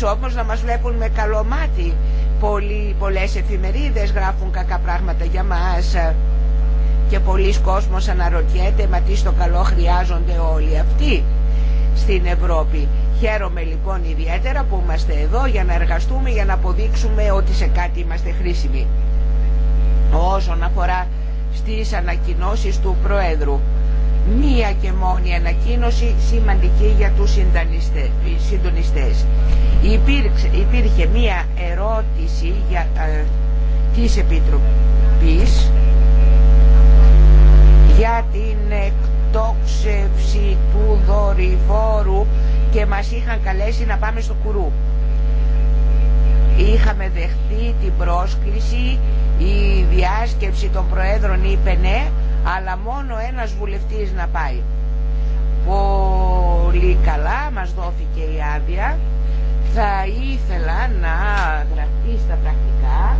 εμείς όμως να μας βλέπουν με καλό μάτι. πολλές εφημερίδες γράφουν κακά πράγματα για μας και πολλοί κόσμος αναρωτιέται μα τι στο καλό χρειάζονται όλοι αυτοί στην Ευρώπη. Χαίρομαι λοιπόν ιδιαίτερα που είμαστε εδώ για να εργαστούμε, για να αποδείξουμε ότι σε κάτι είμαστε χρήσιμοι. Όσον αφορά στις ανακοινώσεις του Προέδρου, μία και μόνη ανακοίνωση σημαντική για τους συντονιστές. Υπήρξε, υπήρχε μία ερώτηση για, ε, της Επιτροπής για την εκτόξευση του δορυφόρου και μας είχαν καλέσει να πάμε στο Κουρού. Είχαμε δεχτεί την πρόσκληση η διάσκεψη των Προέδρων είπε ναι αλλά μόνο ένας βουλευτής να πάει. Πολύ καλά, μας δόθηκε η άδεια. Θα ήθελα να γραφτεί στα πρακτικά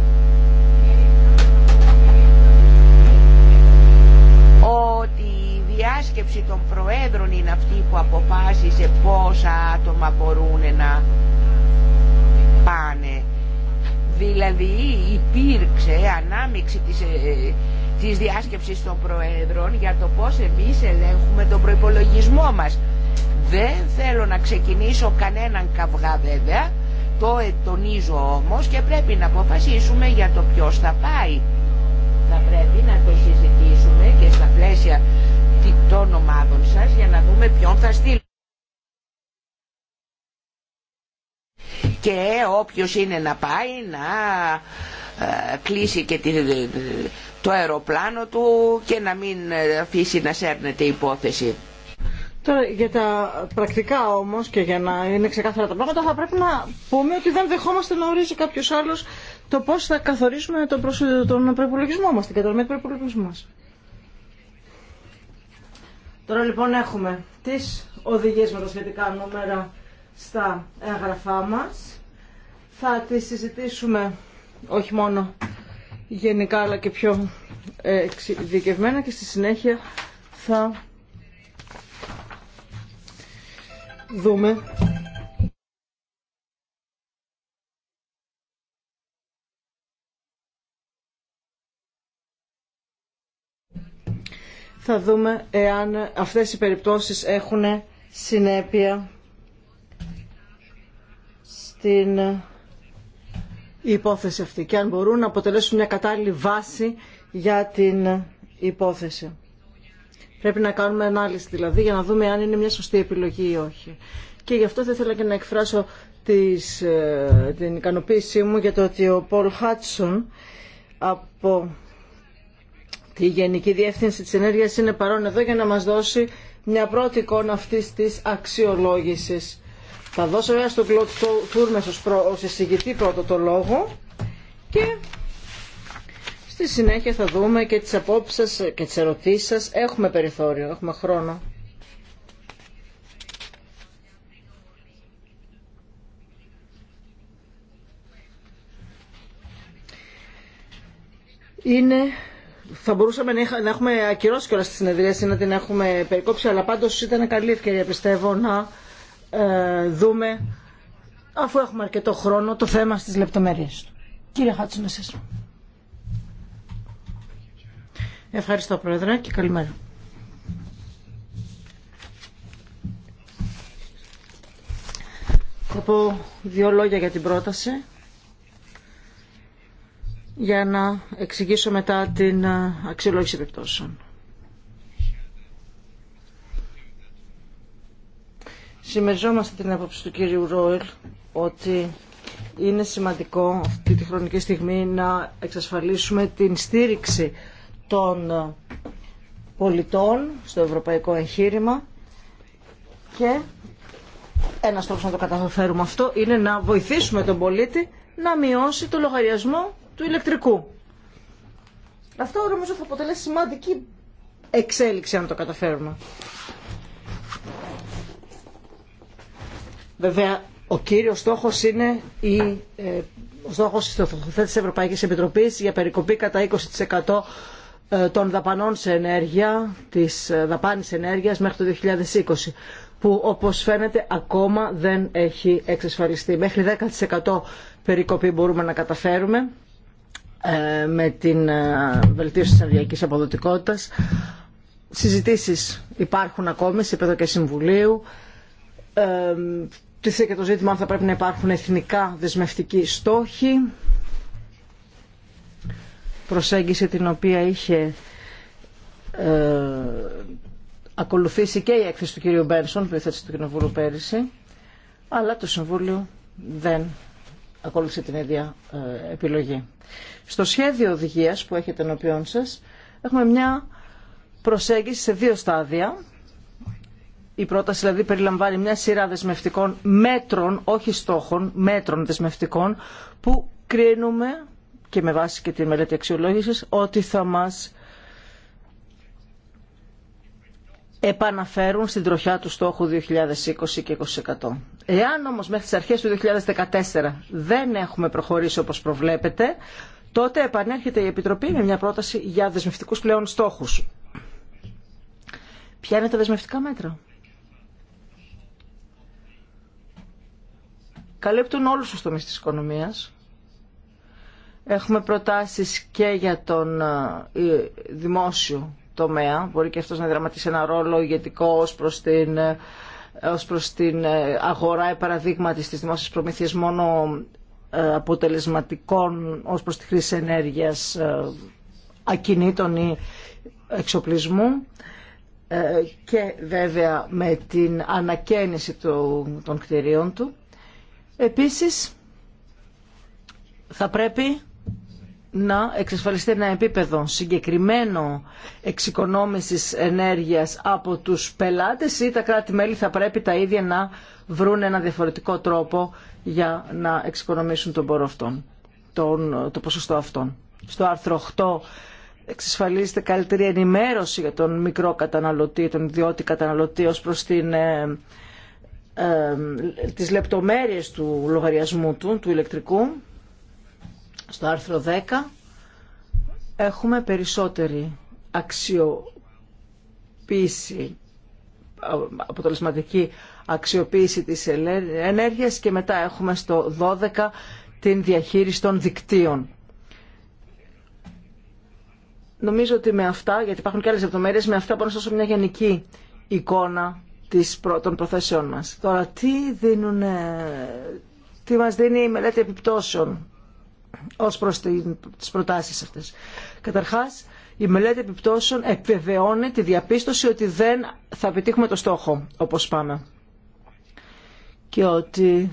ότι η διάσκεψη των προέδρων είναι αυτή που αποφάσισε πόσα άτομα μπορούν να πάνε. Δηλαδή υπήρξε ανάμειξη της ε, Τη διάσκεψης των Προέδρων για το πώς εμείς ελέγχουμε τον προϋπολογισμό μας. Δεν θέλω να ξεκινήσω κανέναν καυγά βέβαια, το ετονίζω όμως και πρέπει να αποφασίσουμε για το ποιος θα πάει. Θα πρέπει να το συζητήσουμε και στα πλαίσια των ομάδων σας για να δούμε ποιον θα στείλουμε. και όποιος είναι να πάει να ε, κλείσει και τη το αεροπλάνο του και να μην αφήσει να σέρνεται η υπόθεση. Τώρα για τα πρακτικά όμω και για να είναι ξεκάθαρα τα πράγματα θα πρέπει να πούμε ότι δεν δεχόμαστε να ορίζει κάποιο άλλο το πώ θα καθορίσουμε τον, προσ... τον προπολογισμό μα, την κατανομή του προπολογισμού μα. Τώρα λοιπόν έχουμε τι οδηγίες με τα σχετικά νούμερα στα έγγραφά μα. Θα τι συζητήσουμε όχι μόνο γενικά αλλά και πιο ε, εξειδικευμένα και στη συνέχεια θα δούμε θα δούμε εάν αυτές οι περιπτώσεις έχουν συνέπεια στην η υπόθεση αυτή και αν μπορούν να αποτελέσουν μια κατάλληλη βάση για την υπόθεση. Πρέπει να κάνουμε ανάλυση δηλαδή για να δούμε αν είναι μια σωστή επιλογή ή όχι. Και γι' αυτό θα ήθελα και να εκφράσω ε, την ικανοποίησή μου για το ότι ο Πολ Χάτσον από τη Γενική Διεύθυνση της Ενέργειας είναι παρόν εδώ για να μας δώσει μια πρώτη εικόνα αυτής της αξιολόγησης θα δώσω ένα στον Κλωτ Τούρμες ως, προ, εισηγητή πρώτο το λόγο και στη συνέχεια θα δούμε και τις απόψεις σας και τις ερωτήσεις σας. Έχουμε περιθώριο, έχουμε χρόνο. Είναι θα μπορούσαμε να έχουμε ακυρώσει κιόλα τη συνεδρίαση, να την έχουμε περικόψει, αλλά πάντως ήταν καλή ευκαιρία πιστεύω να ε, δούμε, αφού έχουμε αρκετό χρόνο, το θέμα στις λεπτομέρειες του. Κύριε Χάτσον, εσείς. Ευχαριστώ, Πρόεδρε, και καλημέρα. Θα πω δύο λόγια για την πρόταση για να εξηγήσω μετά την ε, αξιολόγηση επιπτώσεων. Συμμεριζόμαστε την άποψη του κύριου Ρόιλ ότι είναι σημαντικό αυτή τη χρονική στιγμή να εξασφαλίσουμε την στήριξη των πολιτών στο ευρωπαϊκό εγχείρημα και ένα τρόπος να το καταφέρουμε αυτό είναι να βοηθήσουμε τον πολίτη να μειώσει το λογαριασμό του ηλεκτρικού. Αυτό νομίζω θα αποτελέσει σημαντική εξέλιξη αν το καταφέρουμε. Βέβαια, ο κύριος στόχος είναι η, ε, ο στόχος της Ευρωπαϊκής Επιτροπής για περικοπή κατά 20% ε, των δαπανών σε ενέργεια, της ε, δαπάνης ενέργειας μέχρι το 2020 που όπως φαίνεται ακόμα δεν έχει εξασφαλιστεί. Μέχρι 10% περικοπή μπορούμε να καταφέρουμε ε, με την βελτίωση της ενεργειακής αποδοτικότητας. Συζητήσεις υπάρχουν ακόμη σε επίπεδο και συμβουλίου. Τίθεται και το ζήτημα αν θα πρέπει να υπάρχουν εθνικά δεσμευτικοί στόχοι. Προσέγγιση την οποία είχε ε, ακολουθήσει και η έκθεση του κυρίου Μπένσον που ήθελε το κοινοβούλιο πέρυσι. Αλλά το Συμβούλιο δεν ακολούθησε την ίδια ε, επιλογή. Στο σχέδιο οδηγίας που έχετε ενώπιόν σας έχουμε μια προσέγγιση σε δύο στάδια η πρόταση δηλαδή περιλαμβάνει μια σειρά δεσμευτικών μέτρων, όχι στόχων, μέτρων δεσμευτικών, που κρίνουμε και με βάση και τη μελέτη αξιολόγησης ότι θα μας επαναφέρουν στην τροχιά του στόχου 2020 και 20%. Εάν όμως μέχρι τις αρχές του 2014 δεν έχουμε προχωρήσει όπως προβλέπετε, τότε επανέρχεται η Επιτροπή με μια πρόταση για δεσμευτικούς πλέον στόχους. Ποια είναι τα δεσμευτικά μέτρα. καλύπτουν όλους τους τομείς της οικονομίας. Έχουμε προτάσεις και για τον ε, δημόσιο τομέα. Μπορεί και αυτός να δραματίσει ένα ρόλο ηγετικό ως προς την, ε, ως προς την ε, αγορά επαραδείγματη της δημόσιας προμήθειας μόνο αποτελεσματικών ως προς τη χρήση ενέργειας ακινήτων ή εξοπλισμού και βέβαια με την ανακαίνιση των κτηρίων του Επίσης, θα πρέπει να εξασφαλιστεί ένα επίπεδο συγκεκριμένο εξοικονόμησης ενέργειας από τους πελάτες ή τα κράτη-μέλη θα πρέπει τα ίδια να βρουν ένα διαφορετικό τρόπο για να εξοικονομήσουν τον πόρο αυτόν, τον, το ποσοστό αυτόν. Στο άρθρο 8 εξασφαλίζεται καλύτερη ενημέρωση για τον μικρό καταναλωτή, τον ιδιώτη καταναλωτή ως προς την ε, ε, τις λεπτομέρειες του λογαριασμού του, του ηλεκτρικού, στο άρθρο 10, έχουμε περισσότερη αξιοποίηση, αποτελεσματική αξιοποίηση της ενέργειας και μετά έχουμε στο 12 την διαχείριση των δικτύων. Νομίζω ότι με αυτά, γιατί υπάρχουν και άλλες λεπτομέρειες, με αυτά μπορώ να σας δώσω μια γενική εικόνα των προθέσεών μας. Τώρα, τι, δίνουν, ε, τι μας δίνει η μελέτη επιπτώσεων ως προς τις προτάσεις αυτές. Καταρχάς, η μελέτη επιπτώσεων επιβεβαιώνει τη διαπίστωση ότι δεν θα πετύχουμε το στόχο όπως πάμε. Και ότι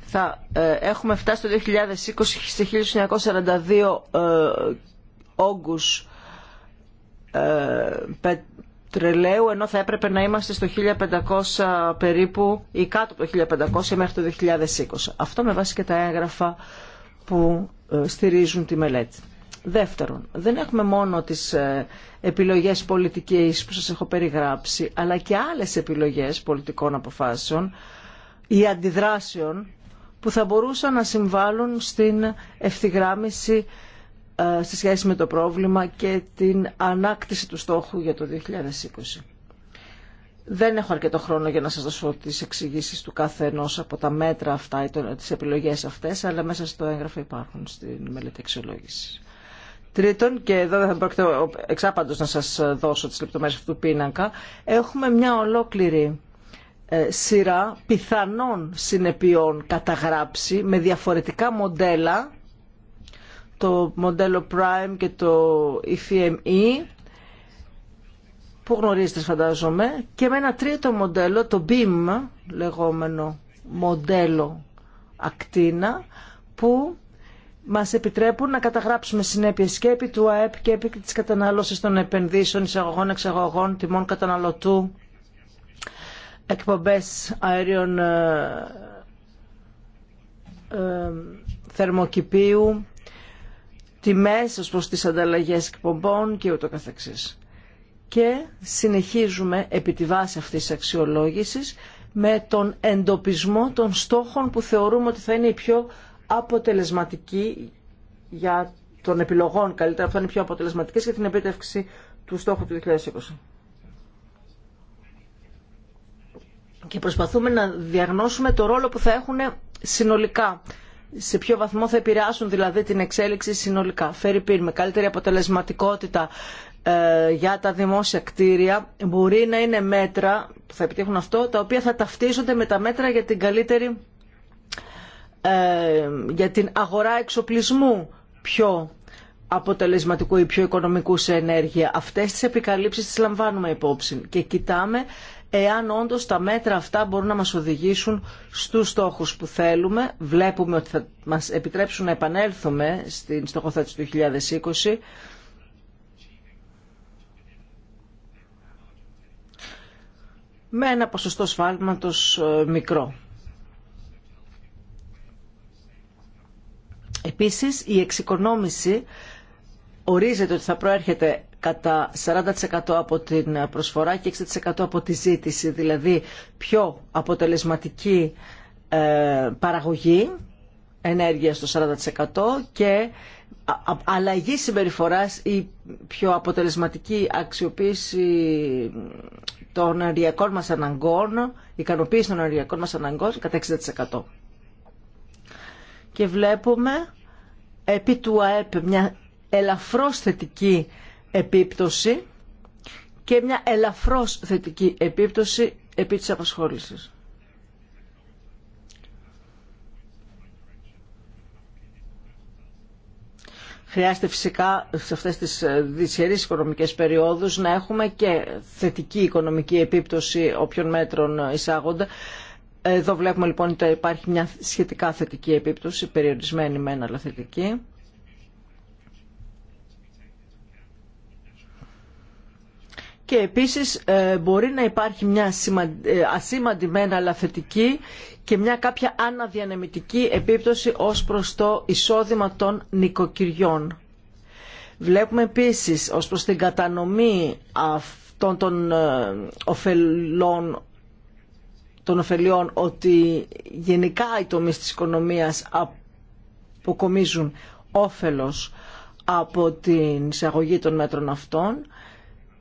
θα ε, έχουμε φτάσει το 2020 σε 1942 ε, όγκους ε, πετρελαίου ενώ θα έπρεπε να είμαστε στο 1500 περίπου ή κάτω από το 1500 μέχρι το 2020. Αυτό με βάση και τα έγγραφα που ε, στηρίζουν τη μελέτη. Δεύτερον, δεν έχουμε μόνο τις ε, επιλογές πολιτικής που σας έχω περιγράψει, αλλά και άλλες επιλογές πολιτικών αποφάσεων ή αντιδράσεων που θα μπορούσαν να συμβάλλουν στην ευθυγράμμιση ε, σε σχέση με το πρόβλημα και την ανάκτηση του στόχου για το 2020. Δεν έχω αρκετό χρόνο για να σας δώσω τις εξηγήσεις του κάθε ενός από τα μέτρα αυτά ή τις επιλογές αυτές, αλλά μέσα στο έγγραφο υπάρχουν στην μελέτη αξιολόγηση. Τρίτον, και εδώ δεν θα πρόκειται εξάπαντος να σας δώσω τις λεπτομέρειες αυτού του πίνακα, έχουμε μια ολόκληρη ε, σειρά πιθανών συνεπειών καταγράψει με διαφορετικά μοντέλα το μοντέλο Prime και το EFME e, που γνωρίζετε φαντάζομαι και με ένα τρίτο μοντέλο, το BIM λεγόμενο μοντέλο ακτίνα που μας επιτρέπουν να καταγράψουμε συνέπειες και επί του ΑΕΠ και επί της κατανάλωσης των επενδύσεων, εισαγωγών, εξαγωγών, τιμών καταναλωτού, εκπομπές αέριων ε, ε θερμοκηπίου, τιμές ως προς τις ανταλλαγές εκπομπών και ούτω καθεξής. Και συνεχίζουμε επί τη βάση αυτής της αξιολόγησης με τον εντοπισμό των στόχων που θεωρούμε ότι θα είναι οι πιο αποτελεσματικοί για των επιλογών καλύτερα, που θα είναι πιο αποτελεσματικές για την επίτευξη του στόχου του 2020. Και προσπαθούμε να διαγνώσουμε το ρόλο που θα έχουν συνολικά σε ποιο βαθμό θα επηρεάσουν δηλαδή την εξέλιξη συνολικά. Φέρει πίν με καλύτερη αποτελεσματικότητα ε, για τα δημόσια κτίρια μπορεί να είναι μέτρα που θα επιτύχουν αυτό, τα οποία θα ταυτίζονται με τα μέτρα για την καλύτερη ε, για την αγορά εξοπλισμού πιο αποτελεσματικού ή πιο οικονομικού σε ενέργεια. Αυτές τις επικαλύψεις τις λαμβάνουμε υπόψη και κοιτάμε εάν όντως τα μέτρα αυτά μπορούν να μας οδηγήσουν στους στόχους που θέλουμε. Βλέπουμε ότι θα μας επιτρέψουν να επανέλθουμε στην στοχοθέτηση του 2020 με ένα ποσοστό σφάλματος ε, μικρό. Επίσης, η εξοικονόμηση ορίζεται ότι θα προέρχεται κατά 40% από την προσφορά και 60% από τη ζήτηση, δηλαδή πιο αποτελεσματική ε, παραγωγή ενέργεια στο 40% και αλλαγή συμπεριφοράς ή πιο αποτελεσματική αξιοποίηση των ενεργειακών μας αναγκών, ικανοποίηση των ενεργειακών μας αναγκών κατά 60%. Και βλέπουμε επί του ΑΕΠ μια ελαφρώς θετική επίπτωση και μια ελαφρώς θετική επίπτωση επί της απασχόλησης. Χρειάζεται φυσικά σε αυτές τις ε, δυσχερείς οικονομικές περιόδους να έχουμε και θετική οικονομική επίπτωση όποιων μέτρων εισάγονται. Εδώ βλέπουμε λοιπόν ότι υπάρχει μια σχετικά θετική επίπτωση, περιορισμένη με αλλά θετική. και επίσης ε, μπορεί να υπάρχει μια ε, ασήμαντη μένα αλλά θετική και μια κάποια αναδιανεμητική επίπτωση ως προς το εισόδημα των νοικοκυριών. Βλέπουμε επίσης ως προς την κατανομή αυτών των ε, των ωφελιών ότι γενικά οι τομείς της οικονομίας αποκομίζουν όφελος από την εισαγωγή των μέτρων αυτών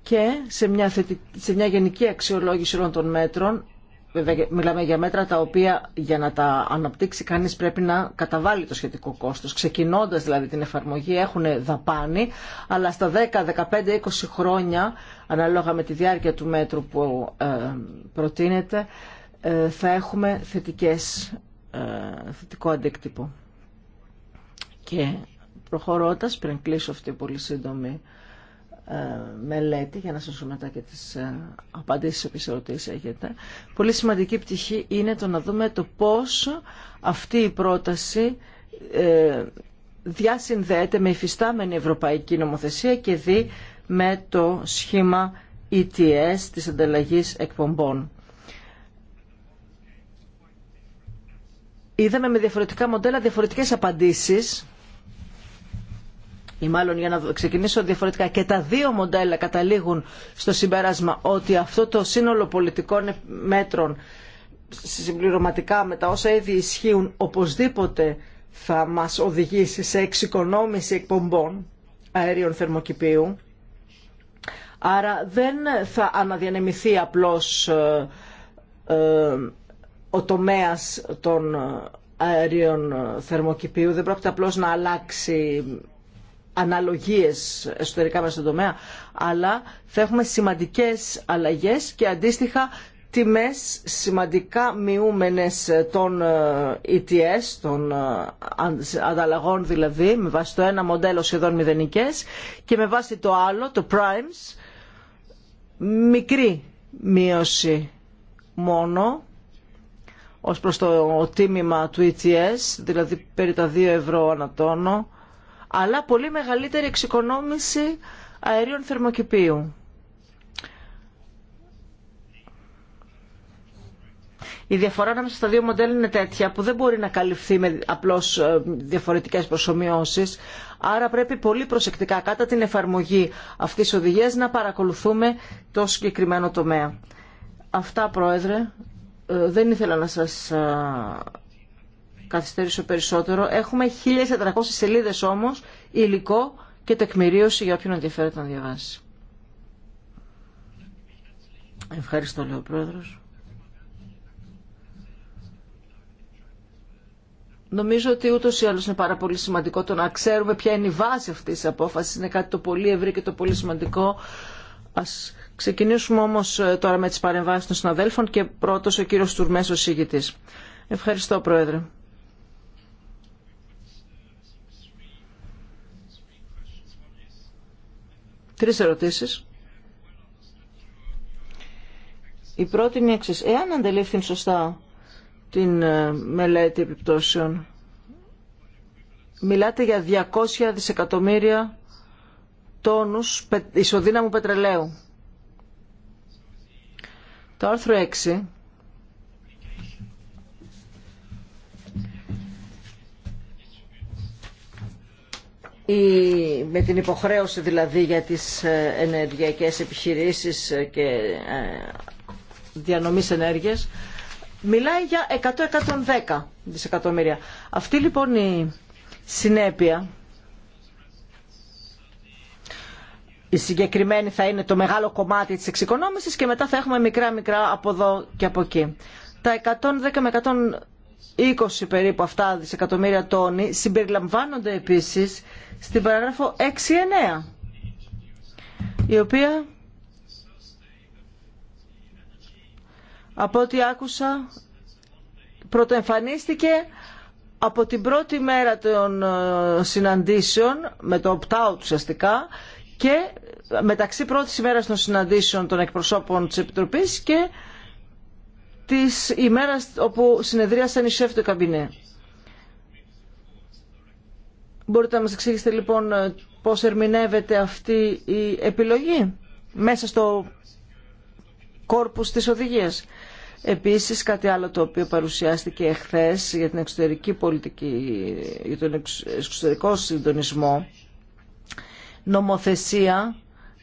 και σε μια, σε μια γενική αξιολόγηση όλων των μέτρων Βέβαια, μιλάμε για μέτρα τα οποία για να τα αναπτύξει κανείς πρέπει να καταβάλει το σχετικό κόστος. Ξεκινώντας δηλαδή την εφαρμογή έχουν δαπάνη, αλλά στα 10, 15, 20 χρόνια, ανάλογα με τη διάρκεια του μέτρου που ε, προτείνεται, ε, θα έχουμε θετικές, ε, θετικό αντίκτυπο. Και προχωρώντας, πριν κλείσω αυτή πολύ σύντομη ε, μελέτη, για να σας δώσω μετά και τις ε, απαντήσεις όποιες ερωτήσεις έχετε, πολύ σημαντική πτυχή είναι το να δούμε το πώς αυτή η πρόταση ε, διασυνδέεται με υφιστάμενη ευρωπαϊκή νομοθεσία και δει με το σχήμα ETS της ανταλλαγής εκπομπών. Είδαμε με διαφορετικά μοντέλα διαφορετικές απαντήσεις ή μάλλον για να ξεκινήσω διαφορετικά και τα δύο μοντέλα καταλήγουν στο συμπέρασμα ότι αυτό το σύνολο πολιτικών μέτρων συμπληρωματικά με τα όσα ήδη ισχύουν οπωσδήποτε θα μας οδηγήσει σε εξοικονόμηση εκπομπών αέριων θερμοκηπίου. Άρα δεν θα αναδιανεμηθεί απλώς ε, ε, ο τομέας των ε, αερίων θερμοκηπίου, δεν πρόκειται απλώς να αλλάξει αναλογίες εσωτερικά μέσα στον τομέα, αλλά θα έχουμε σημαντικές αλλαγές και αντίστοιχα τιμές σημαντικά μειούμενες των ε, ETS, των ε, ανταλλαγών δηλαδή, με βάση το ένα μοντέλο σχεδόν μηδενικές και με βάση το άλλο, το Primes, μικρή μείωση μόνο ως προς το τίμημα του ETS, δηλαδή περί τα 2 ευρώ ανατόνο αλλά πολύ μεγαλύτερη εξοικονόμηση αερίων θερμοκηπίου. Η διαφορά ανάμεσα στα δύο μοντέλα είναι τέτοια που δεν μπορεί να καλυφθεί με απλώς ε, διαφορετικές προσωμιώσεις. Άρα πρέπει πολύ προσεκτικά κατά την εφαρμογή αυτής της οδηγίας να παρακολουθούμε το συγκεκριμένο τομέα. Αυτά, Πρόεδρε. Ε, δεν ήθελα να σας ε, καθυστερήσω περισσότερο. Έχουμε 1.400 σελίδε όμω, υλικό και τεκμηρίωση για όποιον ενδιαφέρεται να διαβάσει. Ευχαριστώ, Λέω ο Πρόεδρος. Νομίζω ότι ούτω ή άλλω είναι πάρα πολύ σημαντικό το να ξέρουμε ποια είναι η βάση αυτή τη απόφαση. Είναι κάτι το πολύ ευρύ και το πολύ σημαντικό. Α ξεκινήσουμε όμω ε, τώρα με τι παρεμβάσει των συναδέλφων και πρώτο ο κύριο Τουρμέσο ο Ευχαριστώ, Πρόεδρε. Τρεις ερωτήσεις. Η πρώτη είναι εξής. Εάν αντελήφθην σωστά την ε, μελέτη επιπτώσεων, μιλάτε για 200 δισεκατομμύρια τόνους ισοδύναμου πετρελαίου. Το άρθρο 6 με την υποχρέωση δηλαδή για τις ε, ενεργειακές επιχειρήσεις και ε, διανομής ενέργειας μιλάει για 100-110 δισεκατομμύρια. Αυτή λοιπόν η συνέπεια η συγκεκριμένη θα είναι το μεγάλο κομμάτι της εξοικονόμησης και μετά θα έχουμε μικρά-μικρά από εδώ και από εκεί. Τα 110 με 20 περίπου αυτά δισεκατομμύρια τόνοι συμπεριλαμβάνονται επίσης στην παράγραφο 6-9 η οποία από ό,τι άκουσα πρωτοεμφανίστηκε από την πρώτη μέρα των ε, συναντήσεων με το opt-out ουσιαστικά και μεταξύ πρώτης ημέρας των συναντήσεων των εκπροσώπων της Επιτροπής και της ημέρας όπου συνεδρίασαν οι σεφ του καμπινέ. Μπορείτε να μας εξηγήσετε λοιπόν πώς ερμηνεύεται αυτή η επιλογή μέσα στο κόρπους της οδηγίας. Επίσης κάτι άλλο το οποίο παρουσιάστηκε εχθές για την εξωτερική πολιτική, για τον εξωτερικό συντονισμό, νομοθεσία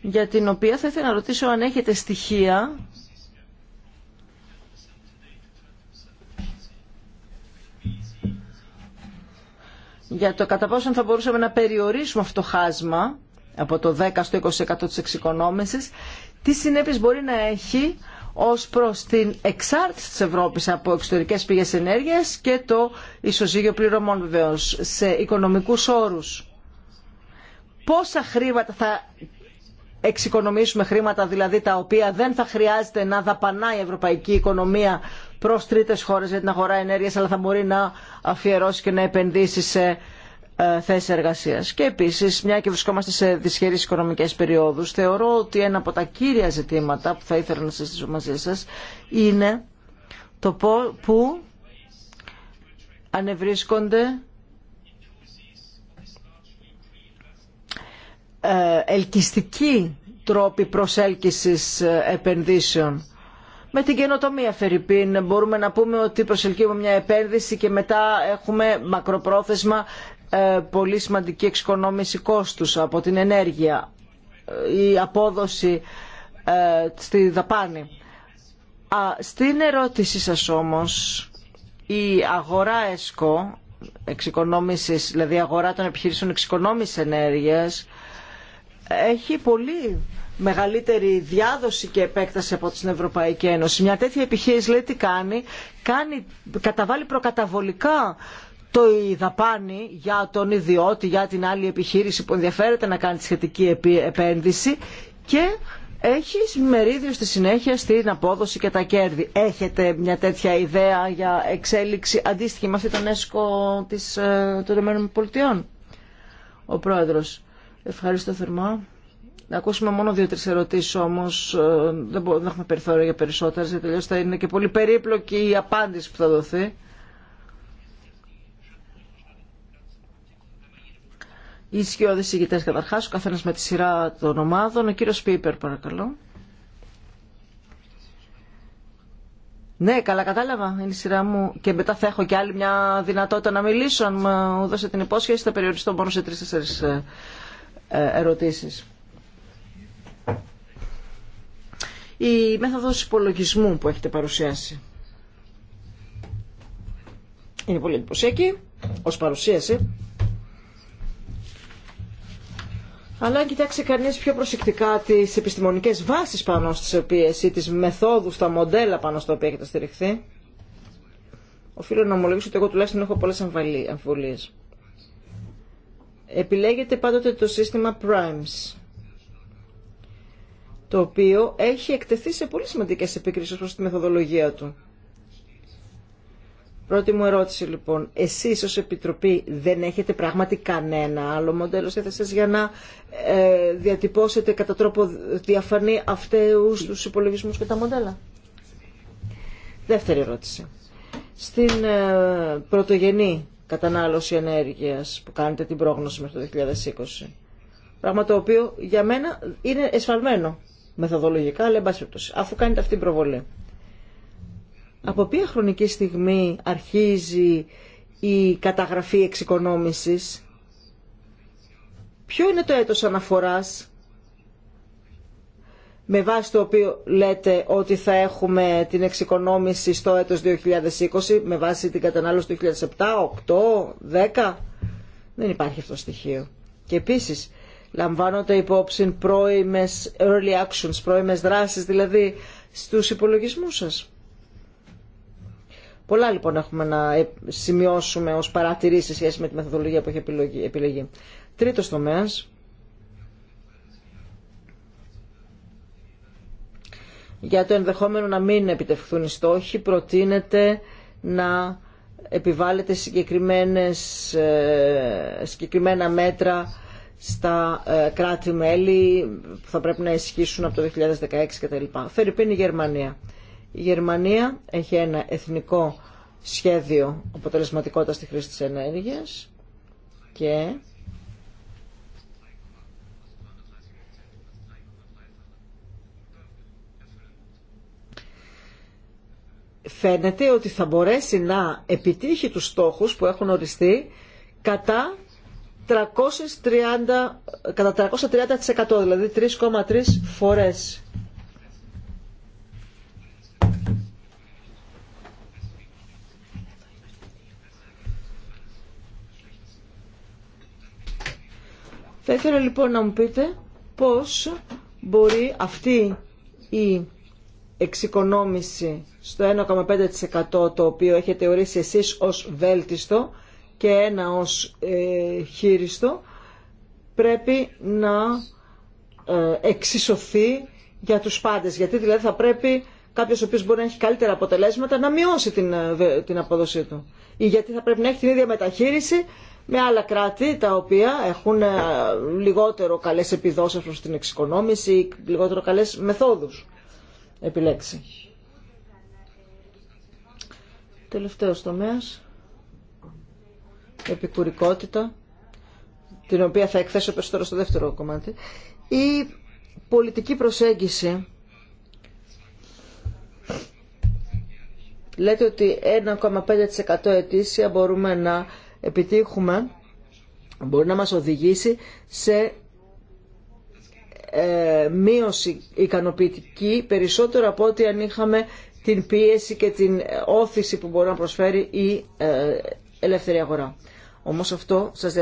για την οποία θα ήθελα να ρωτήσω αν έχετε στοιχεία για το κατά πόσο θα μπορούσαμε να περιορίσουμε αυτό το χάσμα από το 10% στο 20% της εξοικονόμησης, τι συνέπειες μπορεί να έχει ως προς την εξάρτηση της Ευρώπης από εξωτερικές πηγές ενέργειας και το ισοζύγιο πληρωμών βεβαίως σε οικονομικούς όρους. Πόσα χρήματα θα εξοικονομήσουμε χρήματα δηλαδή τα οποία δεν θα χρειάζεται να δαπανάει η ευρωπαϊκή οικονομία προς τρίτες χώρες για την αγορά ενέργεια, αλλά θα μπορεί να αφιερώσει και να επενδύσει σε ε, θέσει εργασία. Και επίση, μια και βρισκόμαστε σε δυσχερεί οικονομικέ περιόδου, θεωρώ ότι ένα από τα κύρια ζητήματα που θα ήθελα να συζητήσω μαζί σα είναι το πού ανεβρίσκονται Ε, ελκυστικοί τρόποι προσέλκυσης ε, επενδύσεων. Με την καινοτομία, Φερρυπίν, μπορούμε να πούμε ότι προσελκύουμε μια επένδυση και μετά έχουμε μακροπρόθεσμα ε, πολύ σημαντική εξοικονόμηση κόστους από την ενέργεια, η απόδοση στη δαπάνη. Στην ερώτησή σας όμως, η αγορά ΕΣΚΟ, εξοικονόμησης, δηλαδή αγορά των επιχειρήσεων εξοικονόμησης ενέργειας, έχει πολύ μεγαλύτερη διάδοση και επέκταση από την Ευρωπαϊκή Ένωση. Μια τέτοια επιχείρηση λέει τι κάνει, κάνει καταβάλει προκαταβολικά το δαπάνη για τον ιδιώτη, για την άλλη επιχείρηση που ενδιαφέρεται να κάνει τη σχετική επένδυση και έχει μερίδιο στη συνέχεια στην απόδοση και τα κέρδη. Έχετε μια τέτοια ιδέα για εξέλιξη αντίστοιχη με αυτή τον ΕΣΚΟ της, ε, των ΗΠΑ. Ο πρόεδρος. Ευχαριστώ θερμά. Να ακούσουμε μόνο δύο-τρει ερωτήσει όμω. Ε, δεν έχουμε περιθώριο για περισσότερε, γιατί τελείω θα είναι και πολύ περίπλοκη η απάντηση που θα δοθεί. Οι ισχυώδει ηγητέ καταρχά, ο καθένα με τη σειρά των ομάδων. Ο κύριο Πίπερ, παρακαλώ. Ναι, καλά κατάλαβα. Είναι η σειρά μου. Και μετά θα έχω και άλλη μια δυνατότητα να μιλήσω. Αν μου δώσετε την υπόσχεση, θα περιοριστώ μόνο σε τρει-τέσσερι ε, ε, ερωτήσεις. Η μέθοδος υπολογισμού που έχετε παρουσιάσει είναι πολύ εντυπωσιακή ως παρουσίαση. Αλλά αν κοιτάξει κανείς πιο προσεκτικά τις επιστημονικές βάσεις πάνω στις οποίες ή τις μεθόδους, τα μοντέλα πάνω στα οποία έχετε στηριχθεί, οφείλω να ομολογήσω ότι εγώ τουλάχιστον έχω πολλές αμφιβολίες επιλέγεται πάντοτε το σύστημα Primes το οποίο έχει εκτεθεί σε πολύ σημαντικές επίκρισεις προς τη μεθοδολογία του. Πρώτη μου ερώτηση λοιπόν, εσείς ως Επιτροπή δεν έχετε πράγματι κανένα άλλο μοντέλο σε για να ε, διατυπώσετε κατά τρόπο διαφανή αυτούς τους υπολογισμούς και τα μοντέλα. Δεύτερη ερώτηση. Στην ε, πρωτογενή κατανάλωση ενέργειας που κάνετε την πρόγνωση μέχρι το 2020. Πράγμα το οποίο για μένα είναι εσφαλμένο μεθοδολογικά, αλλά εν αφού κάνετε αυτή την προβολή. Από ποια χρονική στιγμή αρχίζει η καταγραφή εξοικονόμησης, ποιο είναι το έτος αναφοράς με βάση το οποίο λέτε ότι θα έχουμε την εξοικονόμηση στο έτος 2020 με βάση την κατανάλωση του 2007, 8, 10. Δεν υπάρχει αυτό το στοιχείο. Και επίσης λαμβάνονται υπόψη πρώιμες early actions, πρώιμες δράσεις δηλαδή στους υπολογισμούς σας. Πολλά λοιπόν έχουμε να ε, σημειώσουμε ως παρατηρήσεις σχέση με τη μεθοδολογία που έχει επιλογή. Τρίτος τομέας, για το ενδεχόμενο να μην επιτευχθούν οι στόχοι προτείνεται να επιβάλλεται συγκεκριμένες, ε, συγκεκριμένα μέτρα στα ε, κράτη-μέλη που θα πρέπει να ισχύσουν από το 2016 κτλ. Φερρυπίν η Γερμανία. Η Γερμανία έχει ένα εθνικό σχέδιο αποτελεσματικότητας στη χρήση της ενέργειας και φαίνεται ότι θα μπορέσει να επιτύχει τους στόχους που έχουν οριστεί κατά 330, κατά 330% δηλαδή 3,3 φορές. Θα ήθελα λοιπόν να μου πείτε πώς μπορεί αυτή η εξοικονόμηση στο 1,5% το οποίο έχετε ορίσει εσείς ως βέλτιστο και ένα ως ε, χείριστο πρέπει να ε, εξισωθεί για τους πάντες. Γιατί δηλαδή θα πρέπει κάποιος ο οποίος μπορεί να έχει καλύτερα αποτελέσματα να μειώσει την, ε, την απόδοσή του. Ή γιατί θα πρέπει να έχει την ίδια μεταχείριση με άλλα κράτη τα οποία έχουν λιγότερο καλές επιδόσεις προς την εξοικονόμηση ή λιγότερο καλές μεθόδους επιλέξει. Τελευταίος τομέας, επικουρικότητα, την οποία θα εκθέσω περισσότερο στο δεύτερο κομμάτι, η πολιτική προσέγγιση λέτε ότι 1,5% ετήσια μπορούμε να επιτύχουμε, μπορεί να μας οδηγήσει σε ε, μείωση ικανοποιητική περισσότερο από ό,τι αν είχαμε την πίεση και την όθηση που μπορεί να προσφέρει η ε, ελεύθερη αγορά. Όμως αυτό σας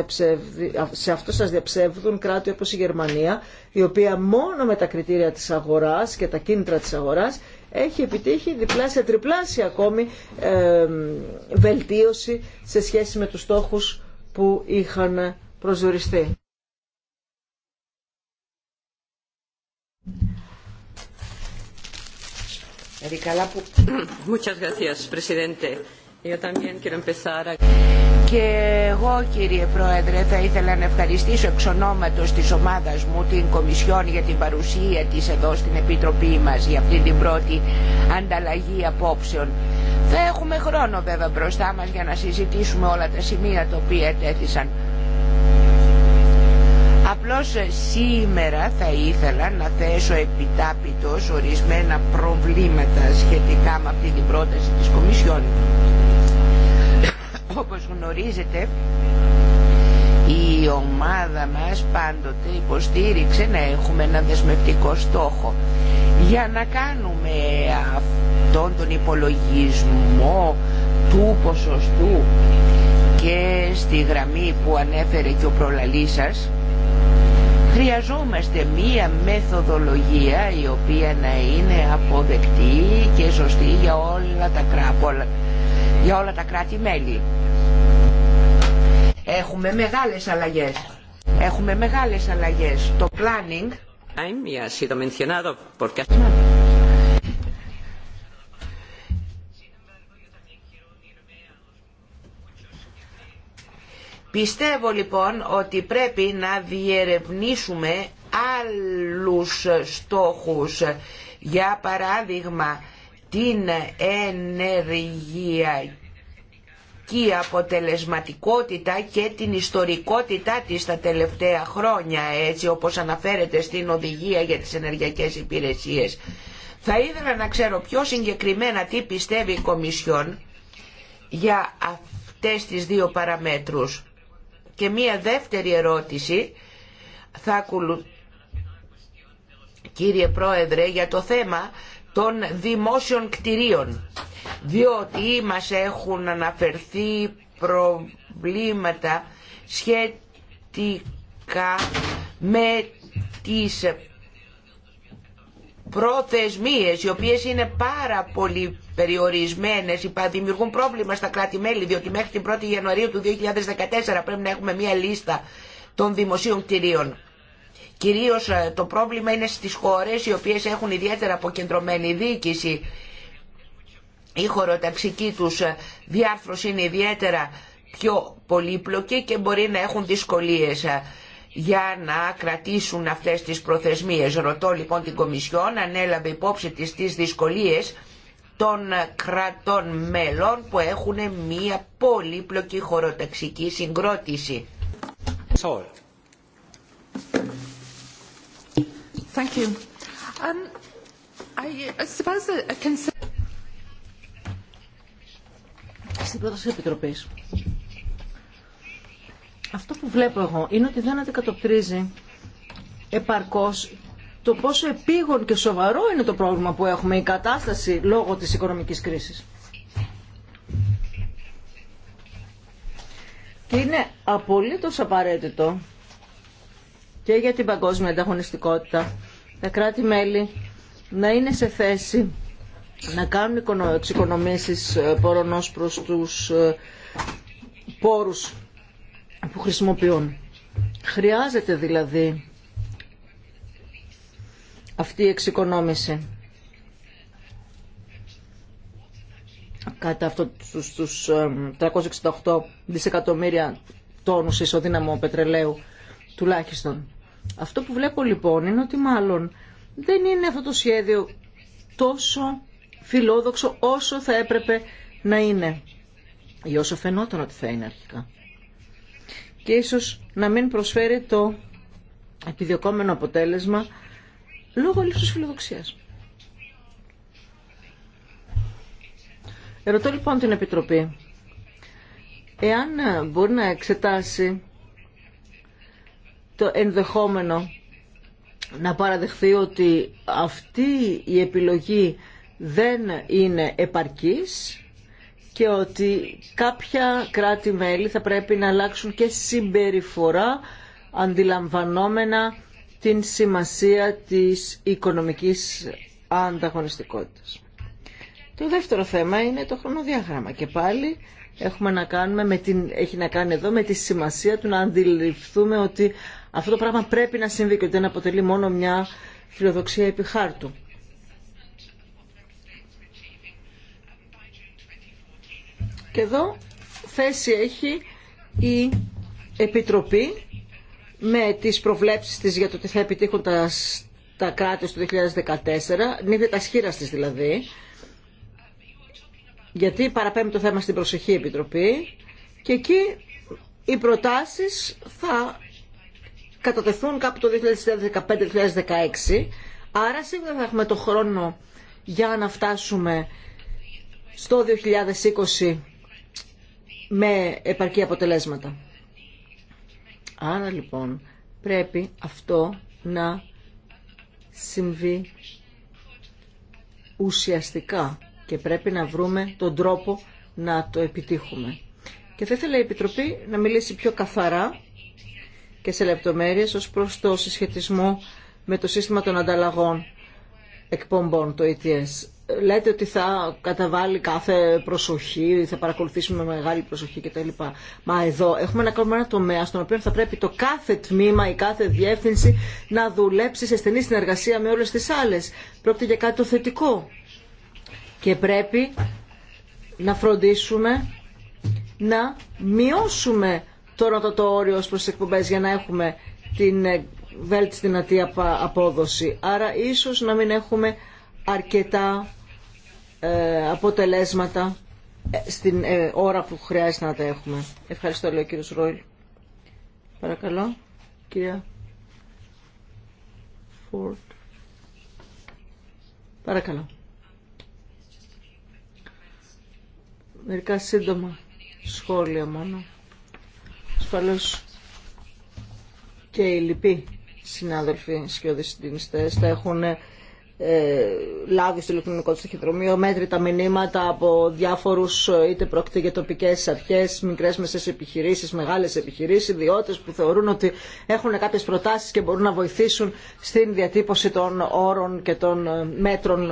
σε αυτό σας διαψεύδουν κράτη όπως η Γερμανία, η οποία μόνο με τα κριτήρια της αγοράς και τα κίνητρα της αγοράς έχει επιτύχει διπλάσια, τριπλάσια ακόμη ε, βελτίωση σε σχέση με τους στόχους που είχαν προσδιοριστεί. Και εγώ κύριε Πρόεδρε θα ήθελα να ευχαριστήσω εξ ονόματος της ομάδας μου την Κομισιόν για την παρουσία της εδώ στην Επιτροπή μας για αυτή την πρώτη ανταλλαγή απόψεων. Θα έχουμε χρόνο βέβαια μπροστά μας για να συζητήσουμε όλα τα σημεία τα οποία τέθησαν. Απλώς ε, σήμερα θα ήθελα να θέσω επιτάπητος ορισμένα προβλήματα σχετικά με αυτή την πρόταση της Κομισιόν. Όπως γνωρίζετε, η ομάδα μας πάντοτε υποστήριξε να έχουμε ένα δεσμευτικό στόχο. Για να κάνουμε αυτόν τον υπολογισμό του ποσοστού και στη γραμμή που ανέφερε και ο προλαλής σας, Χρειαζόμαστε μία μεθοδολογία η οποία να είναι αποδεκτή και σωστή για όλα τα, κρά... για όλα τα κράτη-μέλη. Έχουμε μεγάλες αλλαγές. Έχουμε μεγάλες αλλαγές. Το planning... Ay, ya ha Πιστεύω λοιπόν ότι πρέπει να διερευνήσουμε άλλους στόχους. Για παράδειγμα, την ενεργειακή αποτελεσματικότητα και την ιστορικότητά της τα τελευταία χρόνια, έτσι όπως αναφέρεται στην οδηγία για τις ενεργειακές υπηρεσίες. Θα ήθελα να ξέρω πιο συγκεκριμένα τι πιστεύει η Κομισιόν για αυτές τις δύο παραμέτρους και μία δεύτερη ερώτηση θα ακολου... κύριε Πρόεδρε για το θέμα των δημόσιων κτηρίων διότι μας έχουν αναφερθεί προβλήματα σχετικά με τις προθεσμίες οι οποίες είναι πάρα πολύ περιορισμένες δημιουργούν πρόβλημα στα κράτη-μέλη διότι μέχρι την 1η Ιανουαρίου του 2014 πρέπει να έχουμε μια λίστα των δημοσίων κτηρίων. Κυρίως ε, το πρόβλημα είναι στις χώρες οι οποίες έχουν ιδιαίτερα αποκεντρωμένη διοίκηση. Η χωροταξική τους ε, διάρθρωση είναι ιδιαίτερα πιο πολύπλοκη και μπορεί να έχουν δυσκολίες. Ε, για να κρατήσουν αυτές τις προθεσμίες. Ρωτώ λοιπόν την Κομισιόν αν υπόψη της τις δυσκολίες των κρατών μελών που έχουν μία πολύπλοκη χωροταξική συγκρότηση. Thank you. Um, I I Στην πρόταση Επιτροπής αυτό που βλέπω εγώ είναι ότι δεν αντικατοπτρίζει επαρκώς το πόσο επίγον και σοβαρό είναι το πρόβλημα που έχουμε η κατάσταση λόγω της οικονομικής κρίσης. Και είναι απολύτως απαραίτητο και για την παγκόσμια ανταγωνιστικότητα τα κράτη-μέλη να είναι σε θέση να κάνουν εξοικονομήσεις ε, πόρων ως προς τους ε, πόρους που χρησιμοποιούν. Χρειάζεται δηλαδή αυτή η εξοικονόμηση. Κατά αυτό τους 368 δισεκατομμύρια τόνους ισοδύναμο πετρελαίου τουλάχιστον. Αυτό που βλέπω λοιπόν είναι ότι μάλλον δεν είναι αυτό το σχέδιο τόσο φιλόδοξο όσο θα έπρεπε να είναι ή όσο φαινόταν ότι θα είναι αρχικά και ίσως να μην προσφέρει το επιδιωκόμενο αποτέλεσμα λόγω λήψης φιλοδοξία. Ερωτώ λοιπόν την Επιτροπή εάν μπορεί να εξετάσει το ενδεχόμενο να παραδεχθεί ότι αυτή η επιλογή δεν είναι επαρκής και ότι κάποια κράτη-μέλη θα πρέπει να αλλάξουν και συμπεριφορά αντιλαμβανόμενα την σημασία της οικονομικής ανταγωνιστικότητας. Το δεύτερο θέμα είναι το χρονοδιάγραμμα και πάλι έχουμε να κάνουμε με την, έχει να κάνει εδώ με τη σημασία του να αντιληφθούμε ότι αυτό το πράγμα πρέπει να συμβεί και ότι δεν αποτελεί μόνο μια φιλοδοξία επιχάρτου. Και εδώ θέση έχει η Επιτροπή με τις προβλέψεις της για το τι θα επιτύχουν τα, τα κράτη του 2014, νύβια τα σχήρα της δηλαδή, γιατί παραπέμπει το θέμα στην προσεχή Επιτροπή και εκεί οι προτάσεις θα κατατεθούν κάπου το 2015-2016, άρα σίγουρα θα έχουμε το χρόνο για να φτάσουμε στο 2020 με επαρκή αποτελέσματα. Άρα λοιπόν πρέπει αυτό να συμβεί ουσιαστικά και πρέπει να βρούμε τον τρόπο να το επιτύχουμε. Και θα ήθελα η Επιτροπή να μιλήσει πιο καθαρά και σε λεπτομέρειες ως προς το συσχετισμό με το σύστημα των ανταλλαγών εκπομπών, το ETS λέτε ότι θα καταβάλει κάθε προσοχή, θα παρακολουθήσουμε με μεγάλη προσοχή κτλ. Μα εδώ έχουμε ένα κάνουμε ένα τομέα στον οποίο θα πρέπει το κάθε τμήμα, η κάθε διεύθυνση να δουλέψει σε στενή συνεργασία με όλες τις άλλες. Πρόκειται για κάτι το θετικό. Και πρέπει να φροντίσουμε να μειώσουμε το όριο ως προς εκπομπές για να έχουμε την ε, βέλτιστη δυνατή απόδοση. Άρα ίσως να μην έχουμε αρκετά ε, αποτελέσματα ε, στην ε, ώρα που χρειάζεται να τα έχουμε. Ευχαριστώ, λέει ο κύριος Ρόιλ. Παρακαλώ, κυρία Φόρτ. Παρακαλώ. Μερικά σύντομα σχόλια μόνο. Ασφαλώς και οι λοιποί συνάδελφοι σκιώδης συντηνιστές θα έχουν ε, λάβει στο ηλεκτρονικό του μέτρη μέτρητα μηνύματα από διάφορους είτε πρόκειται για τοπικέ αρχές, μικρέ μεσέ επιχειρήσει, μεγάλες επιχειρήσεις, ιδιώτες που θεωρούν ότι έχουν κάποιες προτάσεις και μπορούν να βοηθήσουν στην διατύπωση των όρων και των ε, μέτρων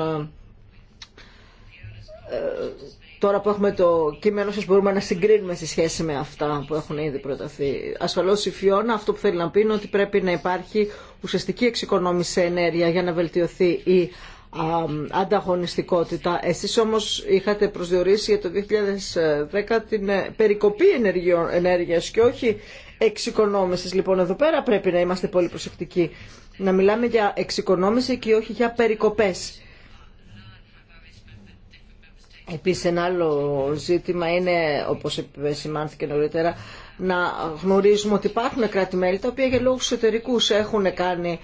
ε, Τώρα που έχουμε το κείμενο σας μπορούμε να συγκρίνουμε στη σχέση με αυτά που έχουν ήδη προταθεί. Ασφαλώς η Φιώνα αυτό που θέλει να πει είναι ότι πρέπει να υπάρχει ουσιαστική εξοικονόμηση ενέργεια για να βελτιωθεί η ανταγωνιστικότητα. Εσείς όμως είχατε προσδιορίσει για το 2010 την ε, περικοπή ενεργειών, ενέργειας και όχι εξοικονόμησης. Λοιπόν, εδώ πέρα πρέπει να είμαστε πολύ προσεκτικοί. Να μιλάμε για εξοικονόμηση και όχι για περικοπές. Επίσης ένα άλλο ζήτημα είναι, όπως σημανθήκε νωρίτερα, να γνωρίζουμε ότι υπάρχουν κράτη-μέλη τα οποία για λόγους εταιρικούς έχουν κάνει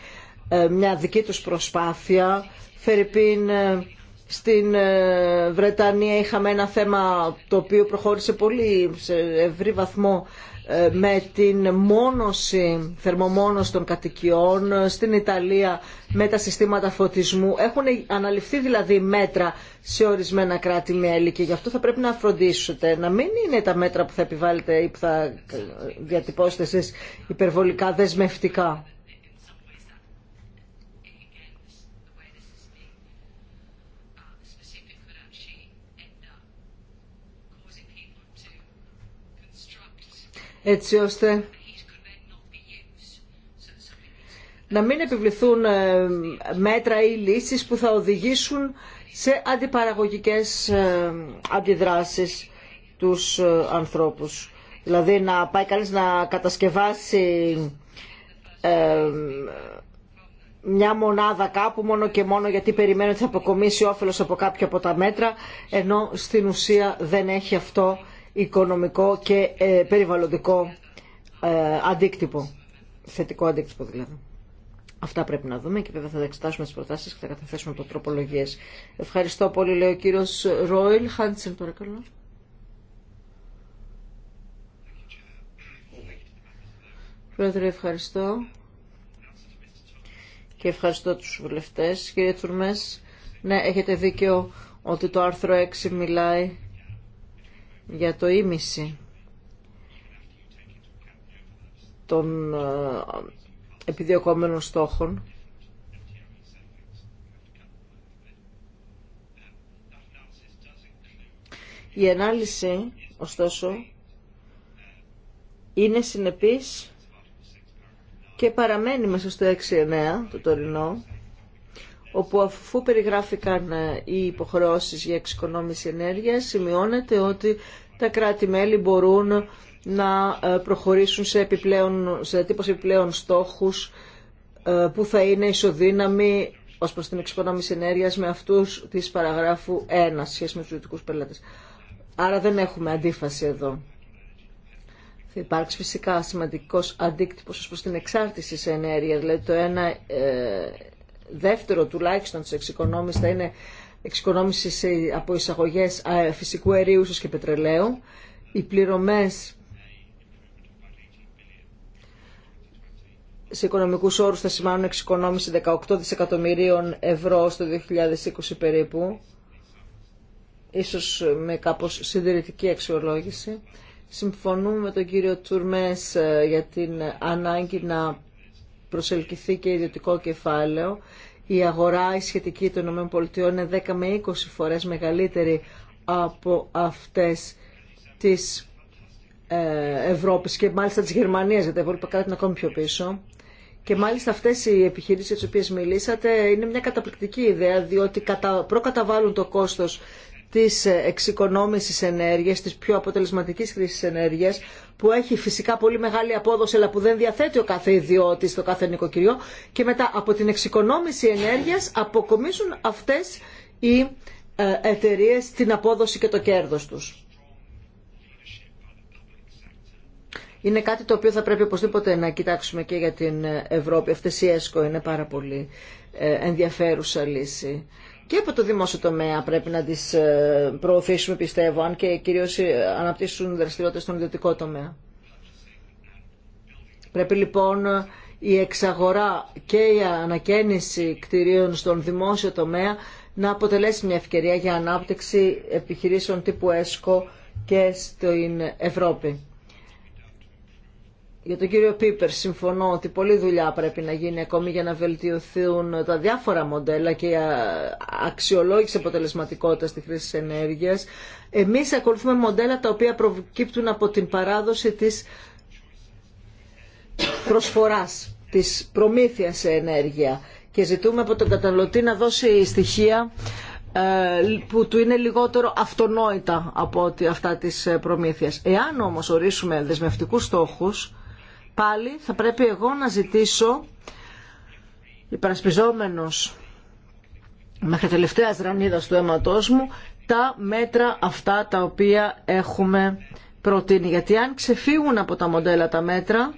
ε, μια δική τους προσπάθεια. Φερρυπίν, ε, στην ε, Βρετανία είχαμε ένα θέμα το οποίο προχώρησε πολύ σε ευρύ βαθμό ε, με την μόνωση, θερμομόνωση των κατοικιών, ε, στην Ιταλία με τα συστήματα φωτισμού. Έχουν αναλυφθεί δηλαδή μέτρα σε ορισμένα κράτη-μέλη και γι' αυτό θα πρέπει να φροντίσετε να μην είναι τα μέτρα που θα επιβάλλετε ή που θα ε, διατυπώσετε εσείς υπερβολικά δεσμευτικά. έτσι ώστε να μην επιβληθούν ε, μέτρα ή λύσεις που θα οδηγήσουν σε αντιπαραγωγικές ε, αντιδράσεις τους ε, ανθρώπους. Δηλαδή να πάει κανείς να κατασκευάσει μια μονάδα κάπου μόνο και μόνο γιατί περιμένει ότι θα αποκομίσει όφελος από κάποια από τα μέτρα ενώ στην ουσία δεν έχει αυτό οικονομικό και ε, περιβαλλοντικό ε, αντίκτυπο. Θετικό αντίκτυπο δηλαδή. Αυτά πρέπει να δούμε και βέβαια θα τα εξετάσουμε τι προτάσεις και θα καταθέσουμε το τροπολογίες. Ευχαριστώ πολύ, λέει ο κύριος Ρόιλ. τώρα παρακαλώ. Πρόεδρε, ευχαριστώ. Και ευχαριστώ τους βουλευτές. Κύριε Τσουρμές, ναι, έχετε δίκιο ότι το άρθρο 6 μιλάει για το ίμιση των ε, επιδιωκόμενων στόχων Η ανάλυση, ωστόσο, είναι συνεπής και παραμένει μέσα στο 6-9 το τωρινό όπου αφού περιγράφηκαν ε, οι υποχρεώσεις για εξοικονόμηση ενέργειας, σημειώνεται ότι τα κράτη-μέλη μπορούν να ε, προχωρήσουν σε, επιπλέον, σε τύπος επιπλέον στόχους ε, που θα είναι ισοδύναμοι ως προς την εξοικονόμηση ενέργειας με αυτούς της παραγράφου 1 σχέση με τους δυτικούς πελάτες. Άρα δεν έχουμε αντίφαση εδώ. Θα υπάρξει φυσικά σημαντικός αντίκτυπος ως προς την εξάρτηση σε ενέργεια. Δηλαδή το ένα δεύτερο τουλάχιστον της εξοικονόμηση θα είναι εξοικονόμηση από εισαγωγές φυσικού αερίου και πετρελαίου. Οι πληρωμές σε οικονομικούς όρους θα σημάνουν εξοικονόμηση 18 δισεκατομμυρίων ευρώ στο 2020 περίπου, ίσως με κάπως συντηρητική αξιολόγηση. Συμφωνούμε με τον κύριο Τουρμές ε, για την ανάγκη να προσελκυθεί και ιδιωτικό κεφάλαιο. Η αγορά η σχετική των ΗΠΑ είναι 10 με 20 φορές μεγαλύτερη από αυτές της ε, Ευρώπης και μάλιστα της Γερμανίας, γιατί η να κράτη είναι ακόμη πιο πίσω. Και μάλιστα αυτές οι επιχειρήσεις για τις οποίες μιλήσατε είναι μια καταπληκτική ιδέα, διότι προκαταβάλουν το κόστος της εξοικονόμησης ενέργειας, της πιο αποτελεσματικής χρήσης ενέργειας, που έχει φυσικά πολύ μεγάλη απόδοση, αλλά που δεν διαθέτει ο κάθε ιδιώτης, το κάθε νοικοκυριό, και μετά από την εξοικονόμηση ενέργειας αποκομίζουν αυτές οι ε, εταιρείε την απόδοση και το κέρδος τους. Είναι κάτι το οποίο θα πρέπει οπωσδήποτε να κοιτάξουμε και για την Ευρώπη. Αυτές οι ΕΣΚΟ είναι πάρα πολύ ε, ενδιαφέρουσα λύση και από το δημόσιο τομέα πρέπει να τις ε, προωθήσουμε πιστεύω, αν και κυρίως ε, αναπτύσσουν δραστηριότητες στον ιδιωτικό τομέα. Πρέπει λοιπόν η εξαγορά και η ανακαίνιση κτηρίων στον δημόσιο τομέα να αποτελέσει μια ευκαιρία για ανάπτυξη επιχειρήσεων τύπου ΕΣΚΟ και στην Ευρώπη. Για τον κύριο Πίπερ συμφωνώ ότι πολλή δουλειά πρέπει να γίνει ακόμη για να βελτιωθούν τα διάφορα μοντέλα και η αξιολόγηση αποτελεσματικότητα στη χρήση ενέργειας. Εμείς ακολουθούμε μοντέλα τα οποία προκύπτουν από την παράδοση της προσφοράς, της προμήθειας σε ενέργεια και ζητούμε από τον καταναλωτή να δώσει στοιχεία ε, που του είναι λιγότερο αυτονόητα από αυτά της προμήθειας. Εάν όμως ορίσουμε δεσμευτικούς στόχους, πάλι θα πρέπει εγώ να ζητήσω υπερασπιζόμενος μέχρι τελευταία δρανίδα του αίματός μου τα μέτρα αυτά τα οποία έχουμε προτείνει. Γιατί αν ξεφύγουν από τα μοντέλα τα μέτρα,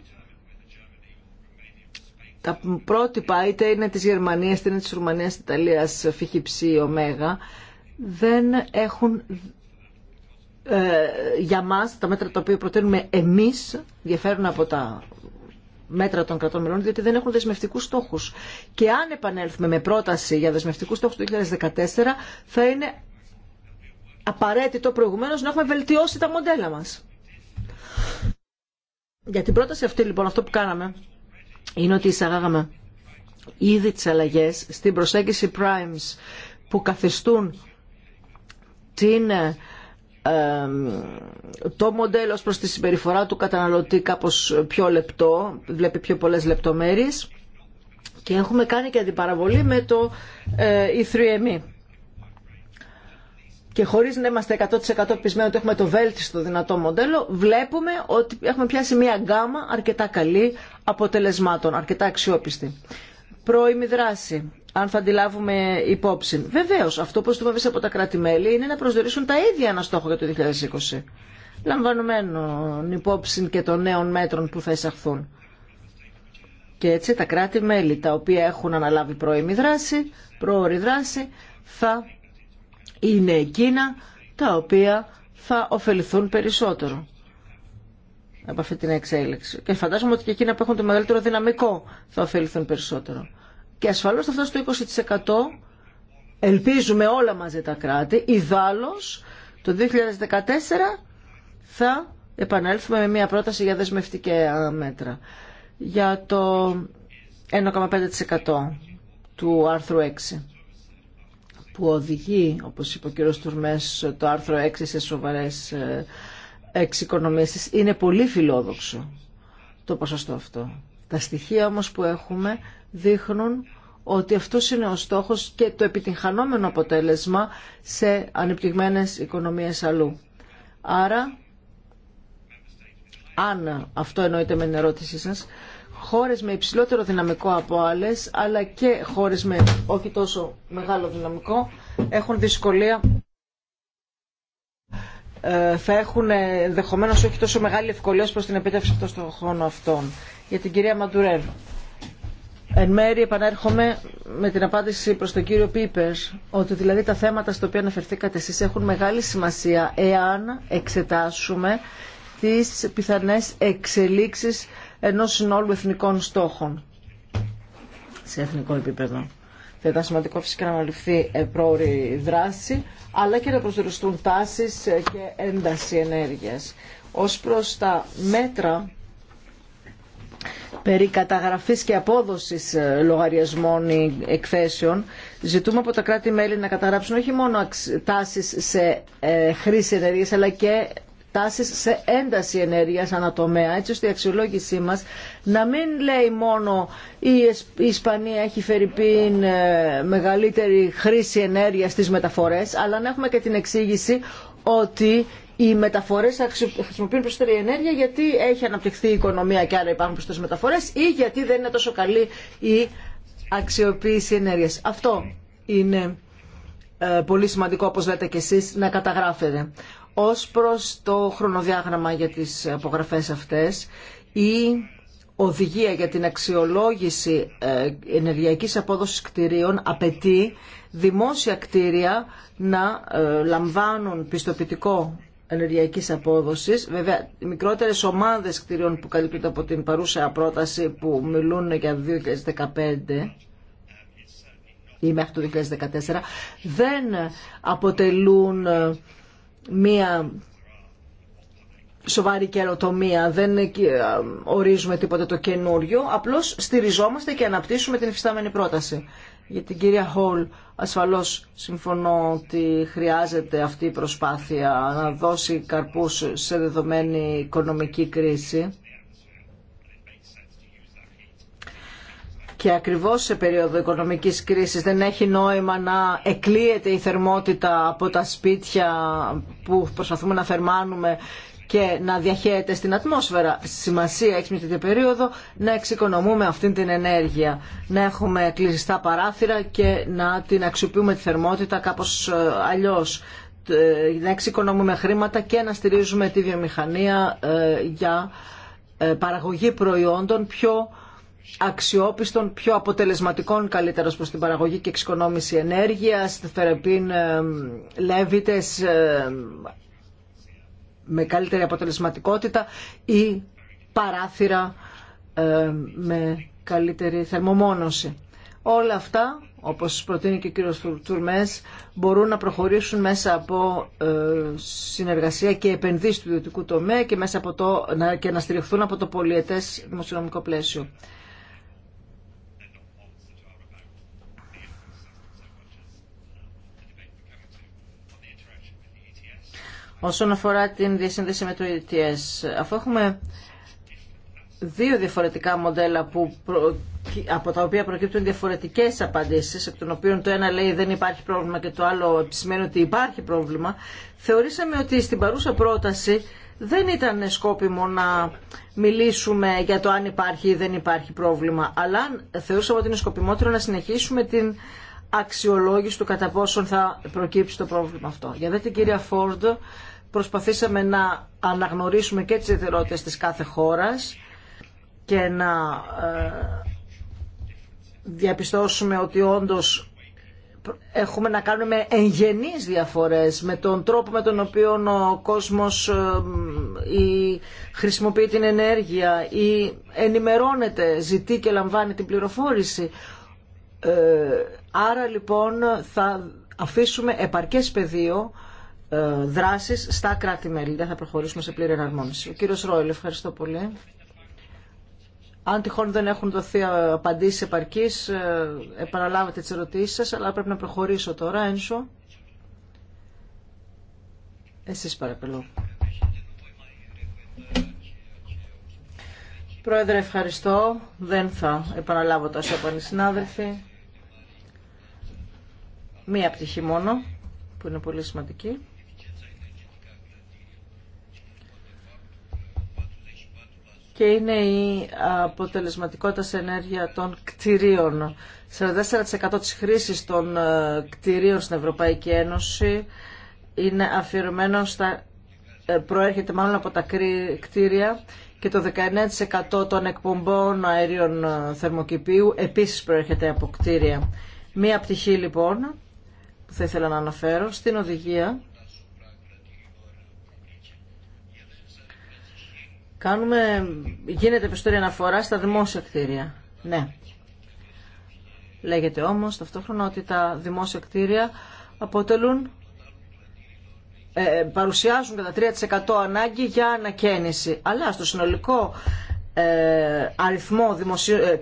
τα πρότυπα είτε είναι της Γερμανίας, είτε είναι της Ρουμανίας, της Ιταλίας, φύχη ψή, ωμέγα, δεν έχουν ε, για μας τα μέτρα τα οποία προτείνουμε εμείς διαφέρουν από τα μέτρα των κρατών μελών, διότι δεν έχουν δεσμευτικούς στόχους. Και αν επανέλθουμε με πρόταση για δεσμευτικούς στόχους του 2014, θα είναι απαραίτητο προηγουμένω να έχουμε βελτιώσει τα μοντέλα μας. Για την πρόταση αυτή, λοιπόν, αυτό που κάναμε είναι ότι εισαγάγαμε ήδη τι αλλαγέ στην προσέγγιση primes που καθιστούν την ε, το μοντέλο προς τη συμπεριφορά του καταναλωτή κάπως πιο λεπτό, βλέπει πιο πολλές λεπτομέρειες και έχουμε κάνει και αντιπαραβολή με το E3ME. Ε, e. Και χωρίς να είμαστε 100% πεισμένοι ότι έχουμε το βέλτιστο δυνατό μοντέλο, βλέπουμε ότι έχουμε πιάσει μια γκάμα αρκετά καλή αποτελεσμάτων, αρκετά αξιόπιστη πρώιμη δράση, αν θα αντιλάβουμε υπόψη. Βεβαίω, αυτό που ζητούμε από τα κράτη-μέλη είναι να προσδιορίσουν τα ίδια ένα στόχο για το 2020. λαμβανομένων υπόψη και των νέων μέτρων που θα εισαχθούν. Και έτσι τα κράτη-μέλη τα οποία έχουν αναλάβει πρώιμη δράση, δράση, θα είναι εκείνα τα οποία θα ωφεληθούν περισσότερο από αυτή την εξέλιξη. Και φαντάζομαι ότι και εκείνα που έχουν το μεγαλύτερο δυναμικό θα ωφεληθούν περισσότερο. Και ασφαλώς θα φτάσει στο 20% ελπίζουμε όλα μαζί τα κράτη. Ιδάλω το 2014 θα επανέλθουμε με μια πρόταση για δεσμευτικά μέτρα. Για το 1,5% του άρθρου 6 που οδηγεί, όπως είπε ο κύριος Τουρμές, το άρθρο 6 σε σοβαρές ε, εξοικονομήσεις. Είναι πολύ φιλόδοξο το ποσοστό αυτό. Τα στοιχεία όμως που έχουμε δείχνουν ότι αυτό είναι ο στόχος και το επιτυγχανόμενο αποτέλεσμα σε ανεπτυγμένες οικονομίες αλλού. Άρα, αν αυτό εννοείται με την ερώτησή σας, χώρες με υψηλότερο δυναμικό από άλλες, αλλά και χώρες με όχι τόσο μεγάλο δυναμικό, έχουν δυσκολία θα έχουν ε, ενδεχομένω όχι τόσο μεγάλη ευκολία προ την επίτευξη αυτών των χρόνων αυτών. Για την κυρία Μαντουρέλ. Εν μέρη επανέρχομαι με την απάντηση προς τον κύριο Πίπερ ότι δηλαδή τα θέματα στα οποία αναφερθήκατε εσείς έχουν μεγάλη σημασία εάν εξετάσουμε τις πιθανές εξελίξεις ενός συνόλου εθνικών στόχων σε εθνικό επίπεδο. Θα ήταν σημαντικό φυσικά να αναλυφθεί ε, πρόορη δράση, αλλά και να προσδιοριστούν τάσεις ε, και ένταση ενέργεια. Ως προς τα μέτρα περί καταγραφής και απόδοσης ε, λογαριασμών ή εκθέσεων, ζητούμε από τα κράτη-μέλη να καταγράψουν όχι μόνο τάσεις σε χρήση ενέργειας, αλλά και τάσεις σε ένταση ενέργειας ανατομέα, έτσι ώστε η αξιολόγησή μας να μην λέει μόνο η Ισπανία έχει φέρει πίν ε, μεγαλύτερη χρήση ενέργειας στις μεταφορές, αλλά να έχουμε και την εξήγηση ότι οι μεταφορέ χρησιμοποιούν περισσότερη ενέργεια γιατί έχει αναπτυχθεί η οικονομία και άρα υπάρχουν περισσότερε μεταφορέ ή γιατί δεν είναι τόσο καλή η αξιοποίηση ενέργεια. Αυτό είναι ε, πολύ σημαντικό, όπω λέτε κι εσεί, να καταγράφετε. Ω προ το χρονοδιάγραμμα για τι απογραφέ αυτέ, η οδηγία για την αξιολόγηση ε, ενεργειακής απόδοσης κτηρίων απαιτεί δημόσια κτίρια να ε, λαμβάνουν πιστοποιητικό ενεργειακής απόδοσης. Βέβαια, οι μικρότερες ομάδες κτηρίων που καλύπτονται από την παρούσα πρόταση που μιλούν για 2015 ή μέχρι το 2014 δεν αποτελούν ε, μία σοβαρή καινοτομία, δεν ε, ε, ορίζουμε τίποτα το καινούριο, απλώς στηριζόμαστε και αναπτύσσουμε την υφιστάμενη πρόταση. Για την κυρία Χολ, ασφαλώς συμφωνώ ότι χρειάζεται αυτή η προσπάθεια να δώσει καρπούς σε δεδομένη οικονομική κρίση. Και ακριβώς σε περίοδο οικονομικής κρίσης δεν έχει νόημα να εκλείεται η θερμότητα από τα σπίτια που προσπαθούμε να θερμάνουμε και να διαχέεται στην ατμόσφαιρα. Σημασία έχει με τέτοια περίοδο να εξοικονομούμε αυτή την ενέργεια, να έχουμε κλειστά παράθυρα και να την αξιοποιούμε τη θερμότητα κάπως ε, αλλιώς ε, να εξοικονομούμε χρήματα και να στηρίζουμε τη βιομηχανία ε, για παραγωγή προϊόντων πιο αξιόπιστων, πιο αποτελεσματικών καλύτερα προς την παραγωγή και εξοικονόμηση ενέργειας, θεραπείν, λέβητες, με καλύτερη αποτελεσματικότητα ή παράθυρα ε, με καλύτερη θερμομόνωση. Όλα αυτά, όπως προτείνει και ο κύριος Τουρμές, μπορούν να προχωρήσουν μέσα από ε, συνεργασία και επενδύσεις του ιδιωτικού τομέα και, μέσα από το, και να στηριχθούν από το πολιετές δημοσιονομικό πλαίσιο. Όσον αφορά την διασύνδεση με το ETS, αφού έχουμε δύο διαφορετικά μοντέλα που από τα οποία προκύπτουν διαφορετικές απαντήσεις, από τον οποίων το ένα λέει δεν υπάρχει πρόβλημα και το άλλο επισημαίνει ότι υπάρχει πρόβλημα, θεωρήσαμε ότι στην παρούσα πρόταση δεν ήταν σκόπιμο να μιλήσουμε για το αν υπάρχει ή δεν υπάρχει πρόβλημα, αλλά θεωρούσαμε ότι είναι σκοπιμότερο να συνεχίσουμε την αξιολόγηση του κατά πόσον θα προκύψει το πρόβλημα αυτό. Για δε την κυρία Φόρντ, Προσπαθήσαμε να αναγνωρίσουμε και τις ιδιαιτερότητες της κάθε χώρας και να ε, διαπιστώσουμε ότι όντως έχουμε να κάνουμε εγγενείς διαφορές, με τον τρόπο με τον οποίο ο κόσμος ε, χρησιμοποιεί την ενέργεια ή ενημερώνεται, ζητεί και λαμβάνει την πληροφόρηση. Ε, άρα λοιπόν θα αφήσουμε επαρκές πεδίο ε, δράσεις στα κράτη-μέλη. Δεν θα προχωρήσουμε σε πλήρη εναρμόνιση. Ο κύριος Ρόιλ, ευχαριστώ πολύ. Αν τυχόν δεν έχουν δοθεί ε, απαντήσει επαρκή, ε, επαναλάβετε τις ερωτήσεις σα, αλλά πρέπει να προχωρήσω τώρα. Ένσω. εσείς παρακαλώ. Πρόεδρε, ευχαριστώ. Δεν θα επαναλάβω τόσο από οι συνάδελφοι. Μία πτυχή μόνο, που είναι πολύ σημαντική. και είναι η αποτελεσματικότητα σε ενέργεια των κτηρίων. 44% της χρήσης των ε, κτηρίων στην Ευρωπαϊκή Ένωση είναι αφιερωμένο στα, ε, προέρχεται μάλλον από τα κτίρια και το 19% των εκπομπών αερίων ε, θερμοκηπίου επίσης προέρχεται από κτίρια. Μία πτυχή λοιπόν που θα ήθελα να αναφέρω στην οδηγία κάνουμε, γίνεται επιστολή αναφορά στα δημόσια κτίρια. Ναι. Λέγεται όμως ταυτόχρονα ότι τα δημόσια κτίρια αποτελούν ε, ε παρουσιάζουν κατά 3% ανάγκη για ανακαίνιση. Αλλά στο συνολικό ε, αριθμό δημοσιο... Ε,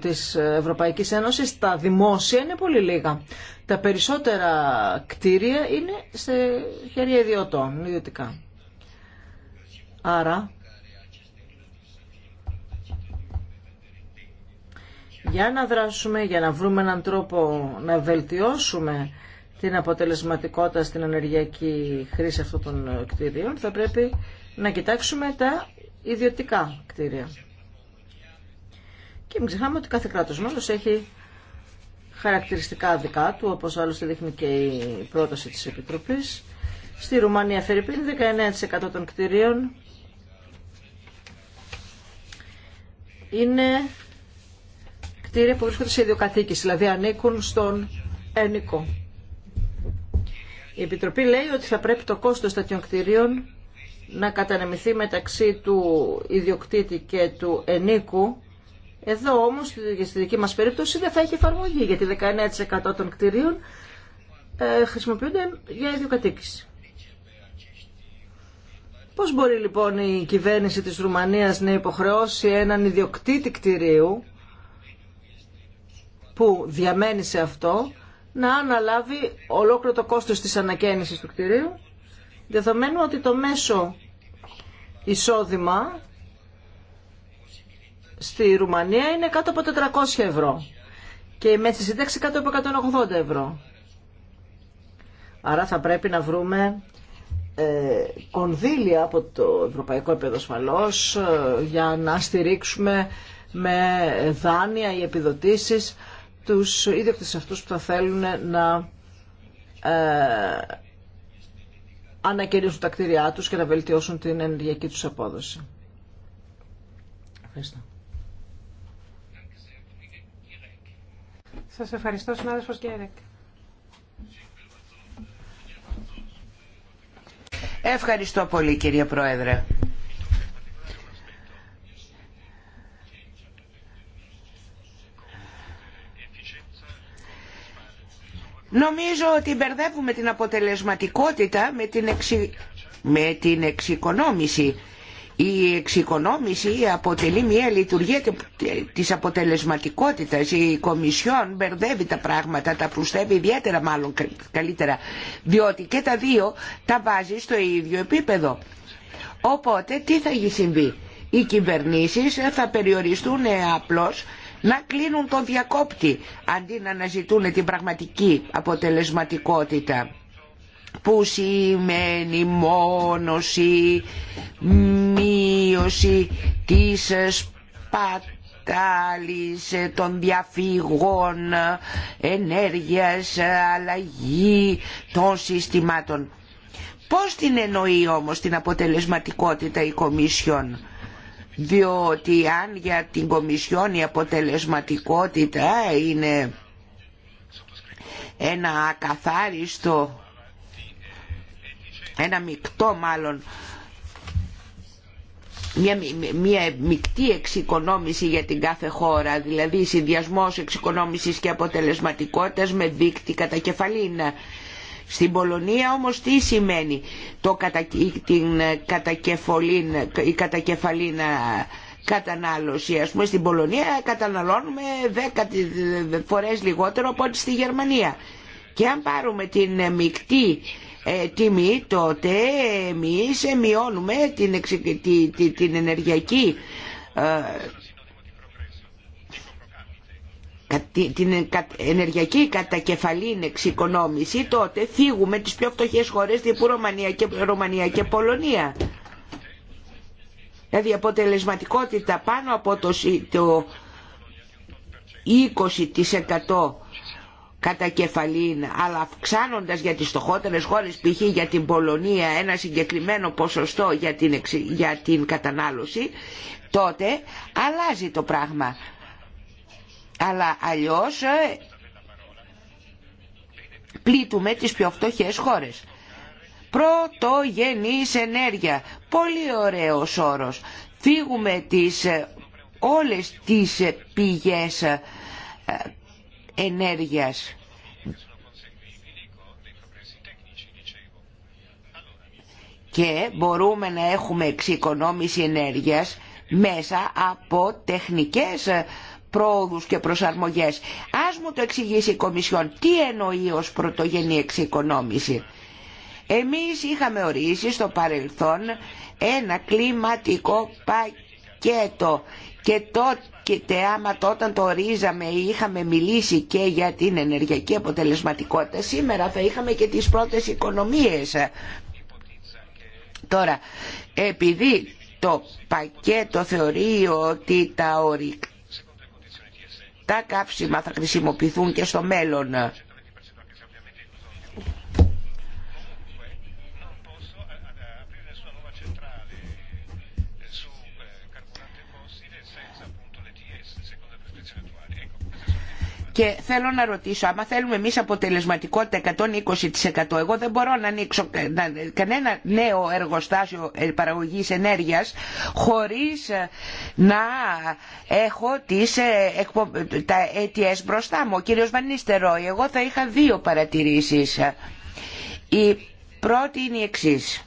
της Ευρωπαϊκής Ένωσης τα δημόσια είναι πολύ λίγα. Τα περισσότερα κτίρια είναι σε χέρια ιδιωτών, ιδιωτικά. Άρα για να δράσουμε, για να βρούμε έναν τρόπο να βελτιώσουμε την αποτελεσματικότητα στην ενεργειακή χρήση αυτών των κτίριων, θα πρέπει να κοιτάξουμε τα ιδιωτικά κτίρια. Και μην ξεχνάμε ότι κάθε κράτος μέλος έχει χαρακτηριστικά δικά του, όπως άλλωστε δείχνει και η πρόταση της Επιτροπής. Στη Ρουμανία Φερρυπίν 19% των κτίριων είναι κτίρια που βρίσκονται σε ιδιοκαθήκηση, δηλαδή ανήκουν στον ένικο. Η Επιτροπή λέει ότι θα πρέπει το κόστος τέτοιων κτιρίων να κατανεμηθεί μεταξύ του ιδιοκτήτη και του ενίκου. Εδώ όμως, στη δική μας περίπτωση, δεν θα έχει εφαρμογή, γιατί 19% των κτιρίων ε, χρησιμοποιούνται για ιδιοκατοίκηση. Πώς μπορεί λοιπόν η κυβέρνηση της Ρουμανίας να υποχρεώσει έναν ιδιοκτήτη κτηρίου που διαμένει σε αυτό να αναλάβει ολόκληρο το κόστος της ανακαίνησης του κτηρίου δεδομένου ότι το μέσο εισόδημα στη Ρουμανία είναι κάτω από 400 ευρώ και η μέση σύνταξη κάτω από 180 ευρώ. Άρα θα πρέπει να βρούμε ε, κονδύλια από το Ευρωπαϊκό Επιδοσφαλός ε, για να στηρίξουμε με δάνεια ή επιδοτήσεις τους ίδιοκτες αυτούς που θα θέλουν να ε, τα κτίρια τους και να βελτιώσουν την ενεργειακή τους απόδοση. Ευχαριστώ. Σας ευχαριστώ, συνάδελφος Γκέρεκ. Ευχαριστώ πολύ, κύριε Πρόεδρε. Νομίζω ότι μπερδεύουμε την αποτελεσματικότητα με την, εξοικονόμηση. Η εξοικονόμηση αποτελεί μια λειτουργία της αποτελεσματικότητας. Η Κομισιόν μπερδεύει τα πράγματα, τα προστεύει ιδιαίτερα μάλλον καλύτερα, διότι και τα δύο τα βάζει στο ίδιο επίπεδο. Οπότε τι θα συμβεί. Οι κυβερνήσεις θα περιοριστούν απλώς να κλείνουν τον διακόπτη αντί να αναζητούν την πραγματική αποτελεσματικότητα που σημαίνει μόνωση, μείωση της σπατάλης των διαφυγών ενέργειας, αλλαγή των συστημάτων. Πώς την εννοεί όμως την αποτελεσματικότητα η Κομίσιον διότι αν για την Κομισιόν η αποτελεσματικότητα είναι ένα ακαθάριστο, ένα μεικτό μάλλον, μια, μια μεικτή εξοικονόμηση για την κάθε χώρα, δηλαδή συνδυασμός εξοικονόμησης και αποτελεσματικότητας με δίκτυ κατά κεφαλήνα. Στην Πολωνία όμως τι σημαίνει το την η κατακεφαλίνα κατανάλωση. Ας πούμε στην Πολωνία καταναλώνουμε 10 φορές λιγότερο από ό,τι στη Γερμανία. Και αν πάρουμε την μεικτή ε, τιμή τότε εμείς μειώνουμε την, την ενεργειακή ε, την ενεργειακή κατακεφαλήν εξοικονόμηση τότε φύγουμε τις πιο φτωχές χώρες τύπου δηλαδή Ρωμανία και, Ρωμανία και Πολωνία. Δηλαδή αποτελεσματικότητα πάνω από το, 20% κατακεφαλήν αλλά αυξάνοντας για τις στοχότερες χώρες, π.χ. για την Πολωνία, ένα συγκεκριμένο ποσοστό για την, για την κατανάλωση, τότε αλλάζει το πράγμα αλλά αλλιώς ε, πλήττουμε τις πιο φτωχές χώρες. Πρωτογενής ενέργεια. Πολύ ωραίος όρος. Φύγουμε τις, ε, όλες τις ε, πηγές ενέργειας. Και μπορούμε να έχουμε εξοικονόμηση ενέργειας μέσα από τεχνικές πρόοδους και προσαρμογές. Ας μου το εξηγήσει η Κομισιόν τι εννοεί ως πρωτογενή εξοικονόμηση. Εμείς είχαμε ορίσει στο παρελθόν ένα κλιματικό πακέτο και τότε άμα όταν το ορίζαμε είχαμε μιλήσει και για την ενεργειακή αποτελεσματικότητα σήμερα θα είχαμε και τις πρώτες οικονομίες. Τώρα, επειδή το πακέτο θεωρεί ότι τα ορυκτά τα κάψιμα θα χρησιμοποιηθούν και στο μέλλον. Και θέλω να ρωτήσω, άμα θέλουμε εμείς αποτελεσματικότητα 120%, εγώ δεν μπορώ να ανοίξω κανένα νέο εργοστάσιο ε, παραγωγής ενέργειας χωρίς ε, να έχω τις, ε, τα ETS μπροστά μου. Ο κύριος Βανίστερο, εγώ θα είχα δύο παρατηρήσεις. Η πρώτη είναι η εξής.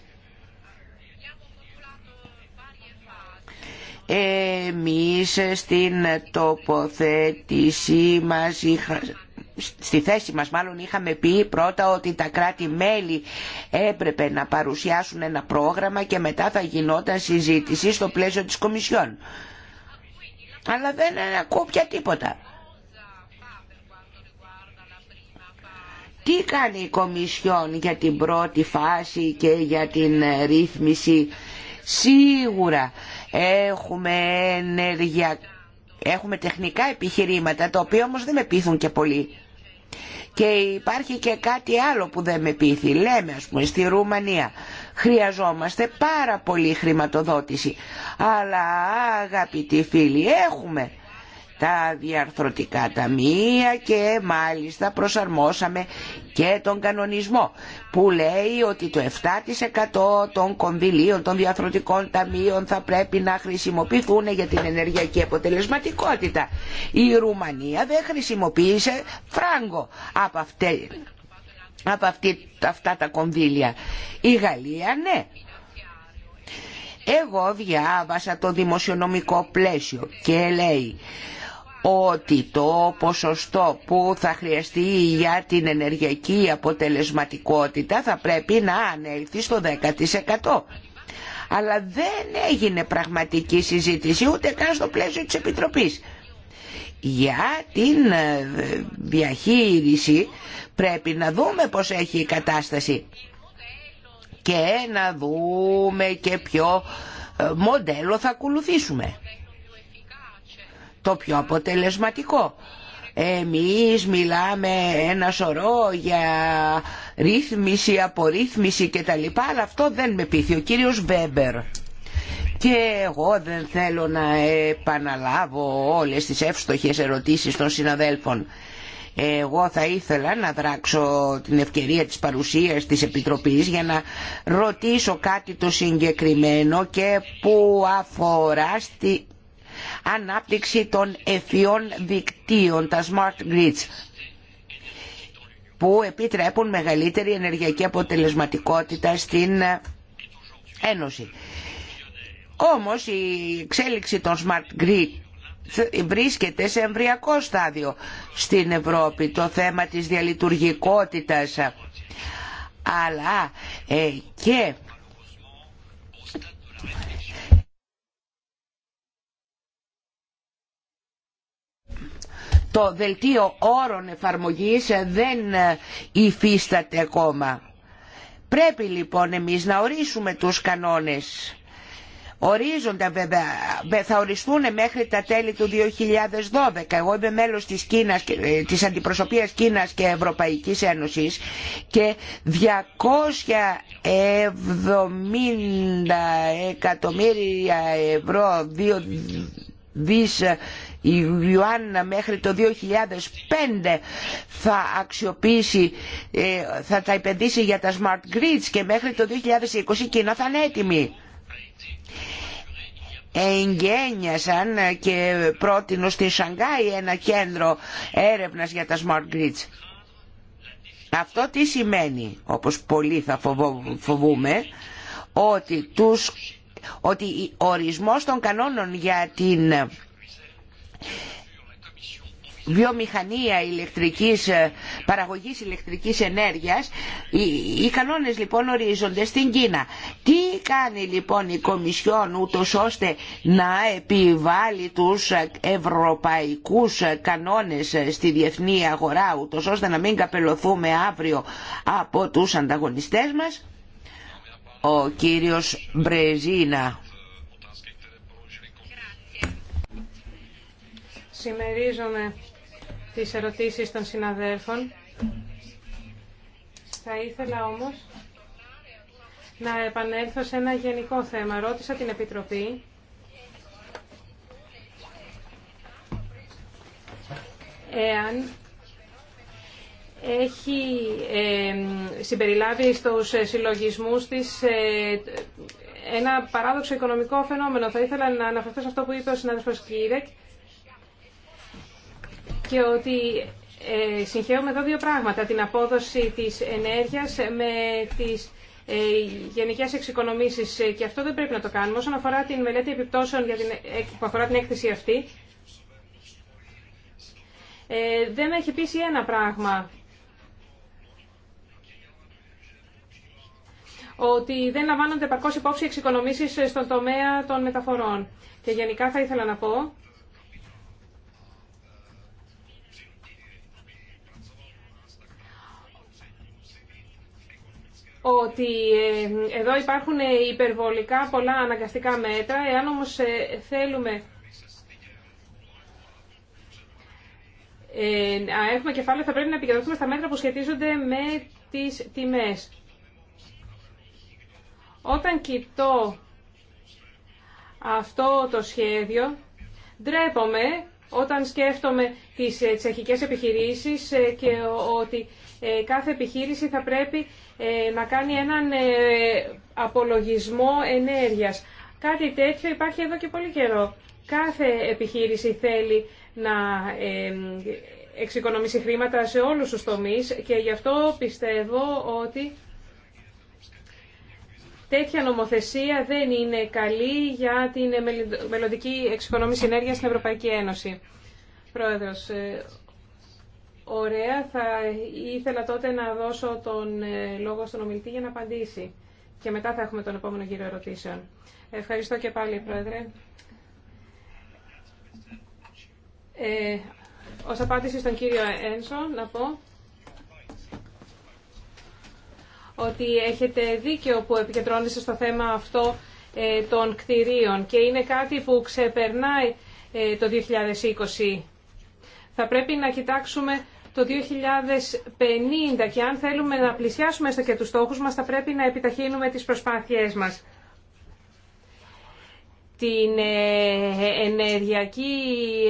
Εμείς στην τοποθέτησή μας, στη θέση μας μάλλον είχαμε πει πρώτα ότι τα κράτη-μέλη έπρεπε να παρουσιάσουν ένα πρόγραμμα και μετά θα γινόταν συζήτηση στο πλαίσιο της Κομισιόν. Αλλά δεν ακούω πια τίποτα. Τι κάνει η Κομισιόν για την πρώτη φάση και για την ρύθμιση. Σίγουρα Έχουμε ενεργεια... Έχουμε τεχνικά επιχειρήματα, τα οποία όμως δεν με πείθουν και πολύ. Και υπάρχει και κάτι άλλο που δεν με πείθει. Λέμε, ας πούμε, στη Ρουμανία χρειαζόμαστε πάρα πολύ χρηματοδότηση. Αλλά, αγαπητοί φίλοι, έχουμε τα διαρθρωτικά ταμεία και μάλιστα προσαρμόσαμε και τον κανονισμό που λέει ότι το 7% των κονδυλίων των διαρθρωτικών ταμείων θα πρέπει να χρησιμοποιηθούν για την ενεργειακή αποτελεσματικότητα. Η Ρουμανία δεν χρησιμοποίησε φράγκο από, αυτά τα κονδύλια. Η Γαλλία ναι. Εγώ διάβασα το δημοσιονομικό πλαίσιο και λέει ότι το ποσοστό που θα χρειαστεί για την ενεργειακή αποτελεσματικότητα θα πρέπει να ανέλθει στο 10%. Αλλά δεν έγινε πραγματική συζήτηση ούτε καν στο πλαίσιο της Επιτροπής. Για την ε, διαχείριση πρέπει να δούμε πώς έχει η κατάσταση και να δούμε και ποιο ε, μοντέλο θα ακολουθήσουμε το πιο αποτελεσματικό. Εμείς μιλάμε ένα σωρό για ρύθμιση, απορρίθμιση κτλ. Αλλά αυτό δεν με πείθει. Ο κύριος Βέμπερ. Και εγώ δεν θέλω να επαναλάβω όλες τις εύστοχες ερωτήσεις των συναδέλφων. Εγώ θα ήθελα να δράξω την ευκαιρία της παρουσίας της Επιτροπής για να ρωτήσω κάτι το συγκεκριμένο και που αφορά στη ανάπτυξη των ευφυών δικτύων, τα smart grids που επιτρέπουν μεγαλύτερη ενεργειακή αποτελεσματικότητα στην Ένωση. Όμως η εξέλιξη των smart grid βρίσκεται σε εμβριακό στάδιο στην Ευρώπη το θέμα της διαλειτουργικότητας αλλά ε, και το δελτίο όρων εφαρμογής δεν υφίσταται ακόμα. Πρέπει λοιπόν εμείς να ορίσουμε τους κανόνες. Ορίζονται βέβαια, θα οριστούν μέχρι τα τέλη του 2012. Εγώ είμαι μέλος της, Κίνας, ε, της Αντιπροσωπείας Κίνας και Ευρωπαϊκής Ένωσης και 270 εκατομμύρια ευρώ, 2 δις η Ιωάννα μέχρι το 2005 θα αξιοποιήσει, ε, θα τα επενδύσει για τα smart grids και μέχρι το 2020 η Κίνα θα είναι έτοιμη. Εγγένιασαν και πρότεινο στη Σανγκάη ένα κέντρο έρευνας για τα smart grids. Αυτό τι σημαίνει, όπως πολλοί θα φοβούμε, ότι, τους, ότι ο ορισμός των κανόνων για την βιομηχανία ηλεκτρικής, ε, παραγωγής ηλεκτρικής ενέργειας οι, οι κανόνες λοιπόν ορίζονται στην Κίνα τι κάνει λοιπόν η Κομισιόν ούτως ώστε να επιβάλλει τους ευρωπαϊκούς κανόνες στη διεθνή αγορά ούτως ώστε να μην καπελωθούμε αύριο από τους ανταγωνιστές μας ο κύριος Μπρεζίνα Συμμερίζομαι τις ερωτήσεις των συναδέλφων. Θα ήθελα όμως να επανέλθω σε ένα γενικό θέμα. Ρώτησα την Επιτροπή εάν έχει συμπεριλάβει στους συλλογισμούς της ε, ένα παράδοξο οικονομικό φαινόμενο. Θα ήθελα να αναφερθώ σε αυτό που είπε ο συνάδελφος Κίρεκ και ότι ε, συγχαίουμε εδώ δύο πράγματα, την απόδοση της ενέργειας με τις ε, γενικές εξοικονομήσεις ε, και αυτό δεν πρέπει να το κάνουμε. Όσον αφορά την μελέτη επιπτώσεων για την, ε, που αφορά την έκθεση αυτή, ε, δεν με έχει πείσει ένα πράγμα. ότι δεν λαμβάνονται παρκώς υπόψη εξοικονομήσεις στον τομέα των μεταφορών. Και γενικά θα ήθελα να πω ότι ε, εδώ υπάρχουν ε, υπερβολικά πολλά αναγκαστικά μέτρα. Εάν όμως ε, θέλουμε να έχουμε κεφάλαιο, θα πρέπει να επικεντρωθούμε στα μέτρα που σχετίζονται με τις τιμές. Όταν κοιτώ αυτό το σχέδιο, ντρέπομαι όταν σκέφτομαι τις τσεχικές επιχειρήσεις και ότι ε, κάθε επιχείρηση θα πρέπει ε, να κάνει έναν ε, απολογισμό ενέργειας. Κάτι τέτοιο υπάρχει εδώ και πολύ καιρό. Κάθε επιχείρηση θέλει να εξοικονομήσει χρήματα σε όλους τους τομείς και γι' αυτό πιστεύω ότι τέτοια νομοθεσία δεν είναι καλή για την μελλοντική εξοικονόμηση ενέργειας στην Ευρωπαϊκή Ένωση. Ωραία, θα ήθελα τότε να δώσω τον ε, λόγο στον ομιλητή για να απαντήσει. Και μετά θα έχουμε τον επόμενο κύριο ερωτήσεων. Ευχαριστώ και πάλι, Πρόεδρε. Ε, ως απάντηση στον κύριο Ένσο, να πω ότι έχετε δίκαιο που επικεντρώνεστε στο θέμα αυτό ε, των κτηρίων και είναι κάτι που ξεπερνάει ε, το 2020. Θα πρέπει να κοιτάξουμε το 2050 και αν θέλουμε να πλησιάσουμε στο και τους στόχους μας θα πρέπει να επιταχύνουμε τις προσπάθειές μας. Την ε, ενεργειακή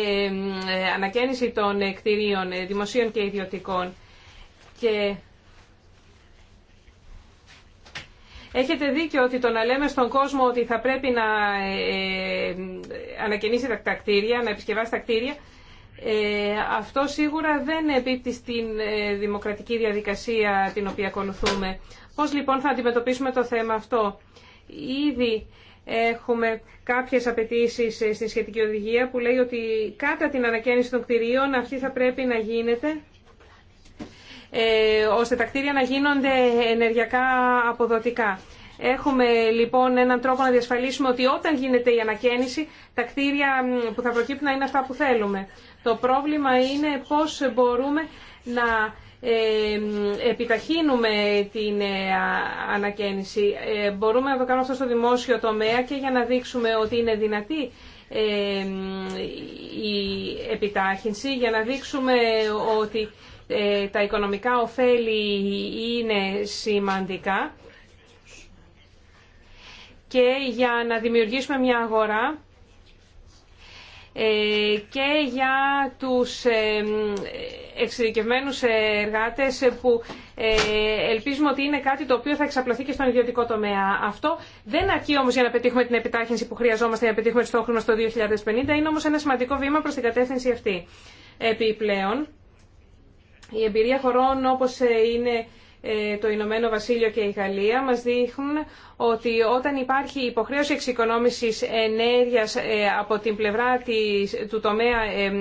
ε, ε, ανακαίνιση των κτηρίων δημοσίων και ιδιωτικών και Έχετε δίκιο ότι το να λέμε στον κόσμο ότι θα πρέπει να ε, ανακαινήσει τα κτίρια, να επισκευάσει τα κτίρια, ε, αυτό σίγουρα δεν επίπτει στην ε, δημοκρατική διαδικασία την οποία ακολουθούμε. Πώς λοιπόν θα αντιμετωπίσουμε το θέμα αυτό. Ήδη έχουμε κάποιες απαιτήσει ε, στην σχετική οδηγία που λέει ότι κατά την ανακαίνιση των κτηρίων αυτή θα πρέπει να γίνεται ώστε τα κτίρια να γίνονται ενεργειακά αποδοτικά. Έχουμε λοιπόν έναν τρόπο να διασφαλίσουμε ότι όταν γίνεται η ανακαίνιση, τα κτίρια που θα προκύπτουν είναι αυτά που θέλουμε. Το πρόβλημα είναι πώς μπορούμε να ε, επιταχύνουμε την ε, ανακαίνιση. Ε, μπορούμε να το κάνουμε αυτό στο δημόσιο τομέα και για να δείξουμε ότι είναι δυνατή η επιτάχυνση, για να δείξουμε ότι τα οικονομικά ωφέλη είναι σημαντικά και για να δημιουργήσουμε μια αγορά ε, και για τους ε, εξειδικευμένους εργάτες που ε, ελπίζουμε ότι είναι κάτι το οποίο θα εξαπλωθεί και στον ιδιωτικό τομέα. Αυτό δεν αρκεί όμως για να πετύχουμε την επιτάχυνση που χρειαζόμαστε για να πετύχουμε τους στόχους μας το 2050, είναι όμως ένα σημαντικό βήμα προς την κατεύθυνση αυτή. Επιπλέον, η εμπειρία χωρών όπως είναι ε, το Ηνωμένο Βασίλειο και η Γαλλία μας δείχνουν ότι όταν υπάρχει υποχρέωση εξοικονόμησης ενέργειας ε, από την πλευρά της, του τομέα ε,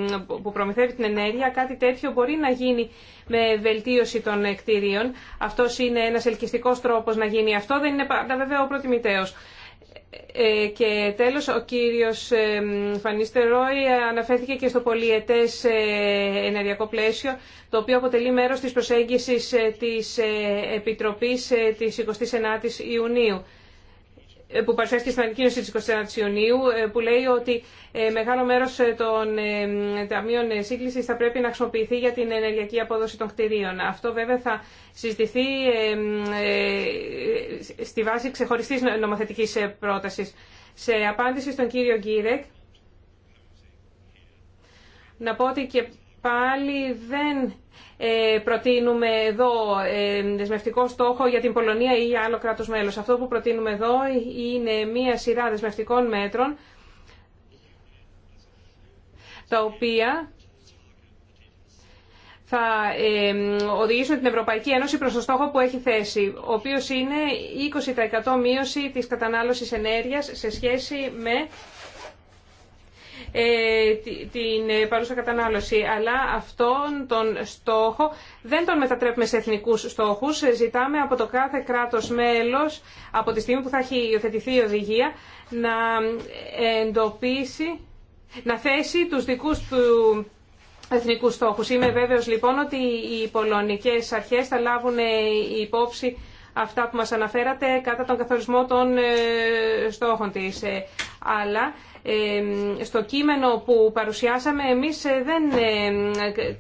που προμηθεύει την ενέργεια, κάτι τέτοιο μπορεί να γίνει με βελτίωση των κτηρίων. Αυτός είναι ένας ελκυστικός τρόπος να γίνει αυτό, δεν είναι πάντα βέβαια ο προτιμητέος. Ε, και τέλος, ο κύριος ε, Φανίστερόι αναφέρθηκε και στο πολιετές ε, ενεργειακό πλαίσιο, το οποίο αποτελεί μέρος της προσέγγισης της Επιτροπής της 29ης Ιουνίου. Ε, που παρουσιάστηκε στην ανακοίνωση της 24 Ιουνίου, ε, που λέει ότι ε, μεγάλο μέρος των ταμείων σύγκληση θα πρέπει να χρησιμοποιηθεί για την ενεργειακή απόδοση των κτηρίων. Αυτό βέβαια θα συζητηθεί στη βάση ξεχωριστή νομοθετική πρόταση. Σε απάντηση στον κύριο Γκίρεκ, να πω ότι και πάλι δεν ε, προτείνουμε εδώ ε, δεσμευτικό στόχο για την Πολωνία ή για άλλο κράτος μέλος. Αυτό που προτείνουμε εδώ είναι μία σειρά δεσμευτικών μέτρων τα οποία θα ε, οδηγήσουν την Ευρωπαϊκή Ένωση προς το στόχο που έχει θέσει, ο οποίος είναι 20% μείωση της κατανάλωσης ενέργειας σε σχέση με ε, την ε, παρούσα κατανάλωση. Αλλά αυτόν τον στόχο δεν τον μετατρέπουμε σε εθνικούς στόχους. Ζητάμε από το κάθε κράτος μέλος, από τη στιγμή που θα έχει υιοθετηθεί η οδηγία, να εντοπίσει, να θέσει τους δικούς του εθνικούς στόχους. Είμαι βέβαιος λοιπόν ότι οι πολωνικές αρχές θα λάβουν ε, υπόψη αυτά που μας αναφέρατε κατά τον καθορισμό των στόχων της. Αλλά στο κείμενο που παρουσιάσαμε εμείς ε, δεν ε,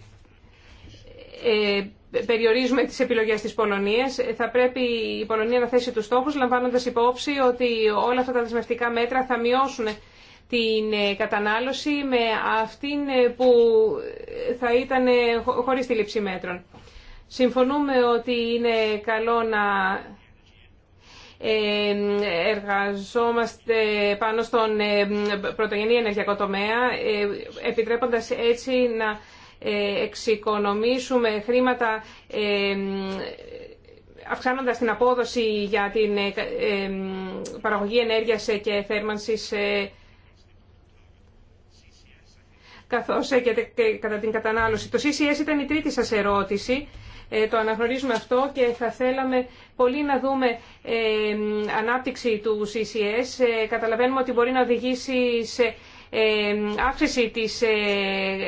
ε, περιορίζουμε τις επιλογές της Πολωνίας. Θα πρέπει η Πολωνία να θέσει τους στόχους λαμβάνοντας υπόψη ότι όλα αυτά τα δεσμευτικά μέτρα θα μειώσουν την κατανάλωση με αυτήν που θα ήταν χωρίς τη λήψη μέτρων. Συμφωνούμε ότι είναι καλό να εργαζόμαστε πάνω στον πρωτογενή ενεργειακό τομέα, επιτρέποντας έτσι να ε, εξοικονομήσουμε χρήματα αυξάνοντας την απόδοση για την ε, παραγωγή ενέργειας και θέρμανσης ε, καθώς και κατά την κατανάλωση. Το CCS ήταν η τρίτη σας ερώτηση. Ε, το αναγνωρίζουμε αυτό και θα θέλαμε πολύ να δούμε ε, ανάπτυξη του CCS. Ε, καταλαβαίνουμε ότι μπορεί να οδηγήσει σε αύξηση της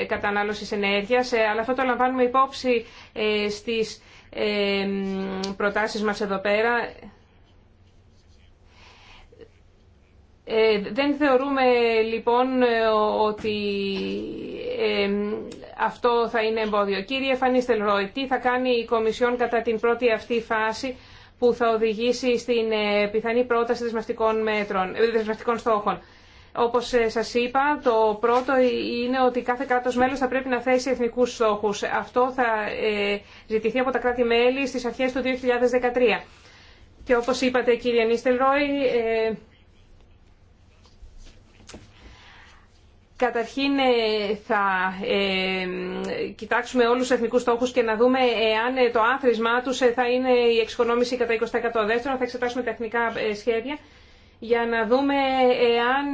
κατανάλωσης ενέργειας, αλλά αυτό το λαμβάνουμε υπόψη στις προτάσεις μας εδώ πέρα. Ε, δεν θεωρούμε λοιπόν ε, ότι ε, αυτό θα είναι εμπόδιο. Κύριε Φανίστελ Ρόι, τι θα κάνει η Κομισιόν κατά την πρώτη αυτή φάση που θα οδηγήσει στην πιθανή πρόταση δεσμευτικών, μέτρων, δεσμευτικών στόχων. Όπως σας είπα, το πρώτο είναι ότι κάθε κράτος μέλος θα πρέπει να θέσει εθνικούς στόχους. Αυτό θα ζητηθεί από τα κράτη-μέλη στις αρχές του 2013. Και όπως είπατε κύριε Νίστελ Ρόι, Καταρχήν ε, θα ε, κοιτάξουμε όλους τους εθνικούς στόχους και να δούμε εάν ε, το άθροισμά τους θα είναι η εξοικονόμηση κατά 20%. Δεύτερον θα εξετάσουμε τα εθνικά σχέδια για να δούμε εάν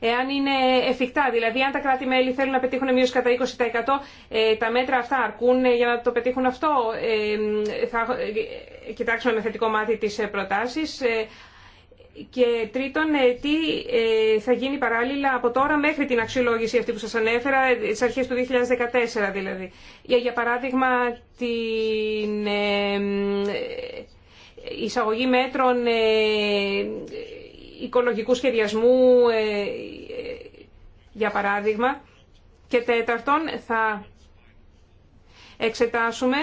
εάν είναι εφικτά. Δηλαδή, αν τα κράτη-μέλη θέλουν να πετύχουν μείωση κατά 20%, τα μέτρα αυτά αρκούν για να το πετύχουν αυτό. θα κοιτάξουμε με θετικό μάτι τις προτάσεις. Και τρίτον, ε, τι ε, θα γίνει παράλληλα από τώρα μέχρι την αξιολόγηση αυτή που σας ανέφερα, ε, τις αρχές του 2014 δηλαδή. Για, για παράδειγμα, την εισαγωγή μέτρων οικολογικού σχεδιασμού, για παράδειγμα. Και τέταρτον, θα εξετάσουμε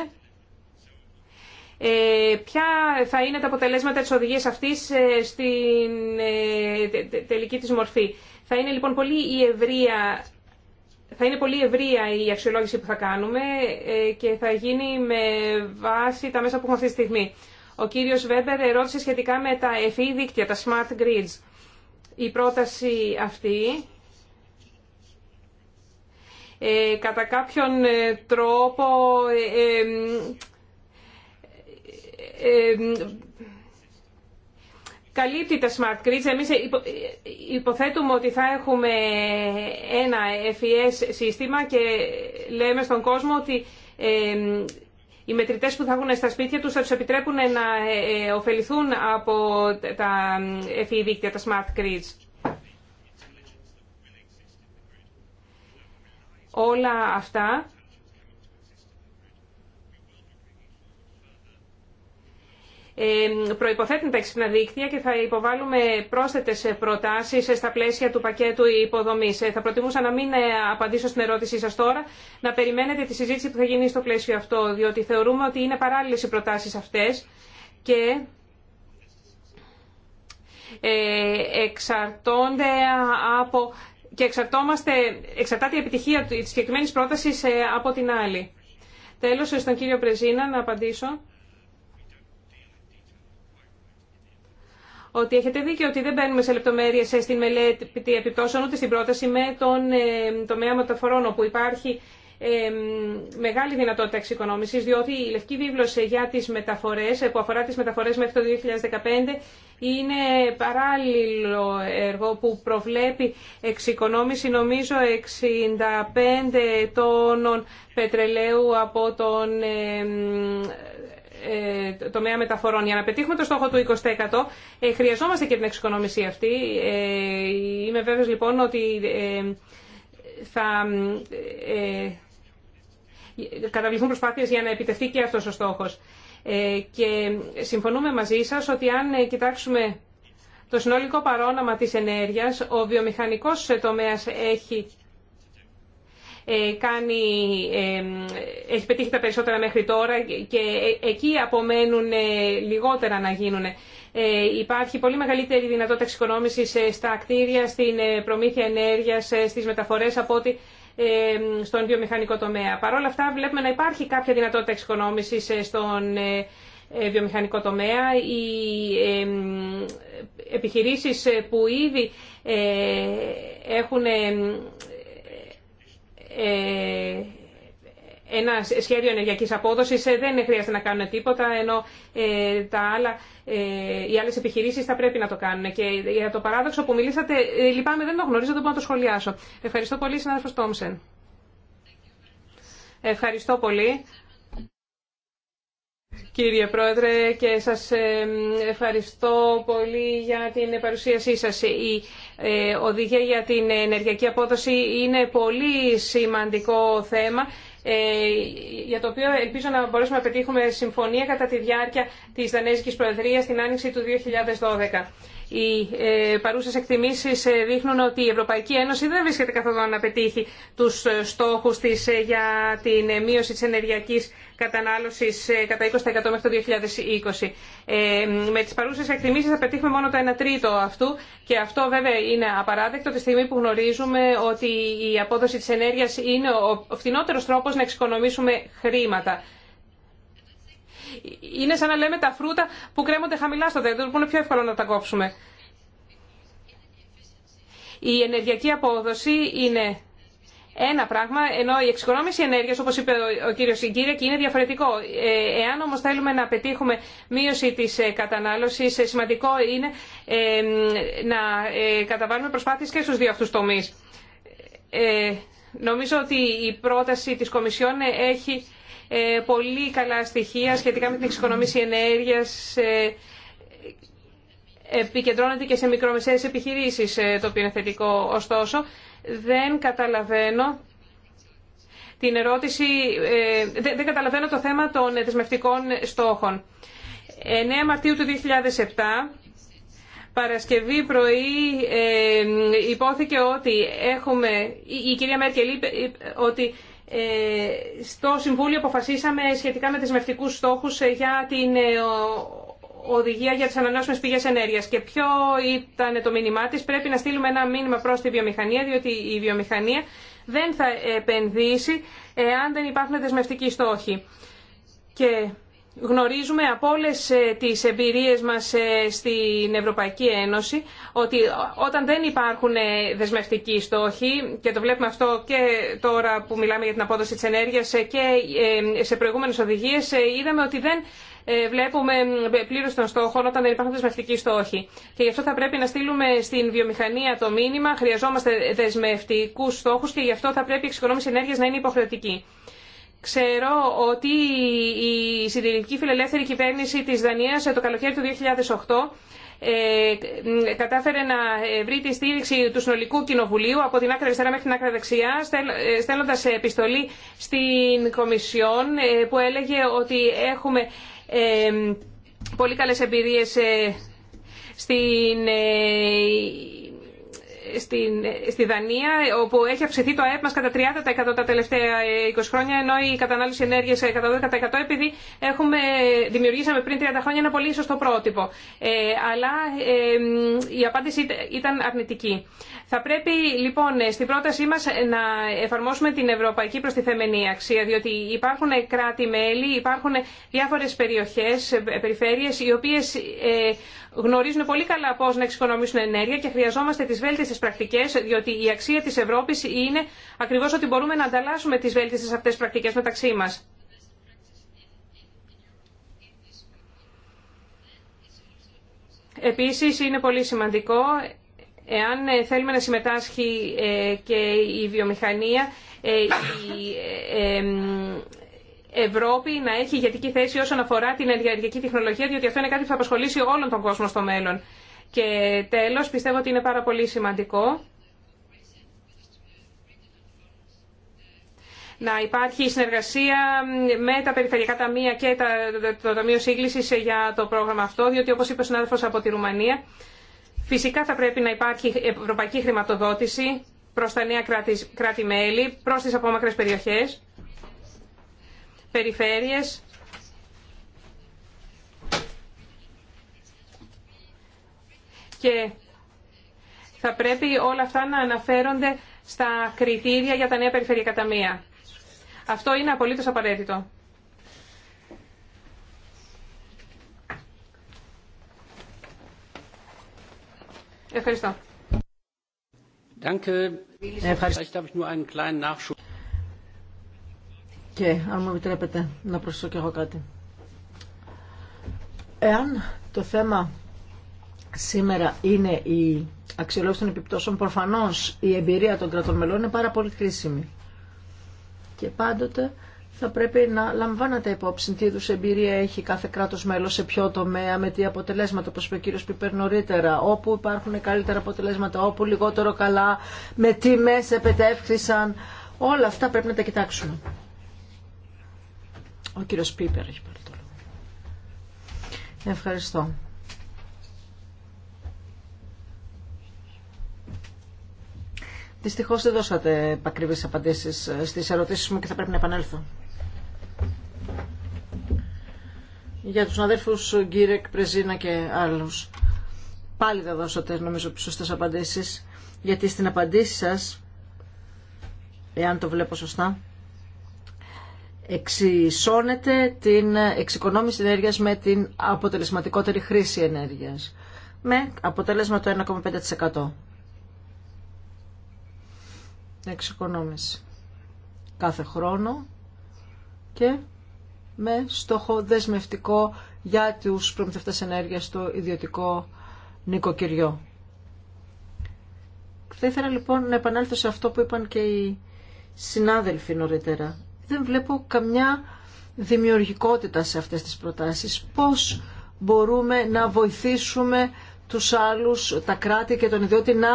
ε, ποια θα είναι τα αποτελέσματα της οδηγίας αυτής ε, στην ε, τελική της μορφή. Θα είναι λοιπόν πολύ η ευρεία θα είναι πολύ ευρεία η αξιολόγηση που θα κάνουμε και θα γίνει με βάση τα μέσα που έχουμε αυτή τη στιγμή. Ο κύριος Βέμπερ ερώτησε σχετικά με τα FE δίκτυα, τα smart grids. Η πρόταση αυτή κατά κάποιον τρόπο καλύπτει τα smart grids. Εμείς υποθέτουμε ότι θα έχουμε ένα FES σύστημα και λέμε στον κόσμο ότι οι μετρητές που θα έχουν στα σπίτια τους θα τους επιτρέπουν να ε, ε, ωφεληθούν από τα ε, FE δίκτυα, τα smart grids. Όλα αυτά προϋποθέτουν τα έξυπνα δίκτυα και θα υποβάλουμε πρόσθετες προτάσεις στα πλαίσια του πακέτου υποδομής. Ε, θα προτιμούσα να μην ε, απαντήσω στην ερώτησή σας τώρα, να περιμένετε τη συζήτηση που θα γίνει στο πλαίσιο αυτό, διότι θεωρούμε ότι είναι παράλληλες οι προτάσεις αυτές και ε, εξαρτώνται από και εξαρτώμαστε, εξαρτάται η επιτυχία της συγκεκριμένης πρότασης από την άλλη. Τέλος, στον κύριο Πρεζίνα να απαντήσω. ότι έχετε δίκιο ότι δεν μπαίνουμε σε λεπτομέρειες στην μελέτη επιπτώσεων ούτε στην πρόταση με τον ε, τομέα μεταφορών όπου υπάρχει ε, μεγάλη δυνατότητα εξοικονόμησης διότι η Λευκή Βίβλωση για τις μεταφορές που αφορά τις μεταφορές μέχρι το 2015 είναι παράλληλο έργο που προβλέπει εξοικονόμηση νομίζω 65 τόνων πετρελαίου από τον ε, ε, τομέα μεταφορών. Για να πετύχουμε το στόχο του 20% ε, χρειαζόμαστε και την εξοικονόμηση αυτή. Ε, είμαι βέβαιος λοιπόν ότι θα καταβληθούν προσπάθειες για να επιτευχθεί και αυτός ο στόχος. Και συμφωνούμε μαζί σας ότι αν κοιτάξουμε το συνολικό παρόναμα της ενέργειας, ο βιομηχανικός τομέας έχει ε, κάνει, ε, έχει πετύχει τα περισσότερα μέχρι τώρα και ε, εκεί απομένουν λιγότερα να γίνουν. Υπάρχει πολύ μεγαλύτερη δυνατότητα εξοικονόμησης στα κτίρια, στην προμήθεια ενέργειας, στις μεταφορές από ότι στον βιομηχανικό τομέα. Παρ' όλα αυτά βλέπουμε να υπάρχει κάποια δυνατότητα εξοικονόμησης στον βιομηχανικό τομέα. Οι επιχειρήσεις που ήδη έχουν ε, ένα σχέδιο ενεργειακής απόδοσης ε, δεν χρειάζεται να κάνουν τίποτα, ενώ ε, τα άλλα, οι άλλες επιχειρήσεις θα πρέπει να το κάνουν. Και για το παράδοξο που μιλήσατε, λυπάμαι, δεν το γνωρίζω, δεν μπορώ να το σχολιάσω. Ευχαριστώ πολύ, συνάδελφος Τόμσεν. Ευχαριστώ πολύ κύριε Πρόεδρε και σας ε, ευχαριστώ πολύ για την παρουσίασή σας. Η ε, οδηγία για την ενεργειακή απόδοση είναι πολύ σημαντικό θέμα ε, για το οποίο ελπίζω να μπορέσουμε να πετύχουμε συμφωνία κατά τη διάρκεια της Δανέζικης Προεδρίας την άνοιξη του 2012. Οι ε, παρούσες εκτιμήσεις ε, δείχνουν ότι η Ευρωπαϊκή Ένωση δεν βρίσκεται καθόλου να πετύχει τους ε, στόχους της για την μείωση της ενεργειακής κατανάλωσης κατά 20% μέχρι το 2020. Με τις παρούσες εκτιμήσεις θα πετύχουμε μόνο το 1 τρίτο αυτού και αυτό βέβαια είναι απαράδεκτο τη στιγμή που γνωρίζουμε ότι η απόδοση τη ενέργεια είναι ο φθηνότερο τρόπο να εξοικονομήσουμε χρήματα. Είναι σαν να λέμε τα φρούτα που κρέμονται χαμηλά στο δέντρο, που είναι πιο εύκολο να τα κόψουμε. Η ενεργειακή απόδοση είναι ένα πράγμα, ενώ η εξοικονόμηση ενέργειας, όπως είπε ο κύριος Συγκύριακ, είναι διαφορετικό. Ε, εάν όμως θέλουμε να πετύχουμε μείωση της ε, κατανάλωσης, ε, σημαντικό είναι να καταβάλουμε προσπάθειες και στους δύο αυτούς τομείς. Νομίζω ότι η πρόταση της Κομισιόν έχει ε, πολύ καλά στοιχεία σχετικά με την εξοικονόμηση ενέργειας. Ε, επικεντρώνεται και σε μικρομεσαίες επιχειρήσεις, ε, το οποίο είναι θετικό. Ωστόσο, δεν καταλαβαίνω την ερώτηση, δεν καταλαβαίνω το θέμα των δεσμευτικών στόχων. 9 Μαρτίου του 2007... Παρασκευή πρωί υπόθηκε ότι έχουμε, η, η κυρία Μέρκελ είπε ότι ε, στο Συμβούλιο αποφασίσαμε σχετικά με δεσμευτικού στόχους ε, για την ε, οδηγία για τι ανανεώσιμε πηγέ ενέργειας. Και ποιο ήταν το μήνυμά τη, Πρέπει να στείλουμε ένα μήνυμα προς τη βιομηχανία, διότι η βιομηχανία δεν θα επενδύσει εάν δεν υπάρχουν δεσμευτικοί στόχοι. Και γνωρίζουμε από όλε ε, τις εμπειρίες μας ε, στην Ευρωπαϊκή Ένωση ότι όταν δεν υπάρχουν ε, δεσμευτικοί στόχοι και το βλέπουμε αυτό και τώρα που μιλάμε για την απόδοση της ενέργειας και σε προηγούμενες οδηγίες είδαμε ότι δεν βλέπουμε πλήρως των στόχων όταν δεν υπάρχουν δεσμευτικοί στόχοι. Και γι' αυτό θα πρέπει να στείλουμε στην βιομηχανία το μήνυμα χρειαζόμαστε δεσμευτικούς στόχους και γι' αυτό θα πρέπει η εξοικονόμηση ενέργειας να είναι υποχρεωτική. Ξέρω ότι η συντηρητική φιλελεύθερη κυβέρνηση της Δανίας το καλοκαίρι του 2008 ε, κατάφερε να ε, βρει τη στήριξη του συνολικού κοινοβουλίου από την άκρα αριστερά μέχρι την άκρα δεξιά ε, στέλνοντας επιστολή στην Κομισιόν που έλεγε ότι έχουμε πολύ καλές εμπειρίες στην στη Δανία, όπου έχει αυξηθεί το ΑΕΠ μας κατά 30% τα τελευταία 20 ε, χρόνια, ενώ η κατανάλωση ενέργειας κατά 12% επειδή έχουμε, δημιουργήσαμε πριν 30 χρόνια ένα πολύ σωστό πρότυπο. Ε, αλλά ε, η απάντηση ήταν αρνητική. Θα πρέπει λοιπόν στην πρότασή μας να εφαρμόσουμε την ευρωπαϊκή προστιθέμενη αξία, διότι υπάρχουν κράτη-μέλη, υπάρχουν διάφορες περιοχές, ε, περιφέρειες, οι οποίες γνωρίζουν πολύ καλά πώ να εξοικονομήσουν ενέργεια και χρειαζόμαστε τι βέλτιστε πρακτικέ, διότι η αξία τη Ευρώπη είναι ακριβώ ότι μπορούμε να ανταλλάσσουμε τι βέλτιστε αυτέ πρακτικέ μεταξύ μα. Επίσης είναι πολύ σημαντικό εάν θέλουμε να συμμετάσχει ε, και η βιομηχανία ε, η ε, Ευρώπη να έχει ηγετική θέση όσον αφορά την ενεργειακή τεχνολογία, διότι αυτό είναι κάτι που θα απασχολήσει όλον τον κόσμο στο μέλλον. Και τέλος, πιστεύω ότι είναι πάρα πολύ σημαντικό να υπάρχει συνεργασία με τα περιφερειακά ταμεία και το Ταμείο Σύγκληση για το πρόγραμμα αυτό, διότι όπω είπε ο συνάδελφο από τη Ρουμανία, φυσικά θα πρέπει να υπάρχει ευρωπαϊκή χρηματοδότηση προς τα νέα κράτη-μέλη, προ τι απόμακρε περιοχέ περιφέρειες και θα πρέπει όλα αυτά να αναφέρονται στα κριτήρια για τα νέα περιφερειακά ταμεία. Αυτό είναι απολύτως απαραίτητο. Ευχαριστώ. Και αν μου επιτρέπετε να προσθέσω κι εγώ κάτι. Εάν το θέμα σήμερα είναι η αξιολόγηση των επιπτώσεων, προφανώς η εμπειρία των κρατών μελών είναι πάρα πολύ χρήσιμη. Και πάντοτε θα πρέπει να λαμβάνετε υπόψη τι είδου εμπειρία έχει κάθε κράτο μέλο, σε ποιο τομέα, με τι αποτελέσματα, όπω είπε ο κύριο Πιπέρ νωρίτερα, όπου υπάρχουν καλύτερα αποτελέσματα, όπου λιγότερο καλά, με τι μέσα επετεύχθησαν. Όλα αυτά πρέπει να τα κοιτάξουμε. Ο κύριος Πίπερ έχει πάρει το λόγο. Ευχαριστώ. Δυστυχώς δεν δώσατε επακριβείς απαντήσεις ε, στις ερωτήσεις μου και θα πρέπει να επανέλθω. Για τους αδέρφους Γκίρεκ, Πρεζίνα και άλλους. Πάλι δεν δώσατε νομίζω τις σωστές απαντήσεις, γιατί στην απαντήση σας, εάν το βλέπω σωστά, εξισώνεται την εξοικονόμηση ενέργειας με την αποτελεσματικότερη χρήση ενέργειας. Με αποτέλεσμα το 1,5%. Εξοικονόμηση. Κάθε χρόνο και με στόχο δεσμευτικό για τους προμηθευτές ενέργειας στο ιδιωτικό νοικοκυριό. Θα ήθελα λοιπόν να επανέλθω σε αυτό που είπαν και οι συνάδελφοι νωρίτερα δεν βλέπω καμιά δημιουργικότητα σε αυτές τις προτάσεις. Πώς μπορούμε να βοηθήσουμε τους άλλους, τα κράτη και τον ιδιώτη να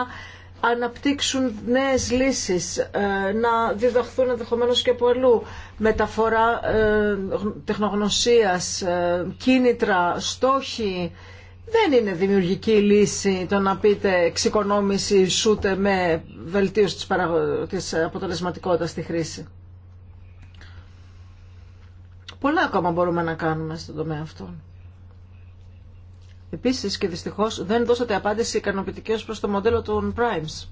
αναπτύξουν νέες λύσεις, ε, να διδαχθούν ενδεχομένω και από αλλού, μεταφορά ε, τεχνογνωσίας, ε, κίνητρα, στόχοι. Δεν είναι δημιουργική λύση το να πείτε εξοικονόμηση σούτε με βελτίωση της αποτελεσματικότητας στη χρήση. Πολλά ακόμα μπορούμε να κάνουμε στον τομέα αυτόν. Επίσης και δυστυχώ δεν δώσατε απάντηση ικανοποιητική προ προς το μοντέλο των Primes.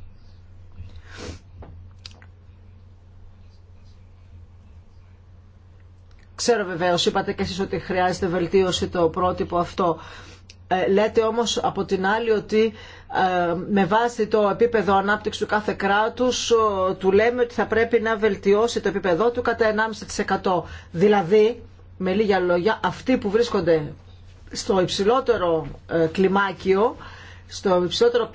Ξέρω βεβαίω, είπατε κι εσεί ότι χρειάζεται βελτίωση το πρότυπο αυτό. Ε, λέτε όμως από την άλλη ότι ε, με βάση το επίπεδο ανάπτυξη του κάθε κράτους ε, του λέμε ότι θα πρέπει να βελτιώσει το επίπεδό του κατά 1,5%. Δηλαδή, με λίγα λόγια, αυτοί που βρίσκονται στο υψηλότερο κλιμάκιο, στο υψηλότερο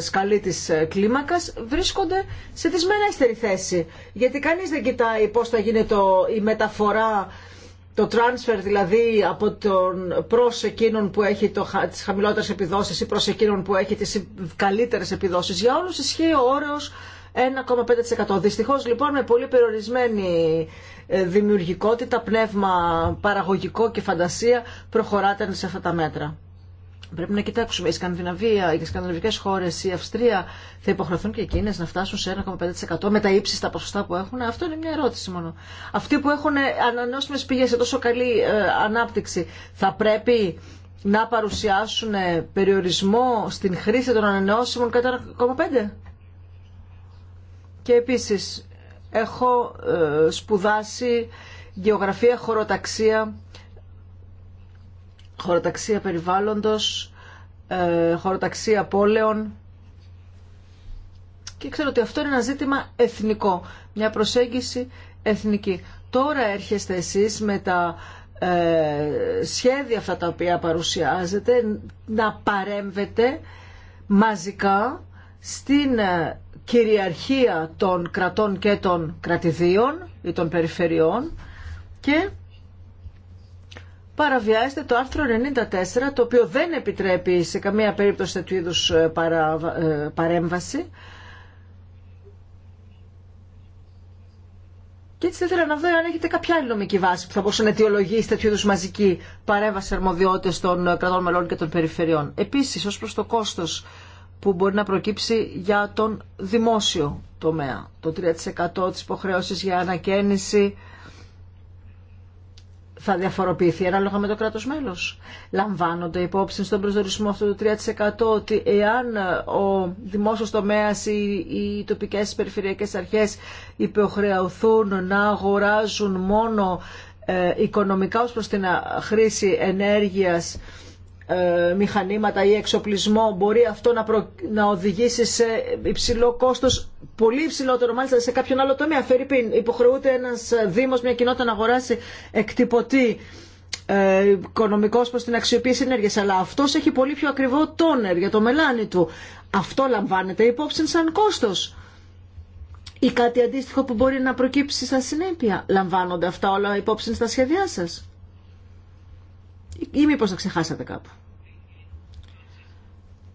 σκαλί της κλίμακας βρίσκονται σε δυσμενέστερη θέση. Γιατί κανείς δεν κοιτάει πώς θα γίνεται η μεταφορά το transfer δηλαδή από τον προς εκείνον που έχει το, τις χαμηλότερες επιδόσεις ή προς εκείνον που έχει τις καλύτερες επιδόσεις. Για όλους ισχύει ο όρος 1,5%. Δυστυχώς λοιπόν με πολύ περιορισμένη ε, δημιουργικότητα, πνεύμα παραγωγικό και φαντασία προχωράτε σε αυτά τα μέτρα. Πρέπει να κοιτάξουμε, η Σκανδιναβία, οι σκανδιναβικε χώρες, η Αυστρία θα υποχρεωθούν και εκείνε να φτάσουν σε 1,5% με τα ύψιστα ποσοστά που έχουν. Αυτό είναι μια ερώτηση μόνο. Αυτοί που έχουν ε, ανανεώσιμε πηγές σε τόσο καλή ε, ανάπτυξη θα πρέπει να παρουσιάσουν ε, περιορισμό στην χρήση των ανανεώσιμων κατά 1,5%. Και επίση έχω σπουδάσει γεωγραφία, χωροταξία χωροταξία περιβάλλοντος, ε, χωροταξία πόλεων. Και ξέρω ότι αυτό είναι ένα ζήτημα εθνικό, μια προσέγγιση εθνική. Τώρα έρχεστε εσείς με τα ε, σχέδια αυτά τα οποία παρουσιάζετε να παρέμβετε μαζικά στην ε, κυριαρχία των κρατών και των κρατηδίων ή των περιφερειών και παραβιάζεται το άρθρο 94 το οποίο δεν επιτρέπει σε καμία περίπτωση τέτοιου είδου ε, ε, παρέμβαση. Και έτσι θα ήθελα να δω αν έχετε κάποια άλλη νομική βάση που θα μπορούσε να αιτιολογήσει τέτοιου είδου μαζική παρέμβαση αρμοδιότητε των ε, κρατών μελών και των περιφερειών. Επίση, ω προ το κόστο που μπορεί να προκύψει για τον δημόσιο τομέα. Το 3% της υποχρέωσης για ανακαίνιση θα διαφοροποιηθεί ανάλογα με το κράτος μέλος. Λαμβάνονται υπόψη στον προσδορισμό αυτού του 3% ότι εάν ο δημόσιο τομέας ή οι τοπικές περιφερειακές αρχές υποχρεωθούν να αγοράζουν μόνο ε, οικονομικά ως προς την χρήση ενέργειας ε, μηχανήματα ή εξοπλισμό μπορεί αυτό να, να οδηγήσει σε υψηλό κόστος, πολύ υψηλότερο μάλιστα σε κάποιον άλλο τομέα. Φερρυπίν, υποχρεούται ένας δήμος, μια κοινότητα να αγοράσει εκτυπωτή ε, οικονομικός προς την αξιοποίηση ενέργειας, αλλά αυτός έχει πολύ πιο ακριβό τόνερ για το μελάνι του. Αυτό λαμβάνεται υπόψη σαν κόστος ή κάτι αντίστοιχο που μπορεί να προκύψει στα συνέπεια. Λαμβάνονται αυτά όλα υπόψη στα σχέδιά σας ή μήπω τα ξεχάσατε κάπου.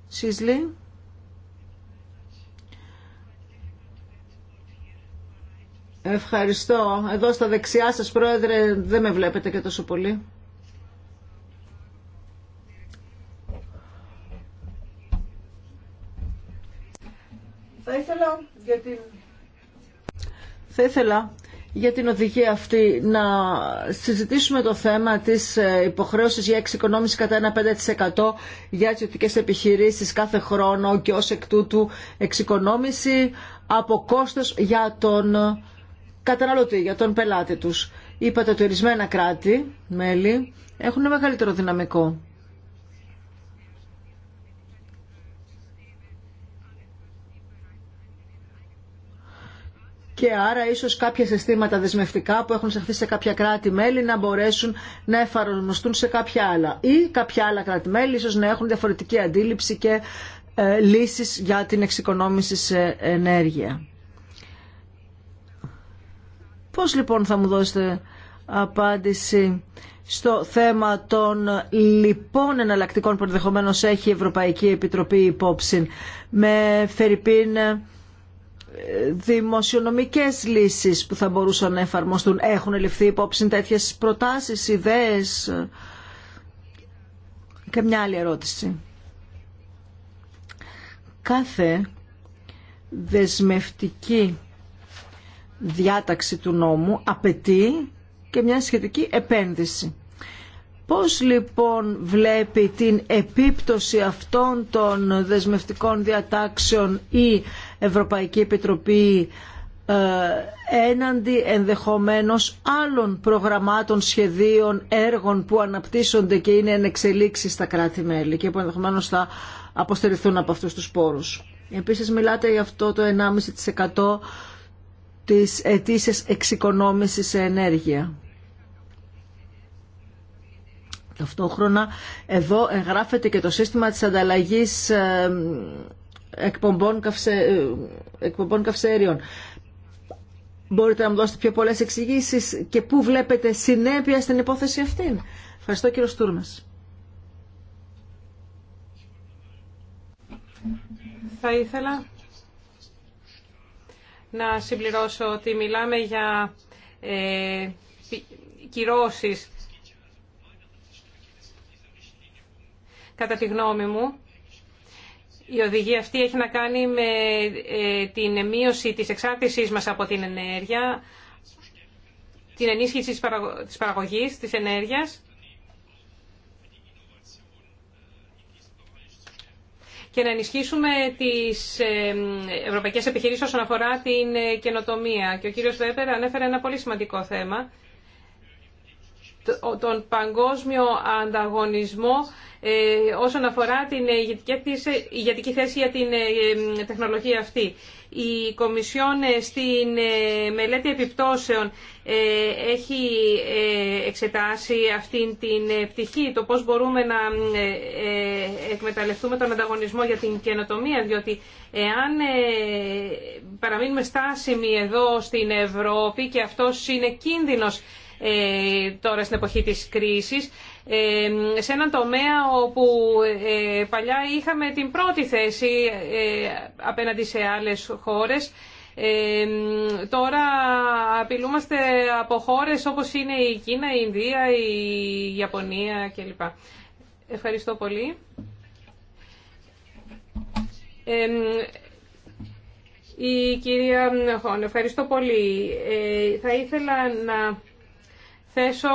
Σίσλι. Ευχαριστώ. Εδώ στα δεξιά σας, Πρόεδρε, δεν με βλέπετε και τόσο πολύ. Θα ήθελα για Θα ήθελα για την οδηγία αυτή να συζητήσουμε το θέμα της ε, υποχρέωσης για εξοικονόμηση κατά ένα 5% για τις επιχειρήσεις κάθε χρόνο και ως εκ τούτου εξοικονόμηση από κόστος για τον καταναλωτή, για τον πελάτη τους. Είπατε ότι ορισμένα κράτη, μέλη, έχουν μεγαλύτερο δυναμικό και άρα ίσως κάποια συστήματα δεσμευτικά που έχουν σταθεί σε κάποια κράτη-μέλη να μπορέσουν να εφαρμοστούν σε κάποια άλλα ή κάποια άλλα κράτη-μέλη ίσως να έχουν διαφορετική αντίληψη και ε, λύσεις για την εξοικονόμηση σε ενέργεια. Πώς λοιπόν θα μου δώσετε απάντηση στο θέμα των λοιπών εναλλακτικών που ενδεχομένω έχει η Ευρωπαϊκή Επιτροπή υπόψη με Φερρυπίν δημοσιονομικές λύσεις που θα μπορούσαν να εφαρμοστούν. Έχουν ληφθεί υπόψη τέτοιες προτάσεις, ιδέες και μια άλλη ερώτηση. Κάθε δεσμευτική διάταξη του νόμου απαιτεί και μια σχετική επένδυση. Πώς λοιπόν βλέπει την επίπτωση αυτών των δεσμευτικών διατάξεων ή Ευρωπαϊκή Επιτροπή ε, έναντι ενδεχομένως άλλων προγραμμάτων, σχεδίων, έργων που αναπτύσσονται και είναι ενεξελίξει στα κράτη-μέλη και που ενδεχομένως θα αποστερηθούν από αυτούς τους πόρους. Επίσης μιλάτε για αυτό το 1,5% της ετήσιας εξοικονόμησης σε ενέργεια. Ταυτόχρονα εδώ εγγράφεται και το σύστημα της ανταλλαγής ε, εκπομπών, καυσε, ε, εκπομπών καυσέριων. Μπορείτε να μου δώσετε πιο πολλές εξηγήσει και πού βλέπετε συνέπεια στην υπόθεση αυτή. Ευχαριστώ κύριο Στούρμας. Θα ήθελα να συμπληρώσω ότι μιλάμε για ε, κυρώσεις. Κατά τη γνώμη μου, η οδηγία αυτή έχει να κάνει με ε, την μείωση της εξάρτησής μας από την ενέργεια, την ενίσχυση της παραγωγής, της ενέργειας και να ενισχύσουμε τις ε, ευρωπαϊκές επιχειρήσεις όσον αφορά την ε, καινοτομία. Και ο κύριος Βέπερ ανέφερε ένα πολύ σημαντικό θέμα, τον παγκόσμιο ανταγωνισμό ε, όσον αφορά την ε, ηγετική θέση για την ε, τεχνολογία αυτή. Η Κομισιόν στην μελέτη επιπτώσεων έχει εξετάσει αυτή την πτυχή, το πώς μπορούμε να εκμεταλλευτούμε τον ανταγωνισμό για την καινοτομία, διότι εάν παραμείνουμε στάσιμοι εδώ στην Ευρώπη και αυτός είναι κίνδυνος τώρα στην εποχή της κρίσης, σε έναν τομέα όπου ε, παλιά είχαμε την πρώτη θέση ε, απέναντι σε άλλες χώρες. Τώρα απειλούμαστε από χώρες όπως είναι η Κίνα, η Ινδία, η Ιαπωνία κλπ. Ευχαριστώ πολύ. Η κυρία Χόν, ευχαριστώ πολύ. Ε, θα ήθελα να θέσω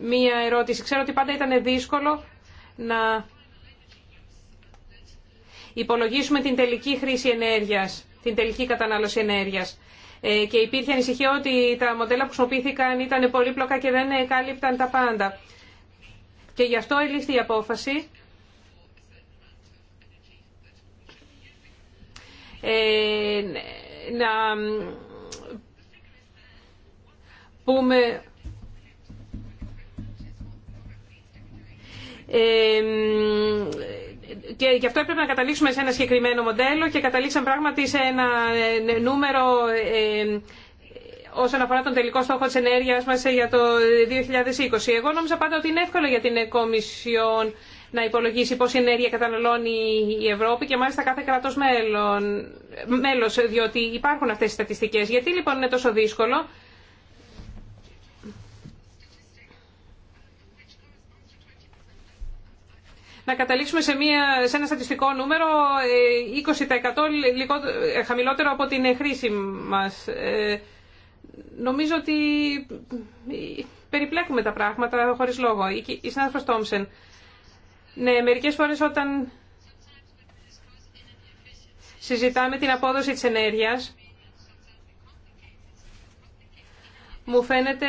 μία ερώτηση. Ξέρω ότι πάντα ήταν δύσκολο να υπολογίσουμε την τελική χρήση ενέργειας, την τελική κατανάλωση ενέργειας. Ε, και υπήρχε ανησυχία ότι τα μοντέλα που χρησιμοποιήθηκαν ήταν πολύπλοκα και δεν κάλυπταν τα πάντα. Και γι' αυτό ελήφθη η απόφαση ε, να πούμε και γι' αυτό έπρεπε να καταλήξουμε σε ένα συγκεκριμένο μοντέλο και καταλήξαμε πράγματι σε ένα ε, νούμερο όσον αφορά τον τελικό στόχο της ενέργειας μας ε, για το 2020. Εγώ νόμιζα πάντα ότι είναι εύκολο για την ε, Κομισιόν να υπολογίσει πόση ενέργεια καταναλώνει η Ευρώπη και μάλιστα κάθε κράτος μέλος, διότι υπάρχουν αυτές οι στατιστικές. Γιατί λοιπόν είναι τόσο δύσκολο να καταλήξουμε σε, μια, σε ένα στατιστικό νούμερο 20% ε, χαμηλότερο από την χρήση μας. Ε, νομίζω ότι ε, περιπλέκουμε τα πράγματα χωρίς λόγο. Η συνάδελφος Τόμσεν. Ναι, μερικές φορές όταν συζητάμε την απόδοση της ενέργειας, μου φαίνεται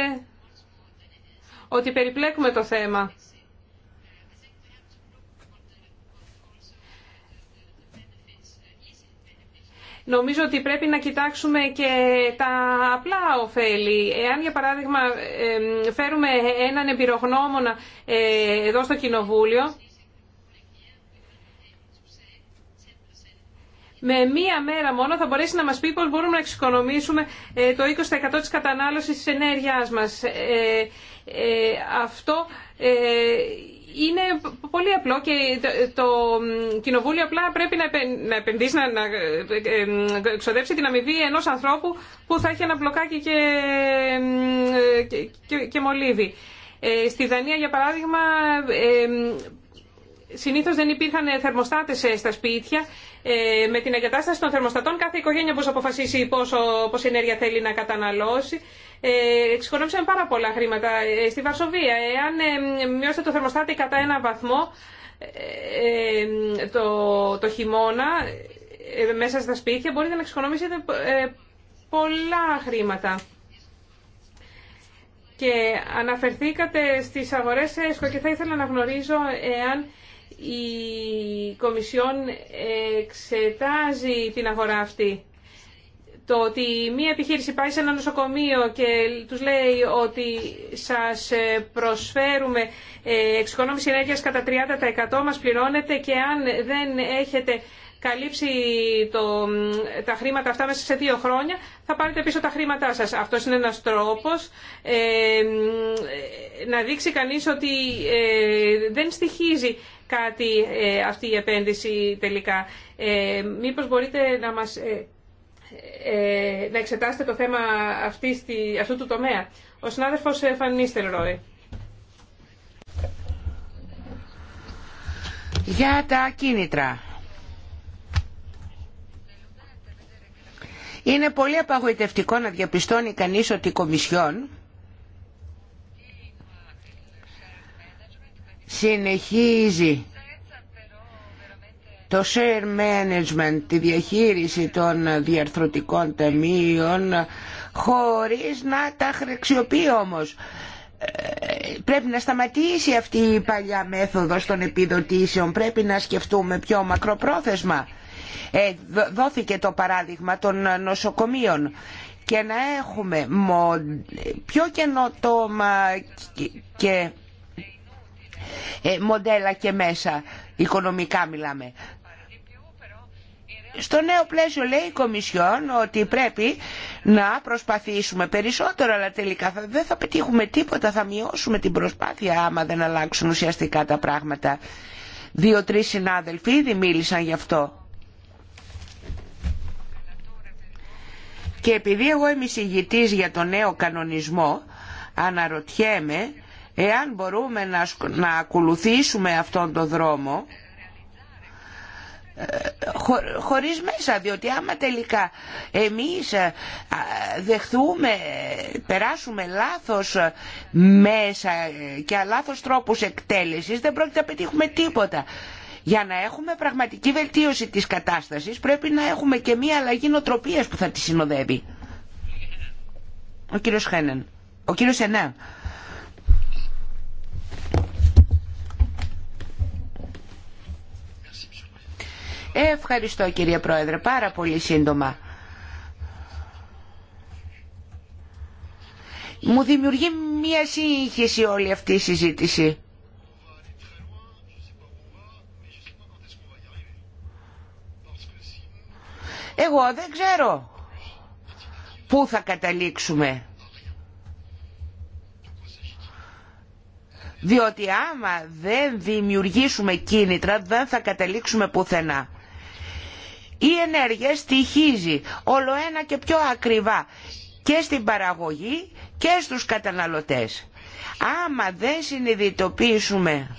ότι περιπλέκουμε το θέμα. Νομίζω ότι πρέπει να κοιτάξουμε και τα απλά ωφέλη. Εάν, για παράδειγμα, φέρουμε έναν εμπειρογνώμονα ε, εδώ στο Κοινοβούλιο, με μία μέρα μόνο θα μπορέσει να μας πει πώς μπορούμε να εξοικονομήσουμε ε, το 20% της κατανάλωσης της ενέργειάς μας. Ε, αυτό είναι πολύ απλό και το κοινοβούλιο απλά πρέπει να επενδύσει, να ε, ε, εξοδεύσει την αμοιβή ενός ανθρώπου που θα έχει ένα μπλοκάκι και, ε, και, και μολύβι. Στη Δανία, για παράδειγμα, συνήθω δεν υπήρχαν θερμοστάτες στα σπίτια. Με την εγκατάσταση των θερμοστατών κάθε οικογένεια μπορούσε να αποφασίσει πόσο, πόσο ενέργεια θέλει να καταναλώσει. Ε, εξοικονόμησαμε πάρα πολλά χρήματα. Ε, στη Βαρσοβία, εάν ε, μειώσετε το θερμοστάτη κατά ένα βαθμό το, το χειμώνα μέσα στα σπίτια, μπορείτε να εξοικονομήσετε πολλά χρήματα. Και αναφερθήκατε στις αγορές ΕΣΚΟ και θα ήθελα να γνωρίζω εάν η Κομισιόν εξετάζει την αγορά αυτή. Το ότι μία επιχείρηση πάει σε ένα νοσοκομείο και τους λέει ότι σας ε, προσφέρουμε ε, εξοικονόμηση ενέργειας κατά 30% μας πληρώνετε και αν δεν έχετε καλύψει το, τα χρήματα αυτά μέσα σε δύο χρόνια, θα πάρετε πίσω τα χρήματά σας. Αυτός είναι ένας τρόπος ε, να δείξει κανείς ότι ε, δεν στοιχίζει κάτι αυτή η επένδυση τελικά. Μήπως μπορείτε να μας ε, να εξετάσετε το θέμα αυτή, αυτού του τομέα. Ο συνάδελφος ε, Φανίστελ Ρόι. Για τα κίνητρα. Είναι πολύ απαγοητευτικό να διαπιστώνει κανείς ότι η Κομισιόν συνεχίζει το share management, τη διαχείριση των διαρθρωτικών ταμείων χωρίς να τα χρεξιοποιεί όμως. Ε, πρέπει να σταματήσει αυτή η παλιά μέθοδος των επιδοτήσεων, πρέπει να σκεφτούμε πιο μακροπρόθεσμα. Ε, δόθηκε το παράδειγμα των νοσοκομείων και να έχουμε πιο καινοτόμα και ε, μοντέλα και μέσα, οικονομικά μιλάμε. Στο νέο πλαίσιο λέει η Κομισιόν ότι πρέπει να προσπαθήσουμε περισσότερο, αλλά τελικά δεν θα πετύχουμε τίποτα, θα μειώσουμε την προσπάθεια άμα δεν αλλάξουν ουσιαστικά τα πράγματα. Δύο-τρει συνάδελφοι ήδη μίλησαν γι' αυτό. Και επειδή εγώ είμαι συγγητής για το νέο κανονισμό, αναρωτιέμαι Εάν μπορούμε να ακολουθήσουμε αυτόν τον δρόμο, ε, χωρίς μέσα διότι άμα τελικά εμείς ε, δεχθούμε περάσουμε λάθος μέσα και λάθος τρόπους εκτέλεσης δεν πρόκειται να πετύχουμε τίποτα για να έχουμε πραγματική βελτίωση της κατάστασης πρέπει να έχουμε και μία αλλαγή νοτροπίας που θα τη συνοδεύει ο κύριος Χένεν ο κύριος ενέα. Ευχαριστώ κύριε Πρόεδρε, πάρα πολύ σύντομα. Μου δημιουργεί μία σύγχυση όλη αυτή η συζήτηση. Εγώ δεν ξέρω πού θα καταλήξουμε. Διότι άμα δεν δημιουργήσουμε κίνητρα δεν θα καταλήξουμε πουθενά η ενέργεια στοιχίζει όλο ένα και πιο ακριβά και στην παραγωγή και στους καταναλωτές. Άμα δεν συνειδητοποιήσουμε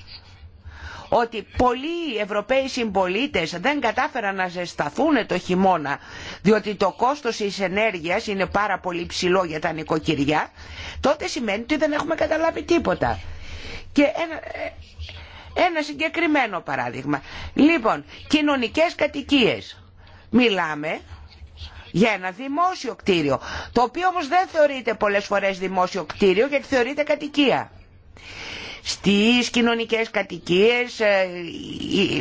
ότι πολλοί Ευρωπαίοι συμπολίτε δεν κατάφεραν να ζεσταθούν το χειμώνα διότι το κόστος της ενέργειας είναι πάρα πολύ ψηλό για τα νοικοκυριά τότε σημαίνει ότι δεν έχουμε καταλάβει τίποτα. Και ένα, ε, ένα συγκεκριμένο παράδειγμα. Λοιπόν, κοινωνικές κατοικίες μιλάμε για ένα δημόσιο κτίριο, το οποίο όμως δεν θεωρείται πολλές φορές δημόσιο κτίριο γιατί θεωρείται κατοικία. Στις κοινωνικές κατοικίες ε,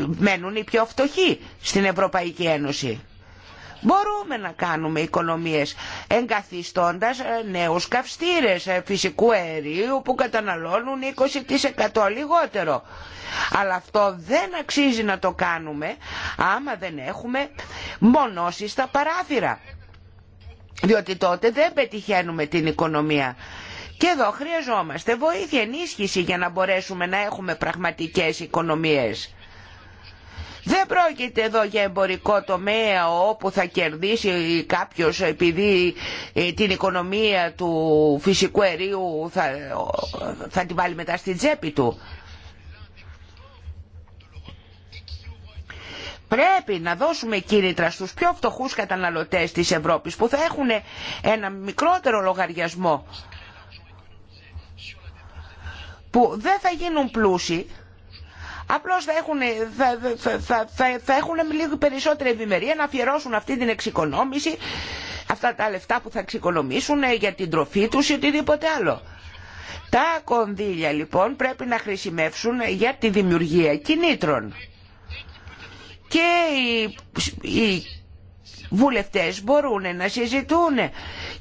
μένουν οι πιο φτωχοί στην Ευρωπαϊκή Ένωση. Μπορούμε να κάνουμε οικονομίες εγκαθιστώντας ε, νέους καυστήρες ε, φυσικού αερίου που καταναλώνουν 20% λιγότερο. Αλλά αυτό δεν αξίζει να το κάνουμε άμα δεν έχουμε μονώσεις στα παράθυρα. Διότι τότε δεν πετυχαίνουμε την οικονομία. Και εδώ χρειαζόμαστε βοήθεια, ενίσχυση για να μπορέσουμε να έχουμε πραγματικές οικονομίες. Δεν πρόκειται εδώ για εμπορικό τομέα όπου θα κερδίσει κάποιος επειδή ε, την οικονομία του φυσικού αερίου θα, θα την βάλει μετά στην τσέπη του. Πρέπει να δώσουμε κίνητρα στους πιο φτωχούς καταναλωτές της Ευρώπης που θα έχουν ένα μικρότερο λογαριασμό που δεν θα γίνουν πλούσιοι Απλώς θα έχουν, θα, θα, θα, θα λίγο περισσότερη ευημερία να αφιερώσουν αυτή την εξοικονόμηση, αυτά τα λεφτά που θα εξοικονομήσουν ε, για την τροφή τους ή οτιδήποτε άλλο. Τα κονδύλια λοιπόν πρέπει να χρησιμεύσουν για τη δημιουργία κινήτρων. Και οι, οι βουλευτές μπορούν να συζητούν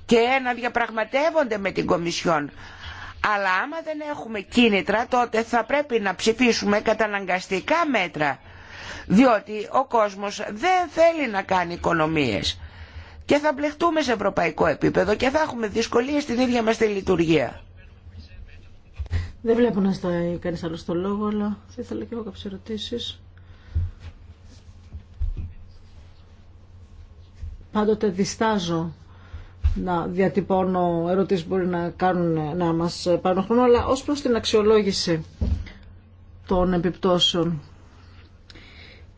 και να διαπραγματεύονται με την Κομισιόν αλλά άμα δεν έχουμε κίνητρα τότε θα πρέπει να ψηφίσουμε καταναγκαστικά μέτρα. Διότι ο κόσμος δεν θέλει να κάνει οικονομίες. Και θα μπλεχτούμε σε ευρωπαϊκό επίπεδο και θα έχουμε δυσκολίες στην ίδια μας τη λειτουργία. Δεν βλέπω να στάει κανείς άλλο το λόγο, αλλά θα ήθελα και εγώ κάποιες ερωτήσεις. Πάντοτε διστάζω να διατυπώνω ερωτήσεις που μπορεί να, κάνουν, να μας πάρουν χρόνο, αλλά ως προς την αξιολόγηση των επιπτώσεων.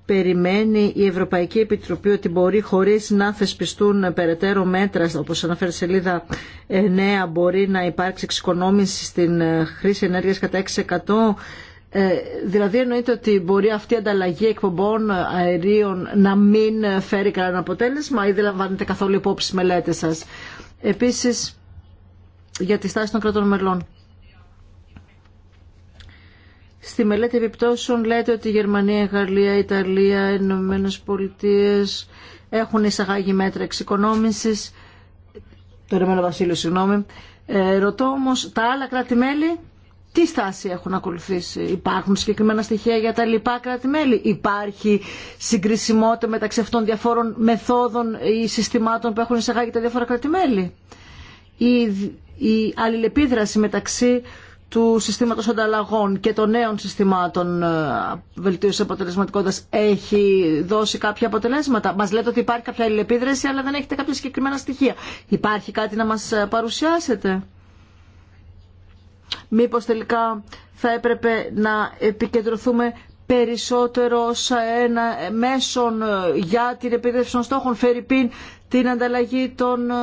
Περιμένει η Ευρωπαϊκή Επιτροπή ότι μπορεί χωρίς να θεσπιστούν περαιτέρω μέτρα, όπως αναφέρει σελίδα 9, μπορεί να υπάρξει εξοικονόμηση στην ε, χρήση ενέργειας κατά 6% ε, δηλαδή εννοείται ότι μπορεί αυτή η ανταλλαγή εκπομπών αερίων να μην φέρει κανένα αποτέλεσμα ή δεν λαμβάνετε καθόλου υπόψη μελέτε σας. Επίσης, για τη στάση των κρατών μελών. Στη μελέτη επιπτώσεων λέτε ότι η Γερμανία, η Γαλλία, η Ιταλία, οι Ηνωμένε Πολιτείε έχουν εισαγάγει μέτρα εξοικονόμηση. Το Ηνωμένο Βασίλειο, συγγνώμη. Ε, ρωτώ όμω, τα άλλα κράτη-μέλη τι στάση έχουν ακολουθήσει. Υπάρχουν συγκεκριμένα στοιχεία για τα λοιπά κράτη-μέλη. Υπάρχει συγκρισιμότητα μεταξύ αυτών διαφόρων μεθόδων ή συστημάτων που έχουν εισαγάγει τα διάφορα κράτη-μέλη. Η, η αλληλεπίδραση μεταξύ του συστήματος ανταλλαγών και των νέων συστημάτων ε, βελτίωση αποτελεσματικότητας έχει δώσει κάποια αποτελέσματα. Μας λέτε ότι υπάρχει κάποια αλληλεπίδραση αλλά δεν έχετε κάποια συγκεκριμένα στοιχεία. Υπάρχει κάτι να μας παρουσιάσετε. Μήπως τελικά θα έπρεπε να επικεντρωθούμε περισσότερο σε ένα μέσον ε, για την επίδευση των στόχων, φέρει πίν την ανταλλαγή των ε,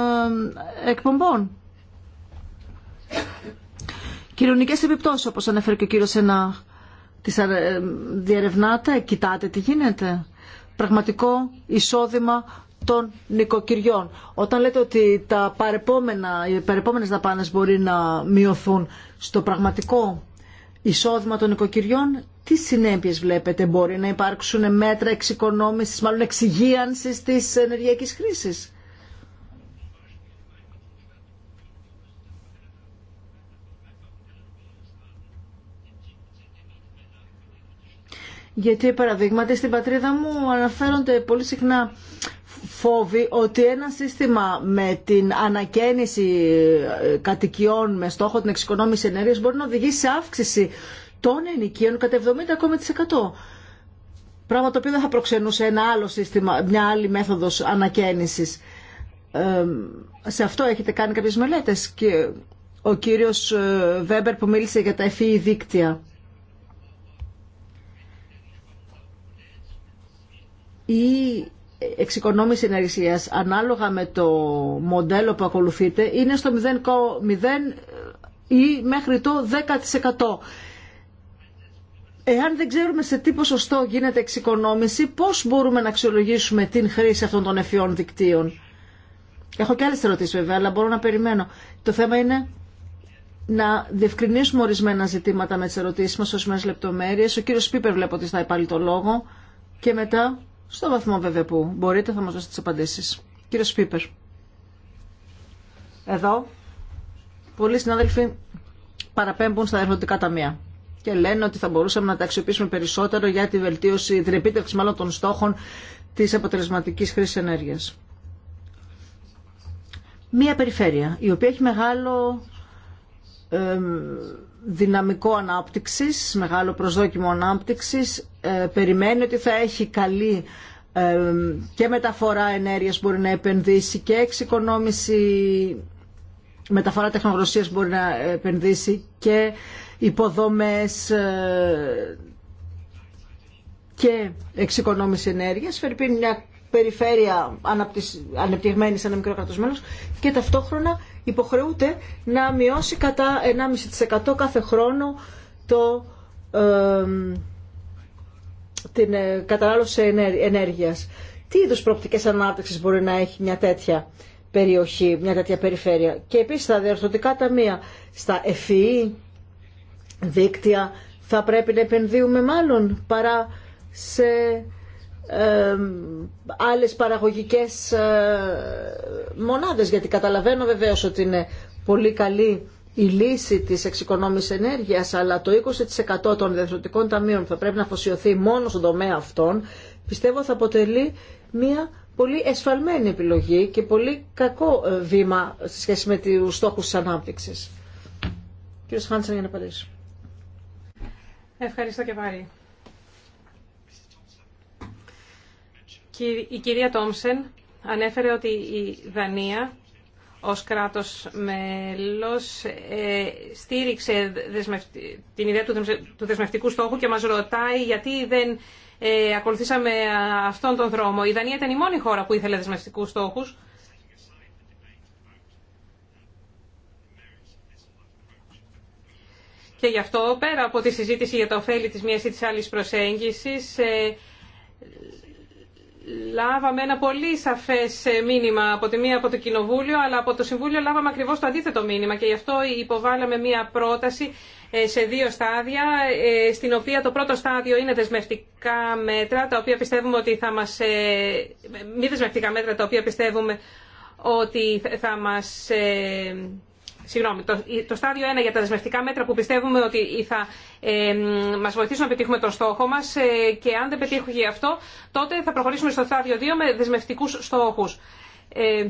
εκπομπών. Κοινωνικές επιπτώσεις, όπως αναφέρει και ο κύριος Σενά, τις ε, διερευνάτε, κοιτάτε τι γίνεται. Πραγματικό εισόδημα των νοικοκυριών. Όταν λέτε ότι τα παρεπόμενα, οι παρεπόμενες δαπάνες μπορεί να μειωθούν στο πραγματικό εισόδημα των νοικοκυριών, τι συνέπειες βλέπετε μπορεί να υπάρξουν μέτρα εξοικονόμησης, μάλλον εξυγίανσης της ενεργειακής χρήσης. Γιατί, παραδείγματι, στην πατρίδα μου αναφέρονται πολύ συχνά φόβοι ότι ένα σύστημα με την ανακαίνιση ε, κατοικιών με στόχο την εξοικονόμηση ενέργειας μπορεί να οδηγήσει σε αύξηση των ενοικίων κατά 70% πράγμα το οποίο δεν θα προξενούσε ένα άλλο σύστημα, μια άλλη μέθοδος ανακαίνησης. σε αυτό έχετε κάνει κάποιες μελέτες και ο κύριος ε, Βέμπερ που μίλησε για τα FEE δίκτυα. Η εξοικονόμηση ενεργησίας ανάλογα με το μοντέλο που ακολουθείτε είναι στο 0 ε, ή μέχρι το 10%. Εάν δεν ξέρουμε σε τι ποσοστό γίνεται εξοικονόμηση, πώς μπορούμε να αξιολογήσουμε την χρήση αυτών των εφιών δικτύων. Έχω και άλλες ερωτήσεις βέβαια, αλλά μπορώ να περιμένω. Το θέμα είναι να διευκρινίσουμε ορισμένα ζητήματα με τις ερωτήσεις μας, ορισμένες λεπτομέρειες. Ο κύριος Πίπερ βλέπω ότι θα πάλι το λόγο. Και μετά στο βαθμό βέβαια που μπορείτε θα μας δώσετε τις απαντήσεις. Κύριε Σπίπερ, εδώ πολλοί συνάδελφοι παραπέμπουν στα ερωτικά ταμεία και λένε ότι θα μπορούσαμε να τα αξιοποιήσουμε περισσότερο για τη βελτίωση, την επίτευξη μάλλον των στόχων της αποτελεσματικής χρήσης ενέργειας. Μία περιφέρεια η οποία έχει μεγάλο δυναμικό ανάπτυξης, μεγάλο προσδόκιμο ανάπτυξης ε, περιμένει ότι θα έχει καλή ε, και μεταφορά ενέργειας μπορεί να επενδύσει και εξοικονόμηση μεταφορά τεχνογνωσίας μπορεί να επενδύσει και υποδομές ε, και εξοικονόμηση ενέργειας. Φερπίν μια περιφέρεια ανεπτυγμένη σε ένα μικρό κρατοσμένος και ταυτόχρονα υποχρεούται να μειώσει κατά 1,5% κάθε χρόνο το την ε, κατανάλωση ενέργειας. Τι είδους προοπτικές ανάπτυξης μπορεί να έχει μια τέτοια περιοχή, μια τέτοια περιφέρεια. Και επίσης στα διαρθρωτικά ταμεία στα ΕΦΗ, e e δίκτυα θα πρέπει να επενδύουμε μάλλον παρά σε ε, άλλες παραγωγικές ε, μονάδες γιατί καταλαβαίνω βεβαίως ότι είναι πολύ καλή η λύση της εξοικονόμησης ενέργειας, αλλά το 20% των διαδοτικών ταμείων θα πρέπει να αφοσιωθεί μόνο στον τομέα αυτών, πιστεύω θα αποτελεί μια πολύ εσφαλμένη επιλογή και πολύ κακό ε, βήμα σε σχέση με τους στόχους της ανάπτυξης. Κύριε Χάντσεν για να απαντήσω. Ευχαριστώ και πάλι. Η κυρία Τόμσεν ανέφερε ότι η Δανία ως κράτος μέλος ε, στήριξε την ιδέα του δεσμευτικού στόχου και μας ρωτάει γιατί δεν ε, ακολουθήσαμε αυτόν τον δρόμο. Η Δανία ήταν η μόνη χώρα που ήθελε δεσμευτικούς στόχους. Και γι' αυτό, πέρα από τη συζήτηση για το ωφέλη της μίας ή της άλλης προσέγγισης, ε, λάβαμε ένα πολύ σαφέ ε, μήνυμα από τη μία από το Κοινοβούλιο, αλλά από το Συμβούλιο λάβαμε ακριβώ το αντίθετο μήνυμα και γι' αυτό υποβάλαμε μία πρόταση ε, σε δύο στάδια, ε, στην οποία το πρώτο στάδιο είναι δεσμευτικά μέτρα, τα οποία πιστεύουμε ότι θα μας... μη δεσμευτικά μέτρα, τα οποία πιστεύουμε ότι θα μας Συγγνώμη, το, στάδιο 1 για τα δεσμευτικά μέτρα που πιστεύουμε ότι θα ε, μας βοηθήσουν να πετύχουμε τον στόχο μας ε, και αν δεν πετύχουμε αυτό, τότε θα προχωρήσουμε στο στάδιο 2 με δεσμευτικούς στόχους. Ε,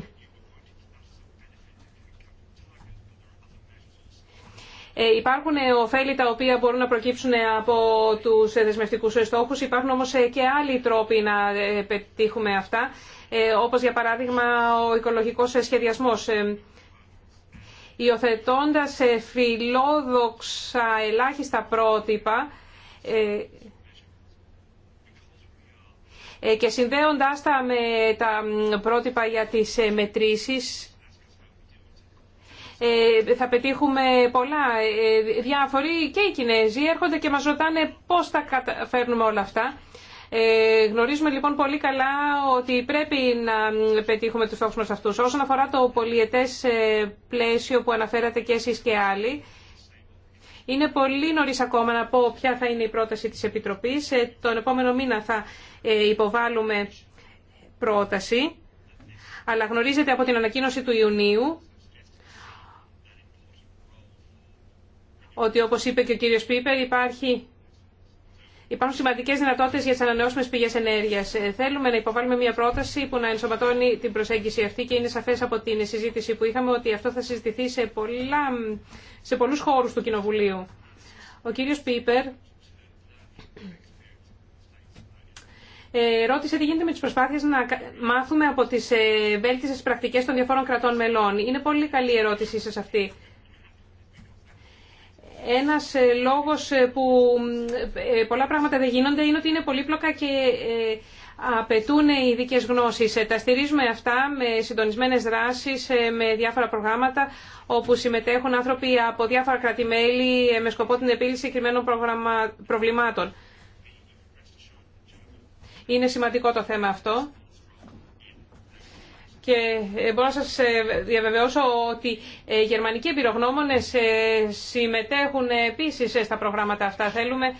ε, υπάρχουν ωφέλη τα οποία μπορούν να προκύψουν από τους δεσμευτικούς στόχους. Υπάρχουν όμως ε, και άλλοι τρόποι να πετύχουμε αυτά, όπως για παράδειγμα ο οικολογικός σχεδιασμός υιοθετώντας ε, φιλόδοξα ελάχιστα πρότυπα ε, ε, και συνδέοντάς τα με τα πρότυπα για τις μετρήσεις θα πετύχουμε πολλά. Διάφοροι και οι Κινέζοι έρχονται και μας ρωτάνε πώς τα καταφέρνουμε όλα αυτά. Ε, γνωρίζουμε λοιπόν πολύ καλά ότι πρέπει να πετύχουμε τους στόχους μας αυτούς. Όσον αφορά το πολιετές ε, πλαίσιο που αναφέρατε και εσείς και άλλοι, είναι πολύ νωρίς ακόμα να πω ποια θα είναι η πρόταση της Επιτροπής. Ε, τον επόμενο μήνα θα υποβάλουμε πρόταση, αλλά γνωρίζετε από την ανακοίνωση του Ιουνίου ότι όπως είπε και ο κύριος Πίπερ υπάρχει Υπάρχουν σημαντικέ δυνατότητε για τι ανανεώσιμε πηγέ ενέργεια. Ε, θέλουμε να υποβάλουμε μια πρόταση που να ενσωματώνει την προσέγγιση αυτή και είναι σαφέ από την συζήτηση που είχαμε ότι αυτό θα συζητηθεί σε, πολλά, σε πολλού χώρου του Κοινοβουλίου. Ο κύριος Πίπερ ε, ρώτησε τι γίνεται με τις προσπάθειες να μάθουμε από τις ε, βέλτιστες πρακτικές των διαφόρων κρατών μελών. Είναι πολύ καλή η ερώτησή σας αυτή. Ένας ε, λόγος ε, που ε, πολλά πράγματα δεν γίνονται είναι ότι είναι πολύπλοκα και απαιτούν ειδικέ γνώσεις. Τα στηρίζουμε αυτά με συντονισμένες δράσεις, με διάφορα προγράμματα όπου συμμετέχουν άνθρωποι από διάφορα κράτη-μέλη με σκοπό την επίλυση συγκεκριμένων προβλημάτων. Είναι σημαντικό το θέμα αυτό και ε, μπορώ να σας ε, διαβεβαιώσω ότι οι ε, γερμανικοί επιρογνώμονες συμμετέχουν επίσης στα προγράμματα αυτά. Θέλουμε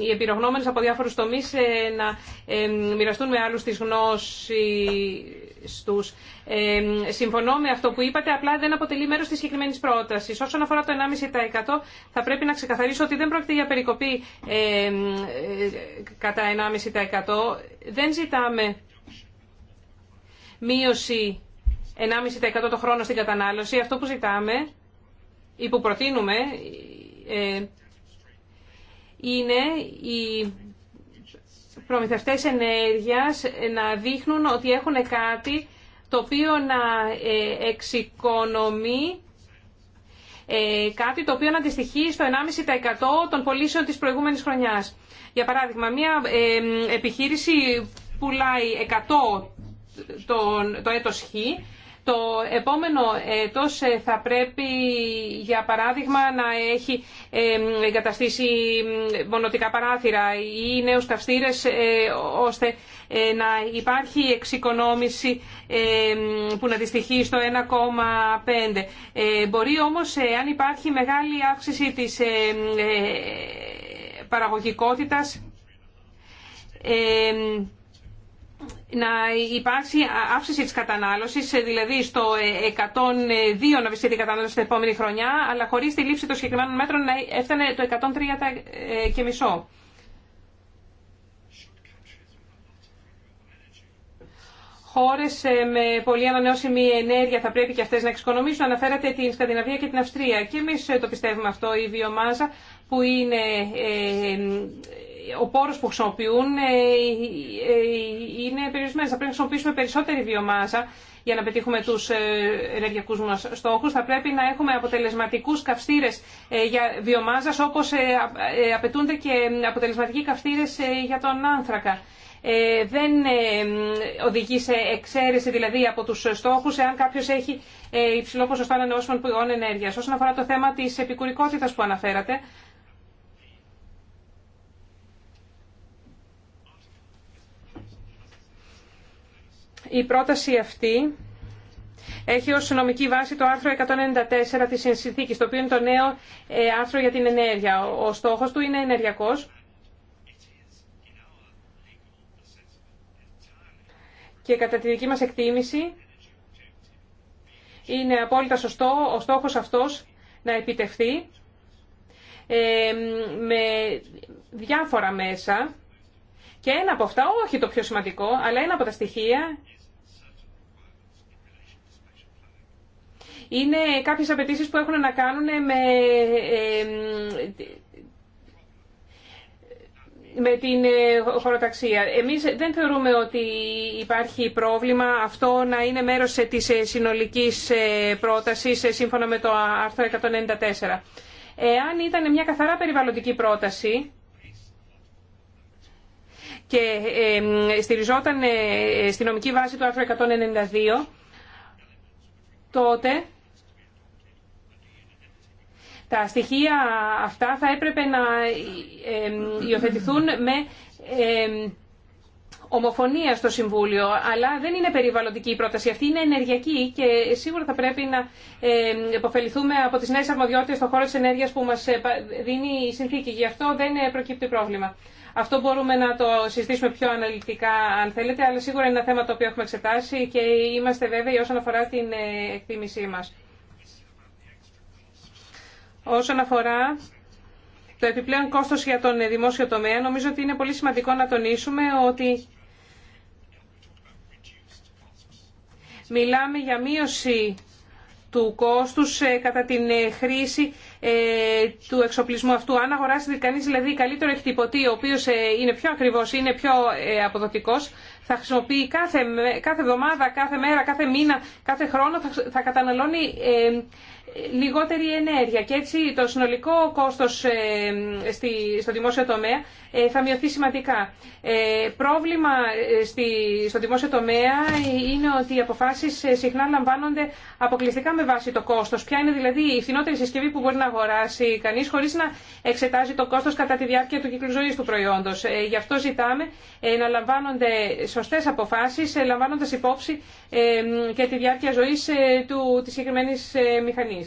οι επιρογνώμονες από διάφορους τομείς να μοιραστούν με άλλους τις γνώσεις τους. συμφωνώ με αυτό που είπατε, απλά δεν αποτελεί μέρος της συγκεκριμένη πρότασης. Όσον αφορά το 1,5% θα πρέπει να ξεκαθαρίσω ότι δεν πρόκειται για περικοπή κατά 1,5%. Δεν ζητάμε μείωση 1,5% το χρόνο στην κατανάλωση. Αυτό που ζητάμε ή που προτείνουμε ε, είναι οι προμηθευτές ενέργειας να δείχνουν ότι έχουν κάτι το οποίο να ε, εξοικονομεί ε, κάτι το οποίο να αντιστοιχεί στο 1,5% των πωλήσεων της προηγούμενης χρονιάς. Για παράδειγμα, μια επιχείρηση πουλάει 100 το, το έτος Χ, το επόμενο έτος ε, θα πρέπει, για παράδειγμα, να έχει εγκαταστήσει μονοτικά παράθυρα ή νέους καυστήρες, ε, ώστε ε, να υπάρχει εξοικονόμηση που να αντιστοιχεί στο 1,5. Μπορεί όμως, αν υπάρχει μεγάλη αύξηση της παραγωγικότητας, να υπάρξει αύξηση της κατανάλωσης, δηλαδή στο 102 να βρίσκεται η κατανάλωση την επόμενη χρονιά, αλλά χωρίς τη λήψη των συγκεκριμένων μέτρων να έφτανε το 103 ε, και μισό. Χώρες ε, με πολύ ανανεώσιμη ενέργεια θα πρέπει και αυτές να εξοικονομήσουν. Αναφέρατε την Σκανδιναβία και την Αυστρία. Και εμεί ε, το πιστεύουμε αυτό, η βιομάζα που είναι ο πόρος που χρησιμοποιούν ε, ε, είναι περιορισμένο. Θα πρέπει να χρησιμοποιήσουμε περισσότερη βιομάζα για να πετύχουμε τους ε, ενεργειακού μα στόχους. Θα πρέπει να έχουμε αποτελεσματικούς καυστήρες για βιομάζας όπως απαιτούνται και αποτελεσματικοί καυστήρες για τον άνθρακα. Δεν οδηγεί σε εξαίρεση δηλαδή από τους στόχους εάν κάποιος έχει υψηλό ποσοστό ανανεώσιμων πηγών ενέργειας. Όσον αφορά το θέμα της επικουρικότητας που αναφέρατε, Η πρόταση αυτή έχει ως νομική βάση το άρθρο 194 της συνθήκης, το οποίο είναι το νέο ε, άρθρο για την ενέργεια. Ο στόχος του είναι ενεργειακός. Και κατά τη δική μας εκτίμηση είναι απόλυτα σωστό ο στόχος αυτός να επιτευχθεί ε, με διάφορα μέσα και ένα από αυτά, όχι το πιο σημαντικό, αλλά ένα από τα στοιχεία είναι κάποιες απαιτήσει που έχουν να κάνουν με, με την ε, χωροταξία. Εμείς δεν θεωρούμε ότι υπάρχει πρόβλημα αυτό να είναι μέρος της ε, συνολικής ε, πρότασης σύμφωνα με το άρθρο 194. Εάν ήταν μια καθαρά περιβαλλοντική πρόταση, και στηριζόταν στη νομική βάση του άρθρου 192, τότε τα στοιχεία αυτά θα έπρεπε να υιοθετηθούν με ομοφωνία στο Συμβούλιο, αλλά δεν είναι περιβαλλοντική η πρόταση αυτή, είναι ενεργειακή και σίγουρα θα πρέπει να υποφεληθούμε από τις νέες αρμοδιότητες στον χώρο της ενέργειας που μας ε, δίνει η συνθήκη. Γι' αυτό δεν ε, προκύπτει πρόβλημα. Αυτό μπορούμε να το συζητήσουμε πιο αναλυτικά αν θέλετε, αλλά σίγουρα είναι ένα θέμα το οποίο έχουμε εξετάσει και είμαστε βέβαιοι όσον αφορά την ε, εκτίμησή μας. Όσον αφορά το επιπλέον κόστος για τον δημόσιο τομέα, νομίζω ότι είναι πολύ σημαντικό να τονίσουμε ότι μιλάμε για μείωση του κόστους ε, κατά την ε, χρήση ε, του εξοπλισμού αυτού. Αν αγοράσει κανείς δηλαδή καλύτερο εκτυπωτή, ο οποίος είναι πιο ακριβώς, είναι πιο αποδοτικός, θα χρησιμοποιεί κάθε, κάθε εβδομάδα, κάθε μέρα, κάθε μήνα, κάθε χρόνο, θα, θα καταναλώνει λιγότερη ενέργεια και έτσι το συνολικό κόστος ε, στο δημόσιο τομέα ε, θα μειωθεί σημαντικά. Ε, πρόβλημα στο δημόσιο τομέα είναι ότι οι αποφάσεις συχνά λαμβάνονται αποκλειστικά με βάση το κόστος. Ποια είναι δηλαδή η φθηνότερη συσκευή που μπορεί να αγοράσει κανείς χωρίς να εξετάζει το κόστος κατά τη διάρκεια του κύκλου ζωής του προϊόντος. Γι' αυτό ζητάμε να λαμβάνονται σωστές αποφάσεις λαμβάνοντας υπόψη και τη διάρκεια ζωής του, της συγκεκριμένη μηχανή.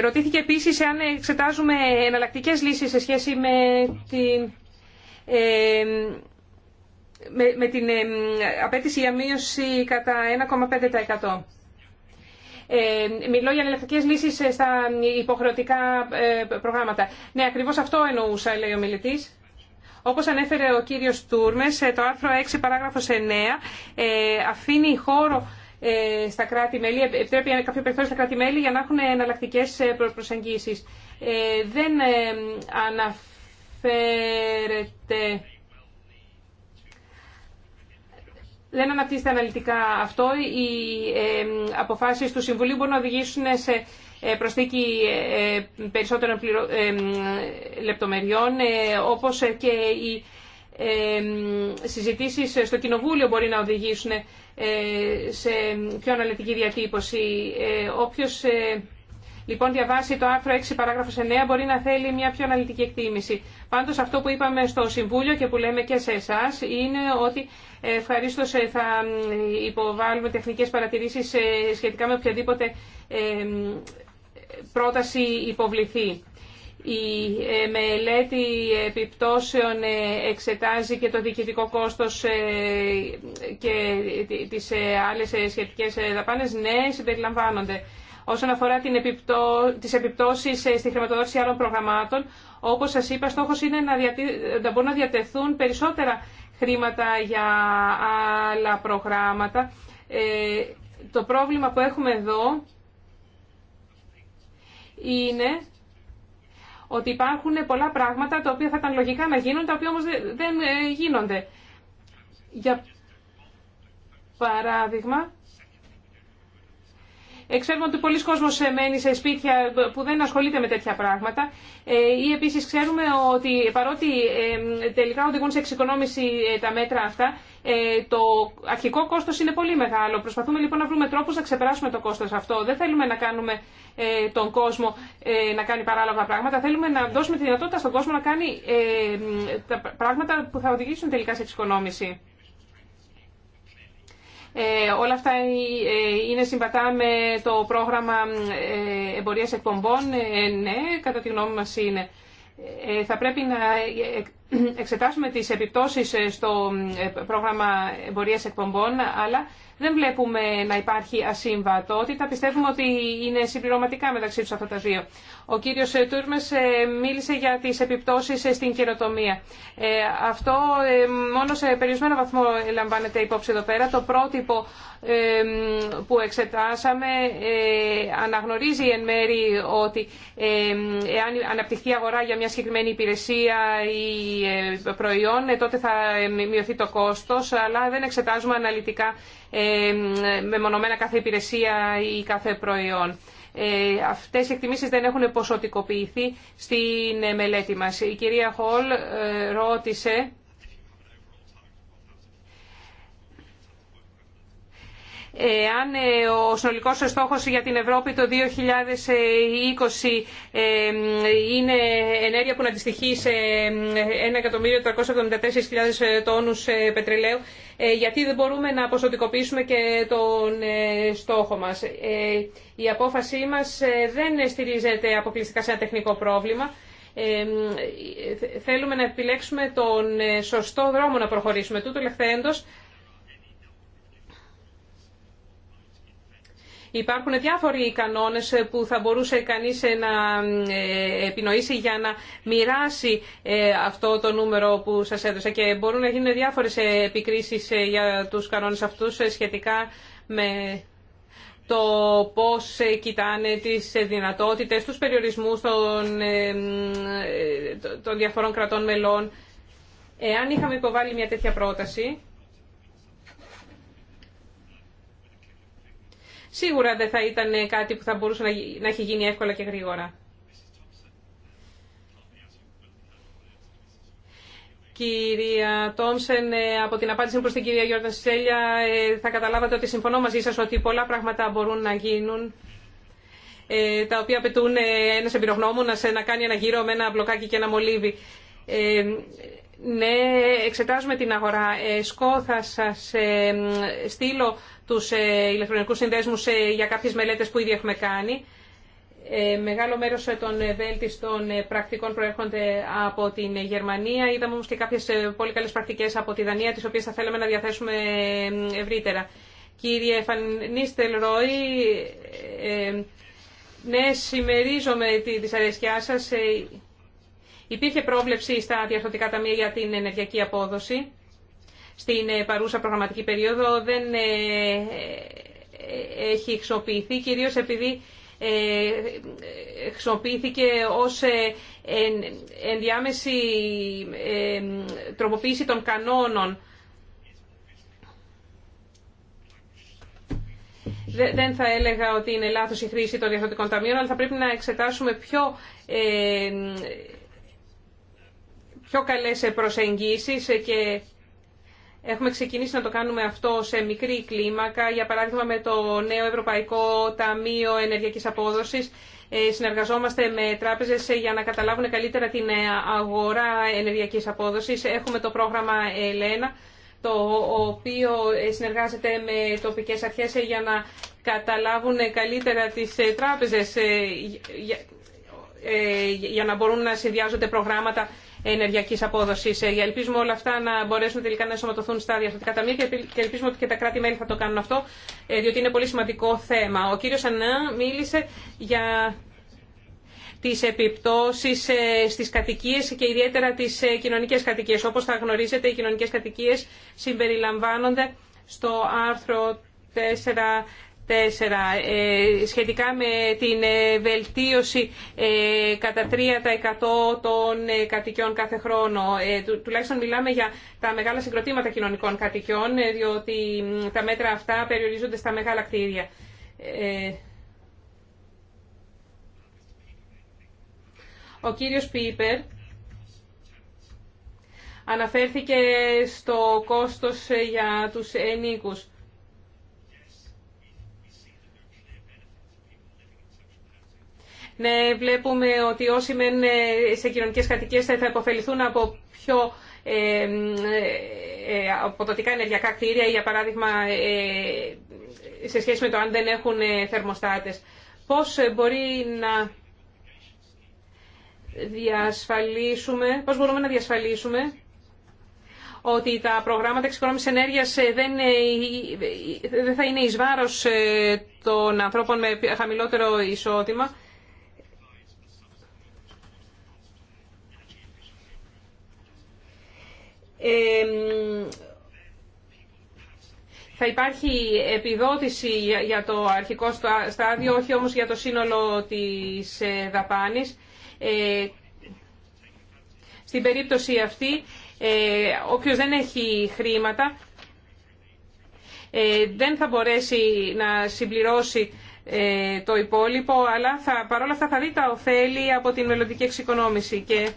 ρωτήθηκε επίσης αν εξετάζουμε εναλλακτικέ λύσεις σε σχέση με την, ε, με, την απέτηση για μείωση κατά 1,5%. Ε, μιλώ για εναλλακτικέ λύσει στα υποχρεωτικά ε, προγράμματα. Ναι, ακριβώ αυτό εννοούσα, λέει ο μιλητή. Όπω ανέφερε ο κύριο Τούρμε, ε, το άρθρο 6, παράγραφο 9, ε, αφήνει χώρο ε, στα κράτη-μέλη, επιτρέπει κάποιο περιθώριο στα κράτη-μέλη για να έχουν εναλλακτικέ ε, προσεγγίσεις. Ε, δεν αναφέρεται... Δεν αναπτύσσεται αναλυτικά αυτό. Οι αποφάσεις του Συμβουλίου μπορούν να οδηγήσουν σε προσθήκη περισσότερων λεπτομεριών, όπως και η συζητήσεις στο Κοινοβούλιο μπορεί να οδηγήσουν ε, σε πιο αναλυτική διατύπωση. Ε, όποιος ε, λοιπόν διαβάσει το άρθρο 6 παράγραφος 9 μπορεί να θέλει μια πιο αναλυτική εκτίμηση. Πάντως αυτό που είπαμε στο Συμβούλιο και που λέμε και σε εσά είναι ότι ευχαρίστω θα υποβάλουμε τεχνικές παρατηρήσεις σχετικά με οποιαδήποτε πρόταση υποβληθεί. Η ε, μελέτη επιπτώσεων ε, εξετάζει και το διοικητικό κόστος ε, και τις άλλες σχετικές δαπάνες. Ναι, συμπεριλαμβάνονται. Όσον αφορά την επιπτώ... τις επιπτώσεις στη χρηματοδότηση άλλων προγραμμάτων, όπως σας είπα, στόχος είναι να, να μπορούν να διατεθούν περισσότερα χρήματα για άλλα προγράμματα. το πρόβλημα που έχουμε εδώ είναι ότι υπάρχουν πολλά πράγματα τα οποία θα ήταν λογικά να γίνουν, τα οποία όμως δεν ε, γίνονται. Για παράδειγμα, ε, ξέρουμε ότι πολλοί κόσμος ε, μένει σε σπίτια που δεν ασχολείται με τέτοια πράγματα ε, ή επίση ξέρουμε ότι παρότι τελικά οδηγούν σε εξοικονόμηση τα μέτρα αυτά, το αρχικό κόστο είναι πολύ μεγάλο. Προσπαθούμε λοιπόν να βρούμε τρόπους να ξεπεράσουμε το κόστος αυτό. Δεν θέλουμε να κάνουμε τον κόσμο να κάνει παράλογα πράγματα. Θέλουμε να δώσουμε τη δυνατότητα στον κόσμο να κάνει τα πράγματα που θα οδηγήσουν τελικά σε εξοικονόμηση. Ε, όλα αυτά ε, είναι συμβατά με το πρόγραμμα ε, εμπορίας εκπομπών. ναι, κατά τη γνώμη μας είναι. θα πρέπει να εξετάσουμε τις επιπτώσεις ε, στο ε, πρόγραμμα εμπορίας εκπομπών, αλλά δεν βλέπουμε να υπάρχει ασύμβατότητα. Πιστεύουμε ότι είναι συμπληρωματικά μεταξύ τους αυτά τα δύο. Ο κύριος ε, Τούρμες μίλησε για τις επιπτώσεις στην καινοτομία. Αυτό μόνο σε περιορισμένο βαθμό λαμβάνεται υπόψη εδώ πέρα. Το πρότυπο που εξετάσαμε αναγνωρίζει εν μέρη ότι εάν αναπτυχθεί αγορά για μια συγκεκριμένη υπηρεσία ή ε, προϊόν, ε, τότε θα ε, μειωθεί το κόστος, αλλά δεν εξετάζουμε αναλυτικά μεμονωμένα κάθε υπηρεσία ή κάθε προϊόν. Αυτές οι εκτιμήσεις δεν έχουν ποσοτικοποιηθεί στην μελέτη μας. Η κυρία Χολ ρώτησε αν ε, ο συνολικός στόχος για την Ευρώπη το 2020 ε, είναι ενέργεια που να αντιστοιχεί σε 1.374.000 ε, τόνους πετρελαίου, γιατί δεν μπορούμε να ποσοτικοποιήσουμε και τον στόχο μας. Η απόφασή μας δεν στηρίζεται αποκλειστικά σε ένα τεχνικό πρόβλημα. Θέλουμε να επιλέξουμε τον σωστό δρόμο να προχωρήσουμε. Τούτο λεχθέντος Υπάρχουν διάφοροι κανόνες ε, που θα μπορούσε κανείς ε, να ε, επινοήσει για να μοιράσει αυτό το νούμερο που σας έδωσα και μπορούν να γίνουν διάφορες επικρίσεις για τους κανόνες αυτούς σχετικά με το πώς κοιτάνε τις δυνατότητες, τους περιορισμούς των, των διαφορών κρατών μελών. Εάν είχαμε υποβάλει μια τέτοια πρόταση, σίγουρα δεν θα ήταν κάτι που θα μπορούσε να έχει γίνει εύκολα και γρήγορα. Κυρία Τόμσεν, ε, από την απάντηση προς την κυρία Γιώργα Στελιά ε, θα καταλάβατε ότι συμφωνώ μαζί σας ότι πολλά πράγματα μπορούν να γίνουν ε, τα οποία απαιτούν ένας εμπειρογνώμου να κάνει ένα γύρο με ένα μπλοκάκι και ένα μολύβι. Ναι, εξετάζουμε την αγορά. Σκό, θα σας στείλω τους ε, ηλεκτρονικούς συνδέσμους ε, για κάποιες μελέτες που ήδη έχουμε κάνει. Ε, μεγάλο μέρος των βέλτιστων πρακτικών προέρχονται από την Γερμανία. Είδαμε όμως και κάποιες πολύ καλές πρακτικές από τη Δανία, τις οποίες θα θέλαμε να διαθέσουμε ευρύτερα. Κύριε Φανίστελ Ρόι, ναι, συμμερίζομαι τη δυσαρέσκειά σας. Υπήρχε πρόβλεψη στα διαρθρωτικά ταμεία για την ενεργειακή απόδοση στην ε, παρούσα προγραμματική περίοδο δεν ε, ε, έχει χρησιμοποιηθεί, κυρίως επειδή χρησιμοποιήθηκε ως ενδιάμεση τροποποίηση των κανόνων. Δεν θα έλεγα ότι είναι λάθος η χρήση των διαθροτικών ταμείων, αλλά θα πρέπει να εξετάσουμε πιο, πιο καλές προσεγγίσεις και Έχουμε ξεκινήσει να το κάνουμε αυτό σε μικρή κλίμακα, για παράδειγμα με το νέο Ευρωπαϊκό Ταμείο Ενεργειακής Απόδοσης. Ε, συνεργαζόμαστε με τράπεζες ε, για να καταλάβουν καλύτερα την ε, αγορά ενεργειακής απόδοσης. Έχουμε το πρόγραμμα Ελένα, το οποίο συνεργάζεται με τοπικές αρχές για να καταλάβουν καλύτερα τις τράπεζες για να μπορούν να συνδυάζονται προγράμματα ενεργειακή απόδοση. Ε, ελπίζουμε όλα αυτά να μπορέσουν τελικά να ενσωματωθούν στα διαστατικά ταμεία και ελπίζουμε ότι και τα κράτη-μέλη θα το κάνουν αυτό, ε, διότι είναι πολύ σημαντικό θέμα. Ο κύριο Ανά μίλησε για τις επιπτώσεις ε, στις κατοικίες και ιδιαίτερα τις κοινωνικές κατοικίες. Όπως θα γνωρίζετε, οι κοινωνικές κατοικίες συμπεριλαμβάνονται στο άρθρο 4 ε, σχετικά με την ε, βελτίωση ε, κατά 3% των κατοικιών κάθε χρόνο. Τουλάχιστον μιλάμε για τα μεγάλα συγκροτήματα κοινωνικών κατοικιών, διότι τα μέτρα αυτά περιορίζονται στα μεγάλα κτίρια. Ο κύριος Πίπερ αναφέρθηκε στο κόστος για τους ενίκους. Ναι, βλέπουμε ότι όσοι μένουν σε κοινωνικές κατοικίες θα υποφεληθούν από πιο ε, ε, ε αποδοτικά ενεργειακά κτίρια, για παράδειγμα ε, σε σχέση με το αν δεν έχουν θερμοστάτες. Πώς μπορεί να διασφαλίσουμε, πώς μπορούμε να διασφαλίσουμε ότι τα προγράμματα εξοικονόμησης ενέργειας δεν, δεν θα είναι εις βάρος των ανθρώπων με χαμηλότερο εισόδημα θα υπάρχει επιδότηση για το αρχικό στάδιο, όχι όμως για το σύνολο της ε, δαπάνης. Ε, στην περίπτωση αυτή, ε, όποιος δεν έχει χρήματα, δεν θα μπορέσει να συμπληρώσει το υπόλοιπο, αλλά θα, παρόλα αυτά θα δει τα ωφέλη από την μελλοντική εξοικονόμηση. Και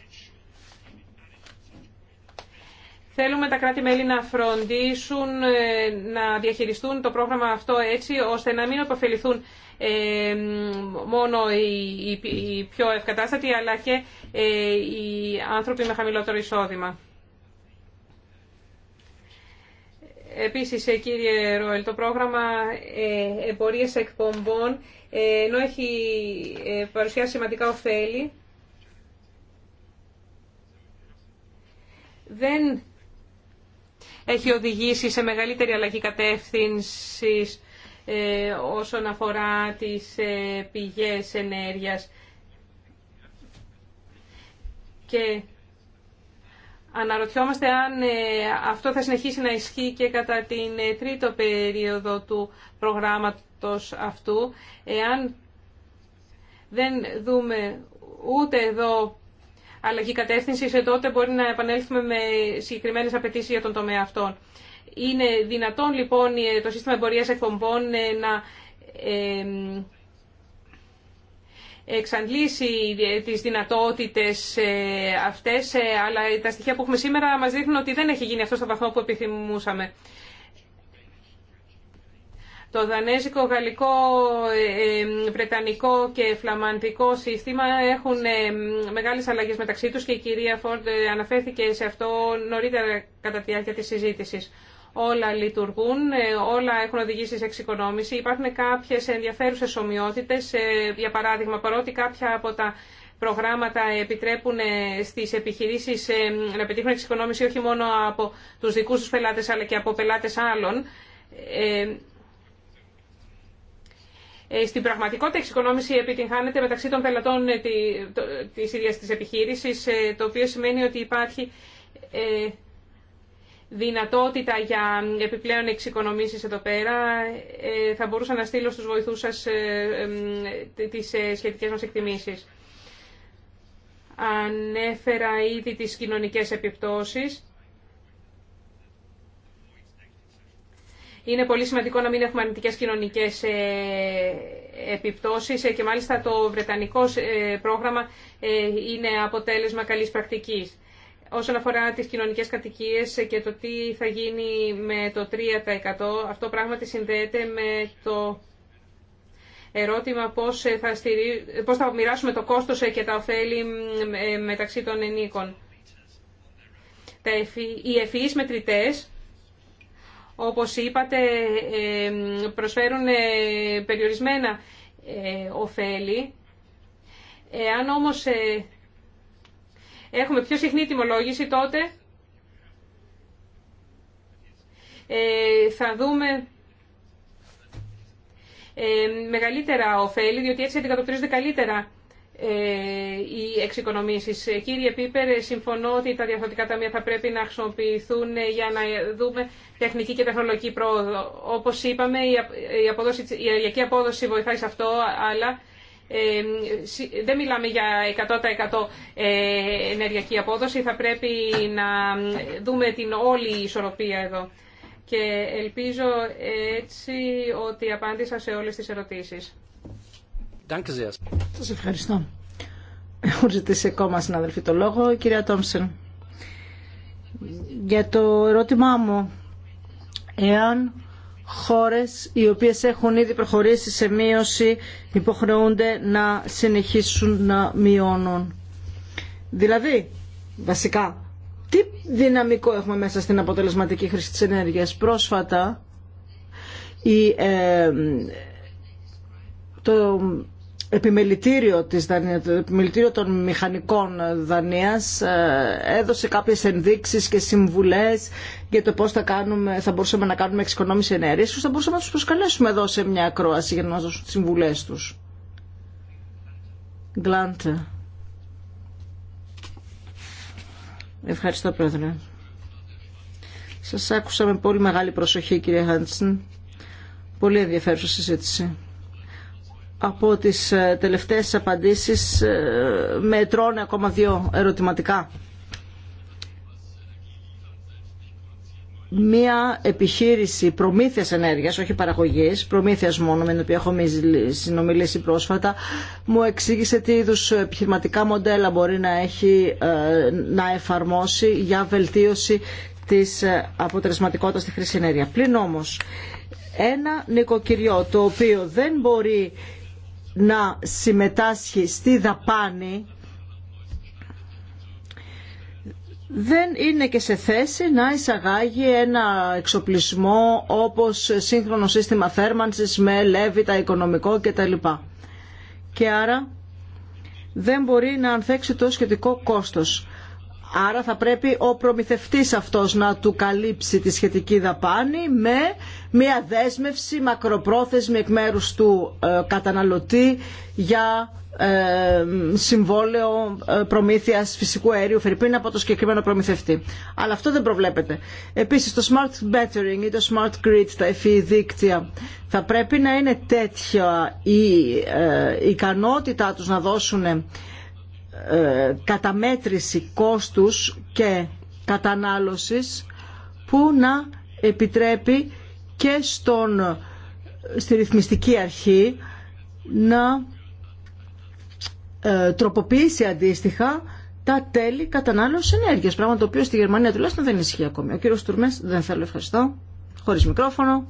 Θέλουμε τα κράτη-μέλη να φροντίσουν, ε, να διαχειριστούν το πρόγραμμα αυτό έτσι, ώστε να μην αποφεληθούν ε, μόνο οι πιο ευκατάστατοι, αλλά και ε, οι άνθρωποι με χαμηλότερο εισόδημα. Επίσης, κύριε Ροελ, το πρόγραμμα εμπορίες εκπομπών, ενώ έχει παρουσιάσει σημαντικά ωφέλη, δεν έχει οδηγήσει σε μεγαλύτερη αλλαγή κατεύθυνση ε, όσον αφορά τις ε, πηγές ενέργειας. Και αναρωτιόμαστε αν ε, αυτό θα συνεχίσει να ισχύει και κατά την τρίτο περίοδο του προγράμματος αυτού, εάν δεν δούμε ούτε εδώ αλλαγή κατεύθυνση, ε, τότε μπορεί να επανέλθουμε με συγκεκριμένε απαιτήσει για τον τομέα αυτόν. Είναι δυνατόν λοιπόν το σύστημα εμπορίας εκπομπών ε, να ε, εξαντλήσει τις δυνατότητες αυτές, αλλά τα στοιχεία που έχουμε σήμερα μας δείχνουν ότι δεν έχει γίνει αυτό στο βαθμό που επιθυμούσαμε. Το δανέζικο, γαλλικό, ε, ε, βρετανικό και φλαμαντικό σύστημα έχουν ε, μεγάλες αλλαγές μεταξύ τους και η κυρία Φόρντ αναφέρθηκε σε αυτό νωρίτερα κατά τη διάρκεια της συζήτησης. Όλα λειτουργούν, όλα έχουν οδηγήσει σε εξοικονόμηση. Υπάρχουν κάποιες ενδιαφέρουσες ομοιότητες, για παράδειγμα, παρότι κάποια από τα προγράμματα επιτρέπουν στις επιχειρήσεις να πετύχουν εξοικονόμηση όχι μόνο από τους δικούς τους πελάτες αλλά και από πελάτες άλλων, ε, στην πραγματικότητα η εξοικονόμηση επιτυγχάνεται μεταξύ των πελατών ε, της ίδιας της επιχείρησης, ε, το οποίο σημαίνει ότι υπάρχει δυνατότητα για επιπλέον εξοικονομήσεις εδώ πέρα. Θα μπορούσα να στείλω στους βοηθούς σας τις σχετικές μας εκτιμήσεις. Ανέφερα ήδη τις κοινωνικές επιπτώσεις. Είναι πολύ σημαντικό να μην έχουμε αρνητικές κοινωνικές ε, επιπτώσεις ε, και μάλιστα το βρετανικό ε, πρόγραμμα είναι αποτέλεσμα καλής πρακτική. Όσον αφορά τι κοινωνικέ κατοικίε και το τι θα γίνει με το 3%, αυτό πράγματι συνδέεται με το ερώτημα πώς θα, στηρί... μοιράσουμε το κόστος και τα ωφέλη μεταξύ των ενίκων. Οι ευφυείς μετρητές όπως είπατε, προσφέρουν ε, περιορισμένα ε, ωφέλη. Αν όμως ε, έχουμε πιο συχνή τιμολόγηση, τότε θα δούμε μεγαλύτερα ωφέλη, διότι έτσι αντικατοπτρίζονται καλύτερα ε, οι εξοικονομήσει. Κύριε Πίπερ, συμφωνώ ότι τα διαφορετικά ταμεία θα πρέπει να χρησιμοποιηθούν ε, για να δούμε τεχνική και τεχνολογική πρόοδο. Όπως είπαμε, η, απόδοση, η ενεργειακή απόδοση βοηθάει σε αυτό, αλλά ε, δεν μιλάμε για 100% ενεργειακή απόδοση. Θα πρέπει να δούμε την όλη ισορροπία εδώ. Και ελπίζω έτσι ότι απάντησα σε όλες τις ερωτήσεις. Σας ευχαριστώ. Έχω ζητήσει ακόμα συναδελφοί το λόγο. κυρία Τόμψεν, για το ερώτημά μου, εάν χώρες οι οποίες έχουν ήδη προχωρήσει σε μείωση υποχρεούνται να συνεχίσουν να μειώνουν. Δηλαδή, βασικά, τι δυναμικό έχουμε μέσα στην αποτελεσματική χρήση της ενέργειας. Πρόσφατα, η, ε, το επιμελητήριο, της το επιμελητήριο των μηχανικών Δανίας ε, έδωσε κάποιες ενδείξεις και συμβουλές για το πώς θα, κάνουμε, θα μπορούσαμε να κάνουμε εξοικονόμηση ενέργειας και θα μπορούσαμε να τους προσκαλέσουμε εδώ σε μια ακρόαση για να μας δώσουν τις συμβουλές τους. Γκλάντε. Ευχαριστώ πρόεδρε. Σας άκουσα με πολύ μεγάλη προσοχή κύριε Χάντσεν. Πολύ ενδιαφέρουσα συζήτηση από τις ε, τελευταίες απαντήσεις ε, με ακόμα δύο ερωτηματικά. μία επιχείρηση προμήθειας ενέργειας, όχι παραγωγής, προμήθειας μόνο με την οποία έχω συνομιλήσει πρόσφατα, μου εξήγησε τι είδους επιχειρηματικά μοντέλα μπορεί να, έχει, ε, να εφαρμόσει για βελτίωση της αποτελεσματικότητας στη χρήση ενέργεια. Πλην όμως, ένα νοικοκυριό το οποίο δεν μπορεί να συμμετάσχει στη δαπάνη δεν είναι και σε θέση να εισαγάγει ένα εξοπλισμό όπως σύγχρονο σύστημα θέρμανσης με λέβητα οικονομικό κτλ. Και άρα δεν μπορεί να ανθέξει το σχετικό κόστος. Άρα θα πρέπει ο προμηθευτής αυτός να του καλύψει τη σχετική δαπάνη με μια δέσμευση μακροπρόθεσμη εκ μέρους του ε, καταναλωτή για ε, συμβόλαιο ε, προμήθειας φυσικού αερίου φερρυπίν από το συγκεκριμένο προμηθευτή. Αλλά αυτό δεν προβλέπεται. Επίσης το smart battering ή το smart grid, τα FEE δίκτυα, θα πρέπει να είναι τέτοια η ικανότητά τους να δώσουν ε, καταμέτρηση κόστους και κατανάλωσης που να επιτρέπει και στον, στη ρυθμιστική αρχή να ε, τροποποιήσει αντίστοιχα τα τέλη κατανάλωσης ενέργεια. Πράγμα το οποίο στη Γερμανία τουλάχιστον δεν ισχύει ακόμη. Ο κύριο Τουρμέ δεν θέλω ευχαριστώ. Χωρί μικρόφωνο.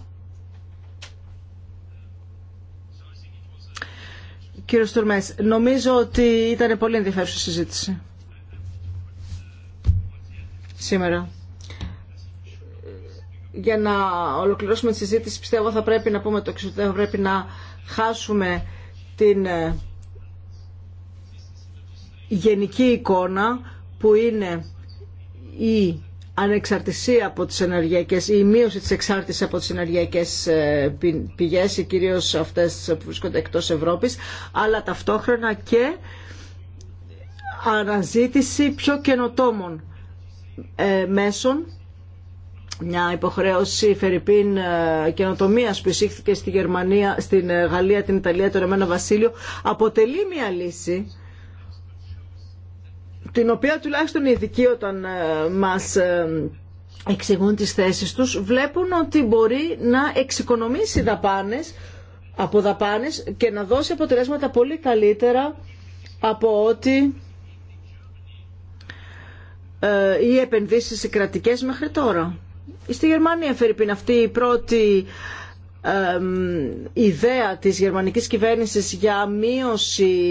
Κύριο Στουρμέ. νομίζω ότι ήταν πολύ ενδιαφέρουσα συζήτηση σήμερα. Για να ολοκληρώσουμε τη συζήτηση πιστεύω θα πρέπει να πούμε το εξωτερικό. θα πρέπει να χάσουμε την ε, γενική εικόνα που είναι η ανεξαρτησία από τις ενεργειακές ή η μείωση της εξάρτησης από τις ενεργειακές ε, πηγές ή ε, κυρίως αυτές που βρίσκονται εκτός Ευρώπης αλλά ταυτόχρονα και αναζήτηση πιο καινοτόμων ε, μέσων μια υποχρέωση φερρυπίν καινοτομία που εισήχθηκε στη Γερμανία, στην Γαλλία, την Ιταλία, το Ρωμένο Βασίλειο αποτελεί μια λύση την οποία τουλάχιστον οι ειδικοί όταν ε, μας ε, εξηγούν τις θέσεις τους, βλέπουν ότι μπορεί να εξοικονομήσει δαπάνες από δαπάνες και να δώσει αποτελέσματα πολύ καλύτερα από ότι ε, οι επενδύσεις οι κρατικές μέχρι τώρα. Στη Γερμανία, Φερρυπίν, αυτή η πρώτη ιδέα της γερμανικής κυβέρνησης για μείωση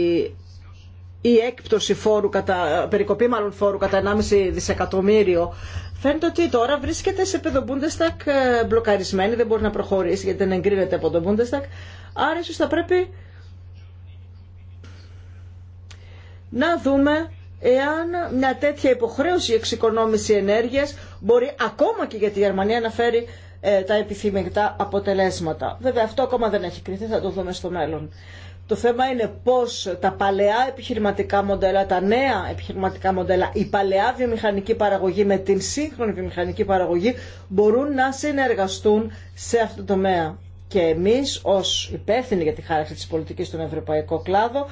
η έκπτωση φόρου κατά, περικοπή μάλλον φόρου κατά 1,5 δισεκατομμύριο Φαίνεται ότι τώρα βρίσκεται σε παιδό ε, μπλοκαρισμένη, δεν μπορεί να προχωρήσει γιατί δεν εγκρίνεται από τον Bundestag. Άρα ίσως θα πρέπει να δούμε εάν μια τέτοια υποχρέωση εξοικονόμηση ενέργειας μπορεί ακόμα και για τη Γερμανία να φέρει ε, τα επιθυμητά αποτελέσματα. Βέβαια αυτό ακόμα δεν έχει κριθεί, θα το δούμε στο μέλλον. Το θέμα είναι πώς τα παλαιά επιχειρηματικά μοντέλα, τα νέα επιχειρηματικά μοντέλα, η παλαιά βιομηχανική παραγωγή με την σύγχρονη βιομηχανική παραγωγή μπορούν να συνεργαστούν σε αυτό το τομέα. Και εμείς ως υπεύθυνοι για τη χάραξη της πολιτικής στον ευρωπαϊκό κλάδο,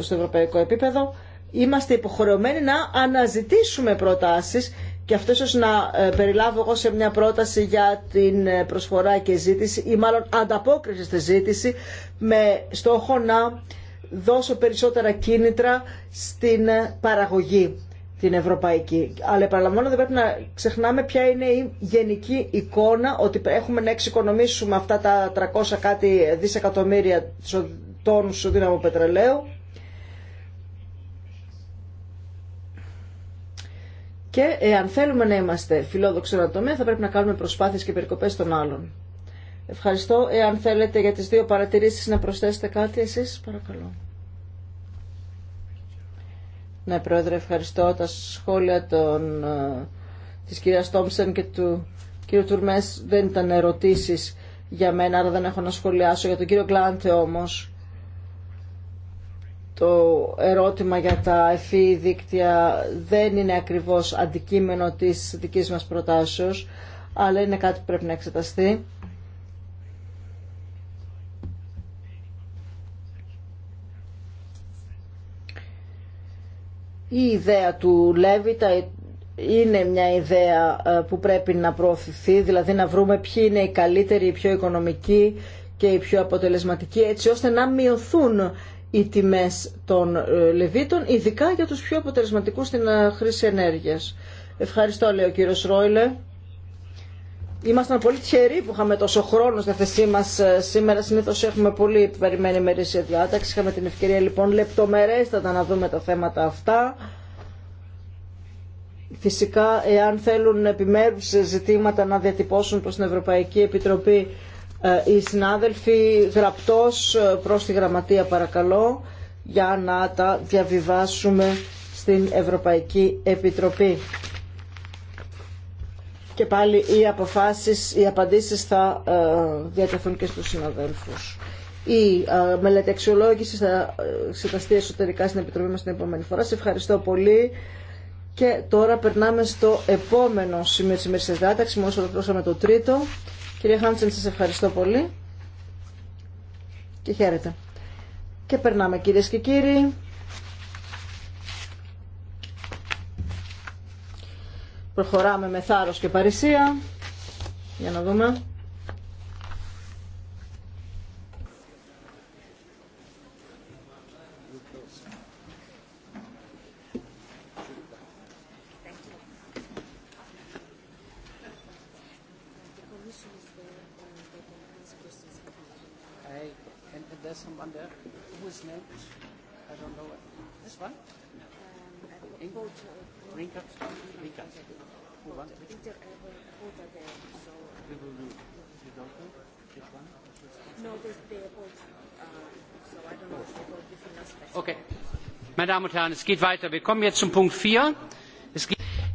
στο ευρωπαϊκό επίπεδο, είμαστε υποχρεωμένοι να αναζητήσουμε προτάσεις και αυτό ίσως να ε, περιλάβω εγώ σε μια πρόταση για την ε, προσφορά και ζήτηση ή μάλλον ανταπόκριση στη ζήτηση με στόχο να δώσω περισσότερα κίνητρα στην ε, παραγωγή την ευρωπαϊκή. Αλλά επαναλαμβάνω δεν πρέπει να ξεχνάμε ποια είναι η γενική εικόνα ότι έχουμε να εξοικονομήσουμε αυτά τα 300 κάτι δισεκατομμύρια τόνους του πετρελαίου Και εάν θέλουμε να είμαστε φιλόδοξοι στον τομέα, θα πρέπει να κάνουμε προσπάθειες και περικοπές των άλλων. Ευχαριστώ. Εάν θέλετε για τι δύο παρατηρήσει να προσθέσετε κάτι, εσείς παρακαλώ. Ναι, Πρόεδρε, ευχαριστώ τα σχόλια των, ε, της κυρίας Τόμψεν και του κύριου Τουρμές δεν ήταν ερωτήσεις για μένα, αλλά δεν έχω να σχολιάσω. Για τον κύριο Γκλάντε όμως, το ερώτημα για τα εφή δίκτυα δεν είναι ακριβώς αντικείμενο της δικής μας προτάσεως, αλλά είναι κάτι που πρέπει να εξεταστεί. Η ιδέα του Λέβητα είναι μια ιδέα ε, που πρέπει να προωθηθεί, δηλαδή να βρούμε ποιοι είναι οι καλύτεροι, οι πιο οικονομικοί και οι πιο αποτελεσματικοί, έτσι ώστε να μειωθούν οι τιμές των ε, Λεβίτων, ειδικά για τους πιο αποτελεσματικούς στην ε, χρήση ενέργειας. Ευχαριστώ, λέει ο κύριος Ρόιλε. Ήμασταν πολύ τυχεροί που είχαμε τόσο χρόνο στη θέσή μα ε, σήμερα. Συνήθω έχουμε πολύ περιμένη ημερήσια διάταξη. Είχαμε την ευκαιρία λοιπόν λεπτομερέστατα να δούμε τα θέματα αυτά. Φυσικά, εάν θέλουν επιμέρου ζητήματα να διατυπώσουν προ την Ευρωπαϊκή Επιτροπή ε, οι συνάδελφοι γραπτός ε, προς τη γραμματεία παρακαλώ για να τα διαβιβάσουμε στην Ευρωπαϊκή Επιτροπή. Και πάλι οι αποφάσεις, οι απαντήσεις θα ε, διατεθούν και στους συναδέλφους. Η μελέτη αξιολόγηση θα εξεταστεί εσωτερικά στην Επιτροπή μας την επόμενη φορά. Σε ευχαριστώ πολύ. Και τώρα περνάμε στο επόμενο σημείο της ημερήσιας διάταξης, ολοκληρώσαμε το τρίτο. Κυρία Χάντσελ, σας ευχαριστώ πολύ και χαίρετε. Και περνάμε κυρίες και κύριοι. Προχωράμε με θάρρος και παρησία. Για να δούμε.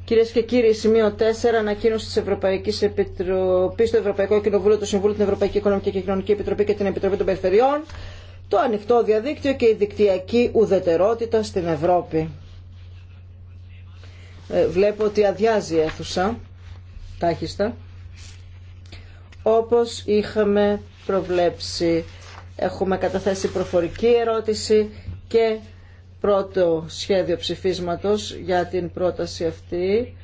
Κυρίε και κύριοι, σημείο 4, ανακοίνωση τη Ευρωπαϊκή Επιτροπή, του Ευρωπαϊκού Κοινοβούλου του Συμβουλού την Ευρωπαϊκή Οικονομική και Κοινωνική Επιτροπή και την Επιτροπή των Περιφερειών, το ανοιχτό διαδίκτυο και η δικτυακή ουδετερότητα στην Ευρώπη. Ε, βλέπω ότι αδειάζει η αίθουσα, τάχιστα, όπως είχαμε προβλέψει. Έχουμε καταθέσει προφορική ερώτηση και πρώτο σχέδιο ψηφίσματος για την πρόταση αυτή.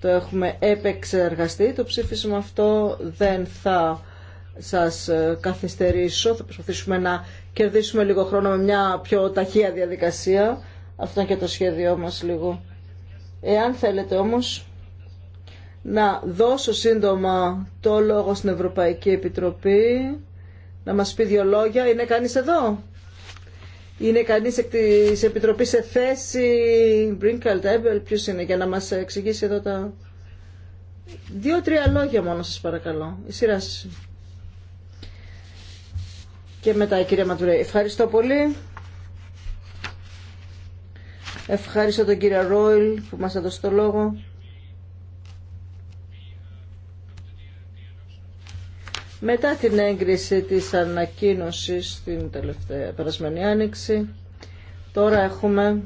Το έχουμε επεξεργαστεί. Το ψήφισμα αυτό δεν θα σας καθυστερήσω. Θα προσπαθήσουμε να κερδίσουμε λίγο χρόνο με μια πιο ταχεία διαδικασία. Αυτό είναι και το σχέδιό μας λίγο. Εάν θέλετε όμως να δώσω σύντομα το λόγο στην Ευρωπαϊκή Επιτροπή, να μας πει δύο λόγια. Είναι κανείς εδώ? Είναι κανείς εκ της Επιτροπής σε θέση, Μπρίνκαλτ, ποιος είναι, για να μας εξηγήσει εδώ τα... Δύο-τρία λόγια μόνο σας παρακαλώ. Η σειρά σας. Και μετά η κυρία Ματουρέ. Ευχαριστώ πολύ. Ευχαριστώ τον κύριο Ρόιλ που μας έδωσε το λόγο. Μετά την έγκριση της ανακοίνωσης την τελευταία περασμένη άνοιξη, τώρα έχουμε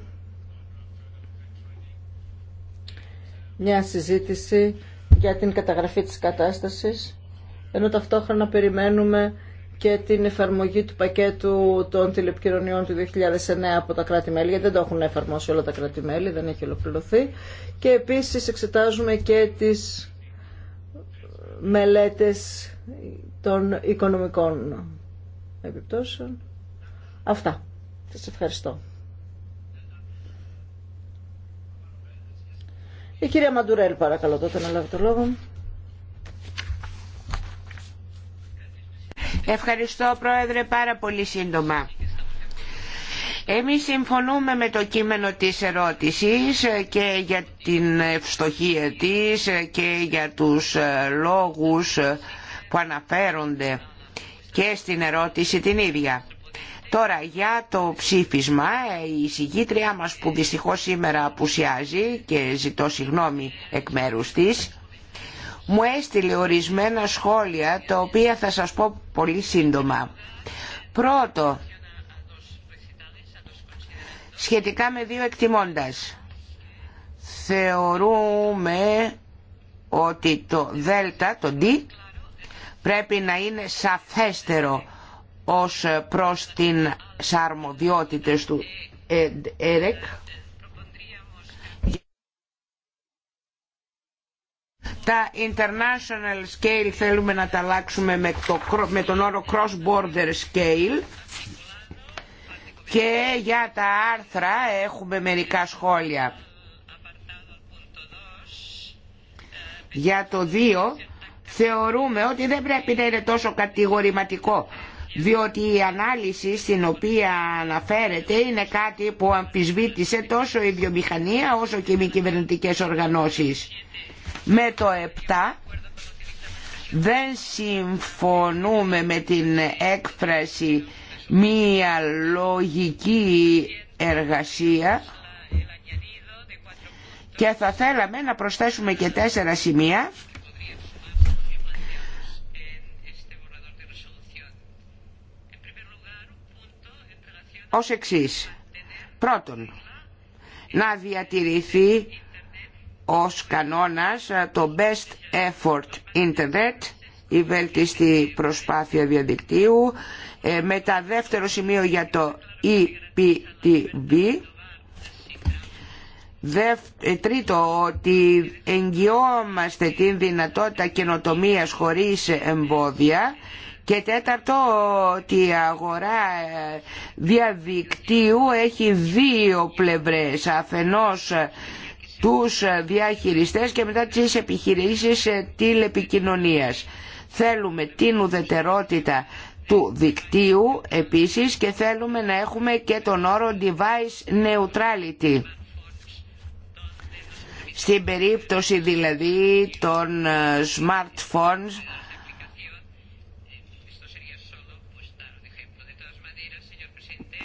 μια συζήτηση για την καταγραφή της κατάστασης, ενώ ταυτόχρονα περιμένουμε και την εφαρμογή του πακέτου των τηλεπικοινωνιών του 2009 από τα κράτη-μέλη, γιατί δεν το έχουν εφαρμόσει όλα τα κράτη-μέλη, δεν έχει ολοκληρωθεί. Και επίσης εξετάζουμε και τις μελέτες των οικονομικών επιπτώσεων. Αυτά. Σας ευχαριστώ. Η κυρία Μαντουρέλ παρακαλώ τότε να λάβει το λόγο. Ευχαριστώ Πρόεδρε πάρα πολύ σύντομα. Εμείς συμφωνούμε με το κείμενο της ερώτησης και για την ευστοχία της και για τους λόγους που αναφέρονται και στην ερώτηση την ίδια. Τώρα για το ψήφισμα η συγκήτριά μας που δυστυχώς σήμερα απουσιάζει και ζητώ συγγνώμη εκ μέρους της μου έστειλε ορισμένα σχόλια τα οποία θα σας πω πολύ σύντομα. Πρώτο, σχετικά με δύο εκτιμώντας. Θεωρούμε ότι το δέλτα, το D, πρέπει να είναι σαφέστερο ως προς την αρμοδιότητες του ΕΡΕΚ Τα international scale θέλουμε να τα αλλάξουμε με, με τον όρο cross border scale και για τα άρθρα έχουμε μερικά σχόλια. Για το 2 θεωρούμε ότι δεν πρέπει να είναι τόσο κατηγορηματικό διότι η ανάλυση στην οποία αναφέρεται είναι κάτι που αμφισβήτησε τόσο η βιομηχανία όσο και οι μη κυβερνητικέ οργανώσεις. Με το 7 δεν συμφωνούμε με την έκφραση μία λογική εργασία και θα θέλαμε να προσθέσουμε και τέσσερα σημεία ως εξής. Πρώτον, να διατηρηθεί ως κανόνας το best effort internet, η βέλτιστη προσπάθεια διαδικτύου, Με μετά δεύτερο σημείο για το EPTV, ε, τρίτο ότι εγγυόμαστε την δυνατότητα καινοτομίας χωρίς εμπόδια και τέταρτο ότι η αγορά ε, διαδικτύου έχει δύο πλευρές. Αφενός τους διαχειριστές και μετά τις επιχειρήσεις ε, τηλεπικοινωνίας. Θέλουμε την ουδετερότητα του δικτύου επίσης και θέλουμε να έχουμε και τον όρο device neutrality. Στην περίπτωση δηλαδή των ε, smartphones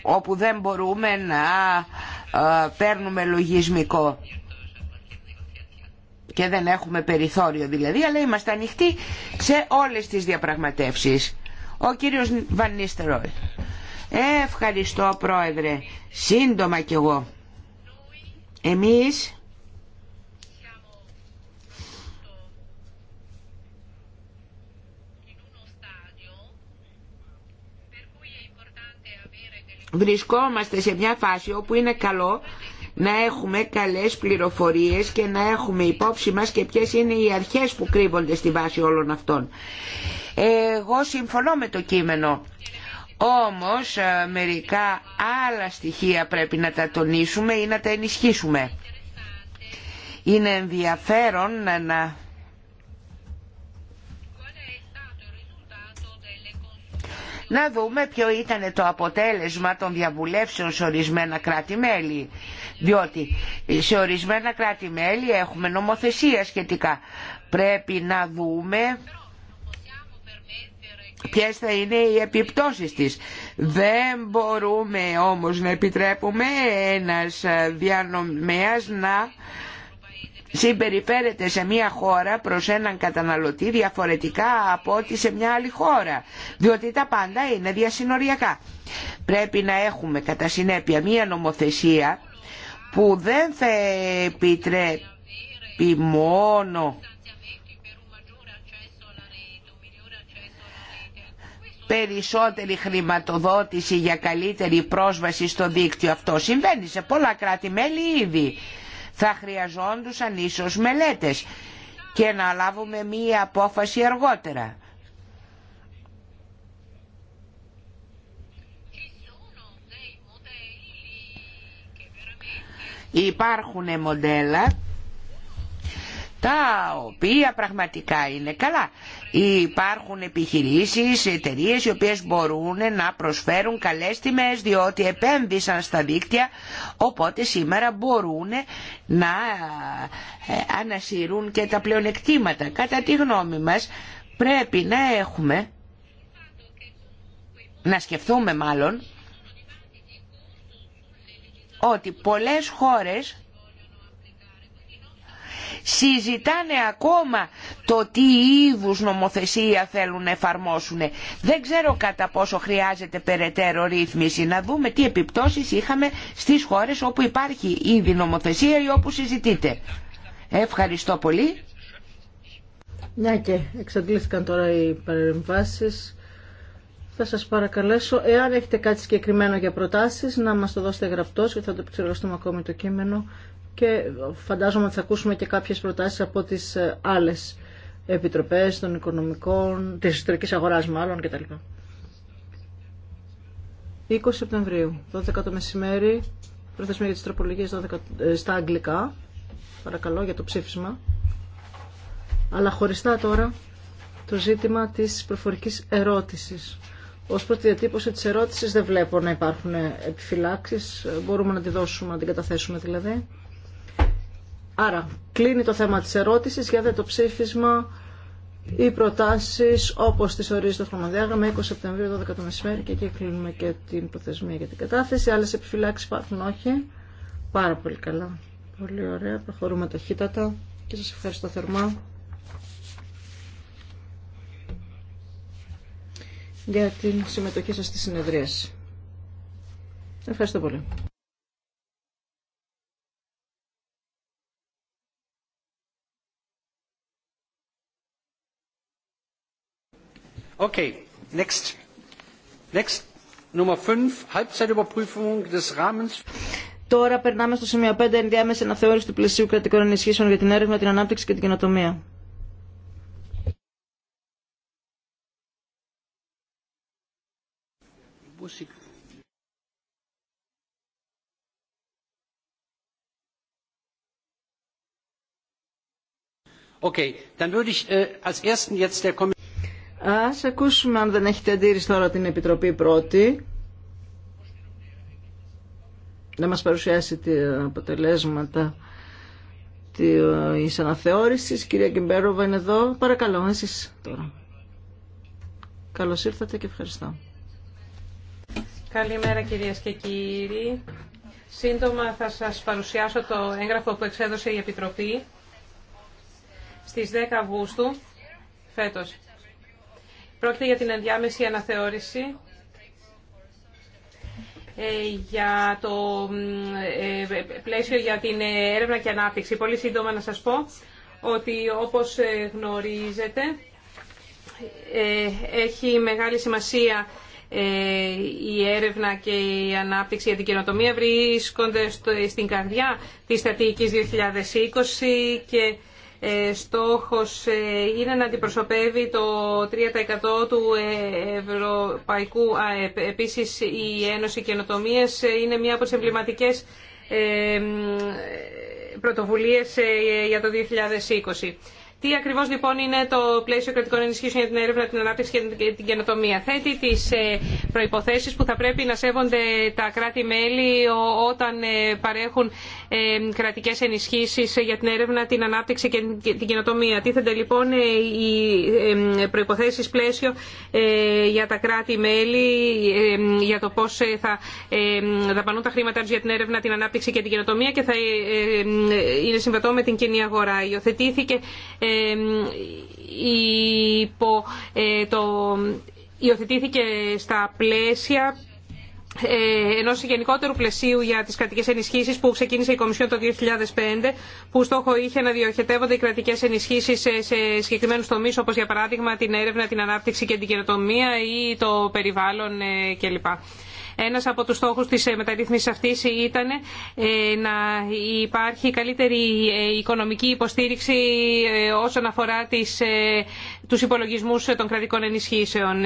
όπου δεν μπορούμε να ε, παίρνουμε λογισμικό και δεν έχουμε περιθώριο δηλαδή, αλλά είμαστε ανοιχτοί σε όλες τις διαπραγματεύσεις. Ο κύριος Βανίστερο. Ε, ευχαριστώ πρόεδρε. Σύντομα κι εγώ. Εμείς βρισκόμαστε σε μια φάση όπου είναι καλό να έχουμε καλές πληροφορίες και να έχουμε υπόψη μας και ποιες είναι οι αρχές που κρύβονται στη βάση όλων αυτών. Εγώ συμφωνώ με το κείμενο, όμως ε, μερικά άλλα στοιχεία πρέπει να τα τονίσουμε ή να τα ενισχύσουμε. Είναι ενδιαφέρον να να δούμε ποιο ήταν το αποτέλεσμα των διαβουλεύσεων σε ορισμένα κράτη-μέλη. Διότι σε ορισμένα κράτη-μέλη έχουμε νομοθεσία σχετικά. Πρέπει να δούμε ποιες θα είναι οι επιπτώσεις της. Δεν μπορούμε όμως να επιτρέπουμε ένας διανομέας να συμπεριφέρεται σε μια χώρα προς έναν καταναλωτή διαφορετικά από ό,τι σε μια άλλη χώρα διότι τα πάντα είναι διασυνοριακά. Πρέπει να έχουμε κατά συνέπεια μια νομοθεσία που δεν θα επιτρέπει μόνο περισσότερη χρηματοδότηση για καλύτερη πρόσβαση στο δίκτυο αυτό. Συμβαίνει σε πολλά κράτη-μέλη ήδη θα χρειαζόντουσαν ίσως μελέτες και να λάβουμε μία απόφαση αργότερα. Υπάρχουν μοντέλα τα οποία πραγματικά είναι καλά. Υπάρχουν επιχειρήσεις, εταιρείε οι οποίες μπορούν να προσφέρουν καλές τιμές διότι επένδυσαν στα δίκτυα οπότε σήμερα μπορούν να ε, ανασύρουν και τα πλεονεκτήματα. Κατά τη γνώμη μας πρέπει να έχουμε, να σκεφτούμε μάλλον, ότι πολλές χώρες συζητάνε ακόμα το τι είδους νομοθεσία θέλουν να εφαρμόσουν. Δεν ξέρω κατά πόσο χρειάζεται περαιτέρω ρύθμιση. Να δούμε τι επιπτώσεις είχαμε στις χώρες όπου υπάρχει ήδη νομοθεσία ή όπου συζητείτε. Ευχαριστώ πολύ. Ναι και εξαντλήθηκαν τώρα οι παρεμβάσεις. Θα σας παρακαλέσω, εάν έχετε κάτι συγκεκριμένο για προτάσεις, να μας το δώσετε γραπτός και θα το επεξεργαστούμε ακόμη το κείμενο και φαντάζομαι ότι θα ακούσουμε και κάποιες προτάσεις από τις ε, άλλες επιτροπές των οικονομικών, της ιστορικής αγοράς μάλλον κτλ. 20 Σεπτεμβρίου, 12 το μεσημέρι, προθεσμία για τις τροπολογίες 12, ε, στα αγγλικά, παρακαλώ για το ψήφισμα. Αλλά χωριστά τώρα το ζήτημα της προφορικής ερώτησης. Ως προς τη διατύπωση της ερώτησης δεν βλέπω να υπάρχουν επιφυλάξεις, ε, μπορούμε να τη δώσουμε, να την καταθέσουμε δηλαδή. Άρα, κλείνει το θέμα της ερώτησης για δε το ψήφισμα ή προτάσεις όπως τις ορίζει το χρονοδιάγραμμα 20 Σεπτεμβρίου 12 το μεσημέρι και εκεί κλείνουμε και την προθεσμία για την κατάθεση. Άλλες επιφυλάξεις υπάρχουν όχι. Πάρα πολύ καλά. Πολύ ωραία. Προχωρούμε ταχύτατα και σας ευχαριστώ θερμά. για την συμμετοχή σας στη συνεδρίαση. Ευχαριστώ πολύ. Τώρα περνάμε στο σημείο 5, ενδιάμεση αναθεώρηση του πλαισίου κρατικών ενισχύσεων για την έρευνα, την ανάπτυξη και την καινοτομία. Okay, dann würde ich äh, als ersten jetzt der Ας ακούσουμε αν δεν έχετε αντίρρηση τώρα την Επιτροπή πρώτη να μας παρουσιάσει τα αποτελέσματα της αναθεώρησης. Κυρία Κιμπέροβα είναι εδώ. Παρακαλώ, εσείς τώρα. Καλώς ήρθατε και ευχαριστώ. Καλημέρα κυρίες και κύριοι. Σύντομα θα σας παρουσιάσω το έγγραφο που εξέδωσε η Επιτροπή στις 10 Αυγούστου φέτος. Πρόκειται για την ενδιάμεση αναθεώρηση ε, για το ε, ε, πλαίσιο για την έρευνα και ανάπτυξη. Πολύ σύντομα να σας πω ότι όπως γνωρίζετε έχει μεγάλη σημασία η έρευνα και η ανάπτυξη για την καινοτομία βρίσκονται στην καρδιά της στρατηγικής 2020 και ε, στόχος ε, είναι να αντιπροσωπεύει το 3% του ε, ευρωπαϊκού ΑΕΠ. Επίσης η Ένωση Καινοτομίας είναι μία από τις εμβληματικές πρωτοβουλίες για το 2020. Τι ακριβώς λοιπόν είναι το πλαίσιο κρατικών ενισχύσεων για την έρευνα, την ανάπτυξη και την καινοτομία. Θέτει τις ε, προϋποθέσεις που θα πρέπει να σέβονται τα κράτη-μέλη όταν ε, παρέχουν ε, κρατικές ενισχύσεις για την έρευνα, την ανάπτυξη και την καινοτομία. Τίθενται λοιπόν οι προποθέσει πλαίσιο για τα κράτη-μέλη για το πώς θα δαπανούν τα χρήματά του για την έρευνα, την ανάπτυξη και την καινοτομία και θα είναι συμβατό με την κοινή αγορά. Υιοθετήθηκε υπό, ε, το, υιοθετήθηκε στα πλαίσια ε, ενός γενικότερου πλαισίου για τις κρατικές ενισχύσεις που ξεκίνησε η Κομισιόν το 2005 που στόχο είχε να διοχετεύονται οι κρατικές ενισχύσεις σε συγκεκριμένους τομείς όπως για παράδειγμα την έρευνα, την ανάπτυξη και την καινοτομία ή το περιβάλλον ε, κλπ. Ένας από τους στόχους της ε, μεταρρύθμιση αυτής ήταν ε, να υπάρχει καλύτερη ε, οικονομική υποστήριξη όσον αφορά τις, τους υπολογισμούς των κρατικών ενισχύσεων.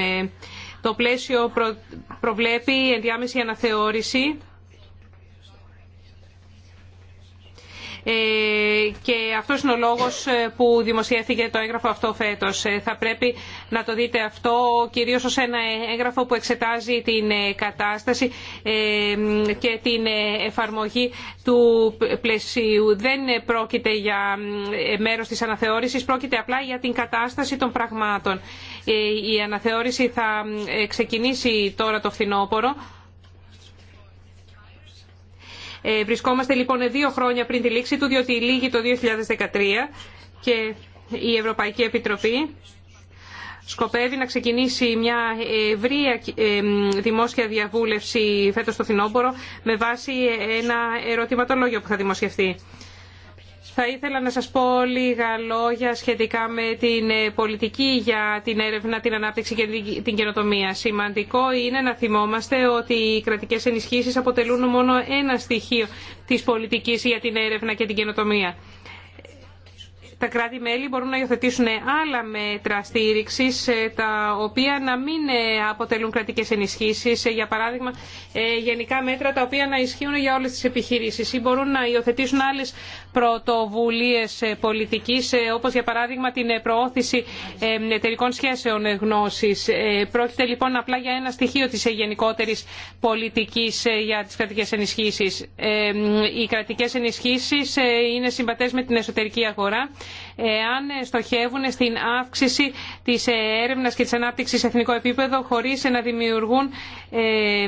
Το πλαίσιο προβλέπει ενδιάμεση αναθεώρηση Ε, και αυτός είναι ο λόγος ε, που δημοσιεύθηκε το έγγραφο αυτό φέτος. Ε, θα πρέπει να το δείτε αυτό κυρίως ω ένα έγγραφο που εξετάζει την κατάσταση και την εφαρμογή του πλαισίου. Δεν πρόκειται για μέρο τη αναθεώρησης, πρόκειται απλά για την κατάσταση των πραγμάτων. Η αναθεώρηση θα ξεκινήσει τώρα το φθινόπωρο ε, βρισκόμαστε λοιπόν δύο χρόνια πριν τη λήξη του, διότι λήγει το 2013 και η Ευρωπαϊκή Επιτροπή σκοπεύει να ξεκινήσει μια ευρία ε, δημόσια διαβούλευση φέτος στο φθινόπωρο με βάση ένα ερωτηματολόγιο που θα δημοσιευθεί. Θα ήθελα να σας πω λίγα λόγια σχετικά με την ε, πολιτική για την έρευνα, την ανάπτυξη και την καινοτομία. Σημαντικό είναι να θυμόμαστε ότι οι κρατικές ενισχύσεις αποτελούν μόνο ένα στοιχείο της πολιτικής για την έρευνα και την καινοτομία τα κράτη-μέλη μπορούν να υιοθετήσουν άλλα μέτρα στήριξη, ε, τα οποία να μην ε, αποτελούν κρατικέ ενισχύσει, ε, για παράδειγμα γενικά μέτρα τα οποία να ισχύουν για όλε τι επιχειρήσει ή μπορούν να υιοθετήσουν άλλε πρωτοβουλίε πολιτική, όπω για παράδειγμα την προώθηση εταιρικών σχέσεων γνώση. Πρόκειται λοιπόν απλά για ένα στοιχείο τη γενικότερη πολιτική για τι κρατικέ ενισχύσει. Οι κρατικέ ενισχύσει είναι συμπατέ με την εσωτερική αγορά εάν στοχεύουν στην αύξηση της ε, έρευνας και της ανάπτυξης σε εθνικό επίπεδο χωρίς να δημιουργούν ε,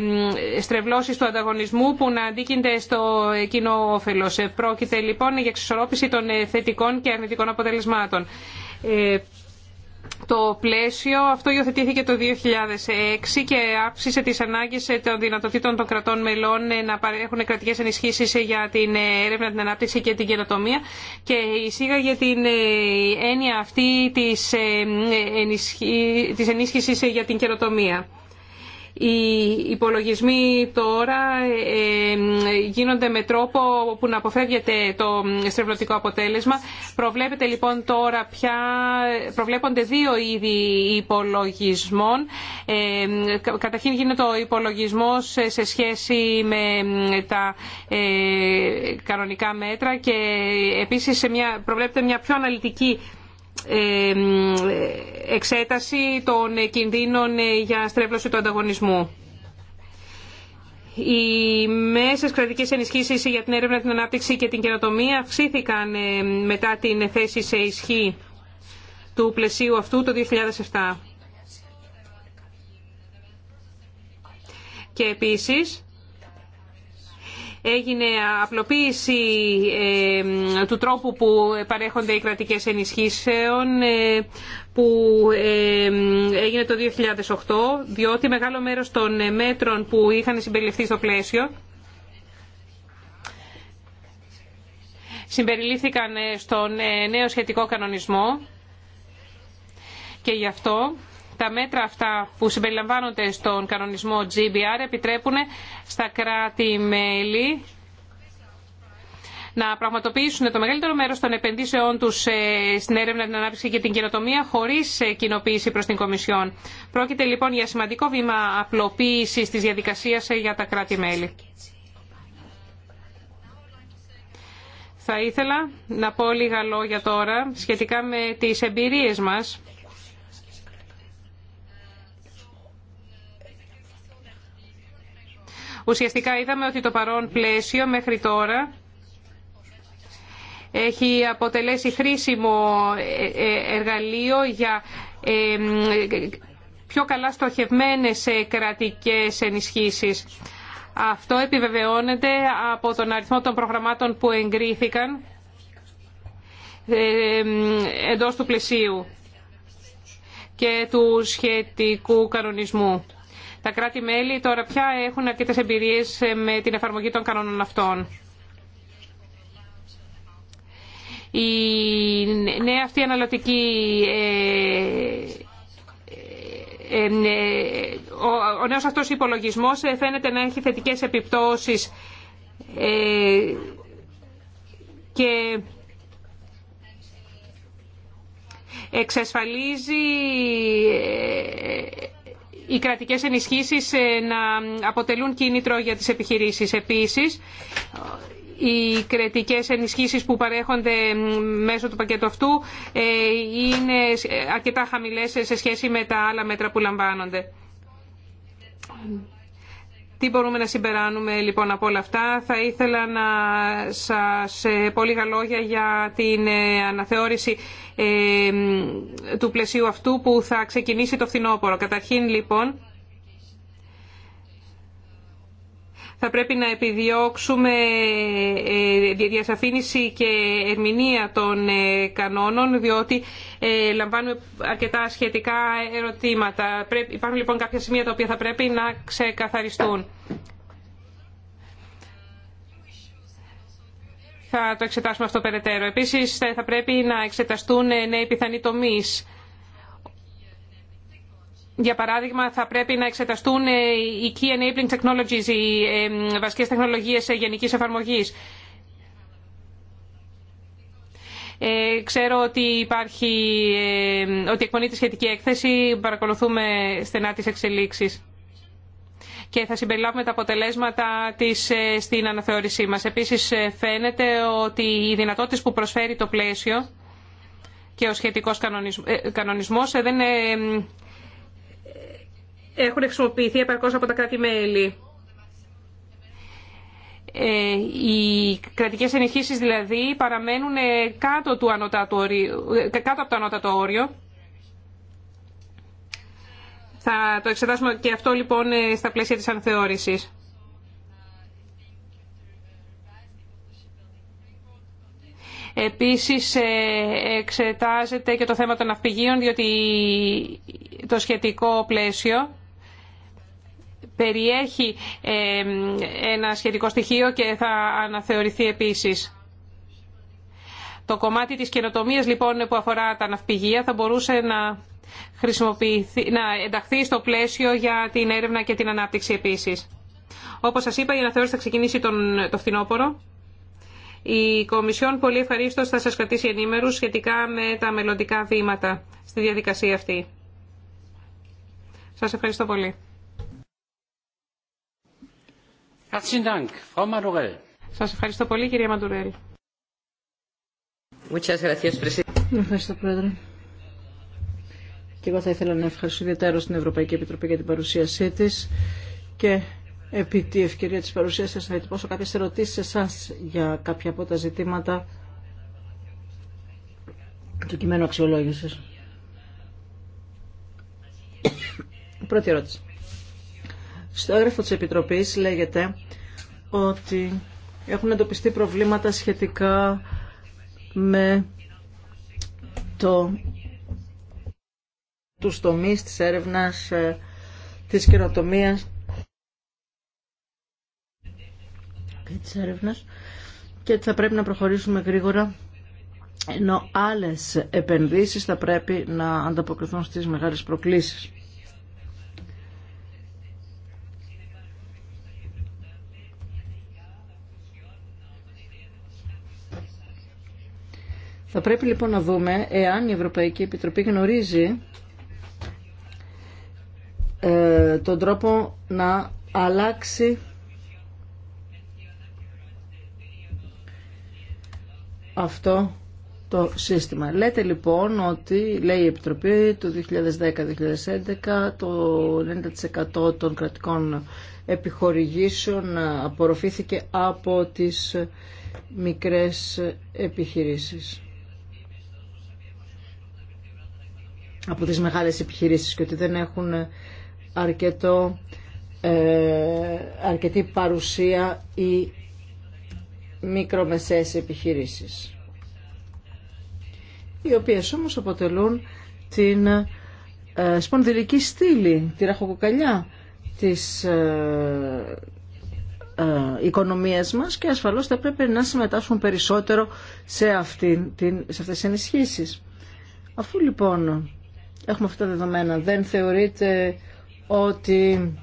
στρεβλώσεις του ανταγωνισμού που να αντίκεινται στο κοινό όφελος. Ε, πρόκειται λοιπόν για εξισορρόπηση των θετικών και αρνητικών αποτελεσμάτων το πλαίσιο. Αυτό υιοθετήθηκε το 2006 και αύξησε τις ανάγκες των δυνατοτήτων των κρατών μελών ε, να παρέχουν κρατικέ ενισχύσεις ε, για την ε, έρευνα, την ανάπτυξη και την καινοτομία και εισήγαγε την έννοια αυτή της ενίσχυσης για την καινοτομία. Οι υπολογισμοί τώρα ε, γίνονται με τρόπο που να αποφεύγεται το στρεβλωτικό αποτέλεσμα. Προβλέπεται λοιπόν τώρα πια, προβλέπονται δύο είδη υπολογισμών. καταρχήν γίνεται ο υπολογισμός σε σχέση με τα ε, κανονικά μέτρα και επίσης μια, προβλέπεται μια πιο αναλυτική εξέταση των κινδύνων ε, για στρέβλωση του ανταγωνισμού. Οι μέσες κρατικές ενισχύσεις για την έρευνα, την ανάπτυξη και την καινοτομία αυξήθηκαν ε, μετά την θέση σε ισχύ του πλαισίου αυτού το 2007. Και επίσης, έγινε απλοποίηση ε, του τρόπου που παρέχονται οι κρατικές ενισχύσεων ε, που ε, έγινε το 2008, διότι μεγάλο μέρος των μέτρων που είχαν συμπεριληφθεί στο πλαίσιο συμπεριλήφθηκαν στον νέο σχετικό κανονισμό και γι' αυτό τα μέτρα αυτά που συμπεριλαμβάνονται στον κανονισμό GBR επιτρέπουν στα κράτη-μέλη να πραγματοποιήσουν το μεγαλύτερο μέρο των επενδύσεών του ε, στην έρευνα, την ανάπτυξη και την καινοτομία χωρί ε, κοινοποίηση προ την Κομισιόν. Πρόκειται λοιπόν για σημαντικό βήμα απλοποίηση τη διαδικασία ε, για τα κράτη-μέλη. Θα ήθελα να πω λίγα λόγια τώρα σχετικά με τις εμπειρίες μας Ουσιαστικά είδαμε ότι το παρόν πλαίσιο μέχρι τώρα έχει αποτελέσει χρήσιμο ε, ε, εργαλείο για ε, πιο καλά στοχευμένες κρατικές ενισχύσεις. Αυτό επιβεβαιώνεται από τον αριθμό των προγραμμάτων που εγκρίθηκαν εντός του πλαισίου και του σχετικού κανονισμού. Τα κράτη-μέλη τώρα πια έχουν αρκετέ εμπειρίε ε, με την εφαρμογή των κανόνων αυτών. Η νέα αυτή αναλωτική ε, ε, ο νέος αυτός υπολογισμός φαίνεται να έχει θετικές επιπτώσεις και εξασφαλίζει οι κρατικές ενισχύσεις ε, να αποτελούν κίνητρο για τις επιχειρήσεις. Επίσης, οι κρατικές ενισχύσεις που παρέχονται μέσω του πακέτου αυτού ε, είναι αρκετά χαμηλές σε σχέση με τα άλλα μέτρα που λαμβάνονται. Τι μπορούμε να συμπεράνουμε λοιπόν από όλα αυτά. Θα ήθελα να σας ε, πω λίγα λόγια για την ε, αναθεώρηση ε, του πλαισίου αυτού που θα ξεκινήσει το φθινόπωρο. Καταρχήν λοιπόν θα πρέπει να επιδιώξουμε ε, ε, διασαφήνιση και ερμηνεία των ε, κανόνων, διότι λαμβάνουμε αρκετά σχετικά ερωτήματα. Υπάρχουν λοιπόν κάποια σημεία τα οποία θα πρέπει να ξεκαθαριστούν. Θα το εξετάσουμε αυτό περαιτέρω. Επίσης θα πρέπει να εξεταστούν νέοι πιθανοί τομείς για παράδειγμα, θα πρέπει να εξεταστούν ε, οι key enabling technologies, οι ε, βασικές τεχνολογίες ε, γενικής εφαρμογής. Ε, ξέρω ότι υπάρχει, ε, ότι εκπονείται σχετική έκθεση, παρακολουθούμε στενά τις εξελίξεις και θα συμπεριλάβουμε τα αποτελέσματα της στην αναθεώρησή μας. Επίσης φαίνεται ότι οι δυνατότητες που προσφέρει το πλαίσιο και ο σχετικός κανονισμός, κανονισμός δεν έχουν χρησιμοποιηθεί επαρκώς από τα κράτη-μέλη. Ε, οι κρατικές ενισχύσει, δηλαδή παραμένουν ε, κάτω, του ε, κάτω από το ανώτατο όριο. Θα το εξετάσουμε και αυτό λοιπόν στα πλαίσια της ανθεώρησης. Επίσης εξετάζεται και το θέμα των αυπηγείων, διότι το σχετικό πλαίσιο περιέχει ε, ένα σχετικό στοιχείο και θα αναθεωρηθεί επίσης. Το κομμάτι της καινοτομία λοιπόν που αφορά τα ναυπηγεία θα μπορούσε να, χρησιμοποιηθεί, να ενταχθεί στο πλαίσιο για την έρευνα και την ανάπτυξη επίσης. Όπως σας είπα η αναθεώρηση θα ξεκινήσει τον, το φθινόπωρο. Η Κομισιόν πολύ ευχαρίστω θα σας κρατήσει ενήμερους σχετικά με τα μελλοντικά βήματα στη διαδικασία αυτή. Σας ευχαριστώ πολύ. Σας ευχαριστώ πολύ κυρία Μαντουρέλ. Ευχαριστώ πρόεδρε. Και εγώ θα ήθελα να ευχαριστήσω ιδιαίτερα στην Ευρωπαϊκή Επιτροπή για την παρουσίασή τη και επί τη ευκαιρία τη παρουσίας σα, θα εντυπώσω κάποιες ερωτήσεις σε εσά για κάποια από τα ζητήματα του κειμένου αξιολόγησης. Πρώτη ερώτηση. Στο έγγραφο της Επιτροπής λέγεται ότι έχουν εντοπιστεί προβλήματα σχετικά με το, τους τομείς της έρευνας, ε, της καινοτομία και της έρευνας και θα πρέπει να προχωρήσουμε γρήγορα ενώ άλλες επενδύσεις θα πρέπει να ανταποκριθούν στις μεγάλες προκλήσεις. Θα πρέπει λοιπόν να δούμε εάν η Ευρωπαϊκή Επιτροπή γνωρίζει ε, τον τρόπο να αλλάξει αυτό το σύστημα. Λέτε λοιπόν ότι, λέει η Επιτροπή, το 2010-2011 το 90% των κρατικών επιχορηγήσεων απορροφήθηκε από τις μικρές επιχειρήσεις. από τις μεγάλες επιχειρήσεις και ότι δεν έχουν ε, αρκετό, ε, αρκετή παρουσία οι μικρομεσαίες επιχειρήσεις οι οποίες όμως αποτελούν την ε, σπονδυλική στήλη, τη ραχοκοκαλιά της ε, οικονομίας μας και ασφαλώς θα πρέπει να συμμετάσχουν περισσότερο σε, αυτή, την, σε αυτές τις ενισχύσεις. Αφού λοιπόν Έχουμε αυτά τα δεδομένα. Δεν θεωρείτε ότι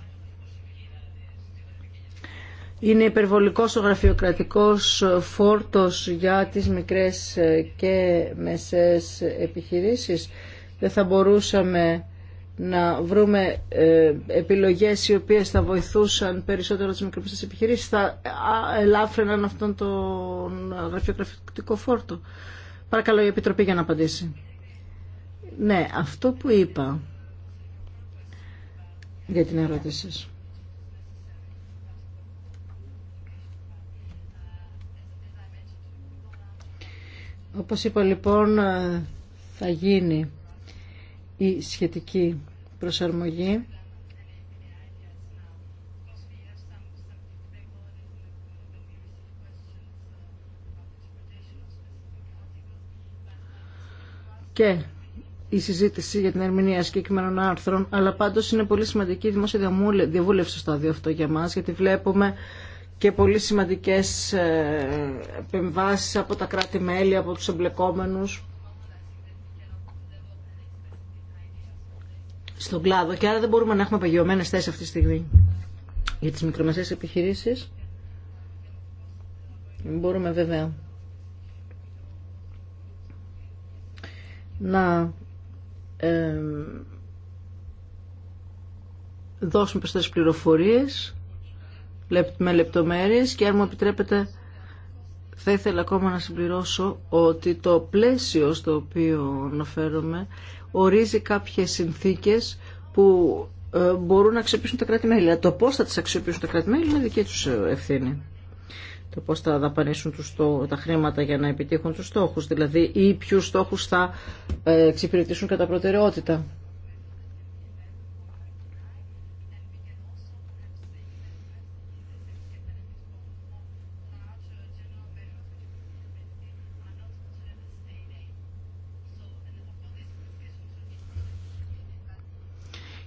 είναι υπερβολικός ο γραφειοκρατικός φόρτος για τις μικρές και μεσές επιχειρήσεις. Δεν θα μπορούσαμε να βρούμε ε, επιλογές οι οποίες θα βοηθούσαν περισσότερο τις μικροπιστές επιχειρήσεις, θα ελάφρυναν αυτόν τον γραφειοκρατικό φόρτο. Παρακαλώ η Επιτροπή για να απαντήσει. Ναι, αυτό που είπα για την ερώτηση σου Όπως είπα λοιπόν θα γίνει η σχετική προσαρμογή και η συζήτηση για την ερμηνεία συγκεκριμένων άρθρων, αλλά πάντως είναι πολύ σημαντική η δημόσια διαβούλευση στο άδειο αυτό για μας, γιατί βλέπουμε και πολύ σημαντικέ ε, επεμβάσει από τα κράτη-μέλη, από τους εμπλεκόμενου. στον κλάδο. Και άρα δεν μπορούμε να έχουμε απαγειωμένες θέσεις αυτή τη στιγμή για τις μικρομεσαίες επιχειρήσεις. Μπορούμε βέβαια να δώσουμε περισσότερες πληροφορίες με λεπτομέρειες και αν μου επιτρέπετε θα ήθελα ακόμα να συμπληρώσω ότι το πλαίσιο στο οποίο αναφέρομαι ορίζει κάποιες συνθήκες που ε, μπορούν να αξιοποιήσουν τα κράτη-μέλη. Το πώς θα τις αξιοποιήσουν τα κράτη-μέλη είναι δική τους ε, ευθύνη το πώς θα δαπανίσουν τους, τα χρήματα για να επιτύχουν τους στόχους, δηλαδή ή ποιους στόχους θα ε, εξυπηρετήσουν κατά προτεραιότητα.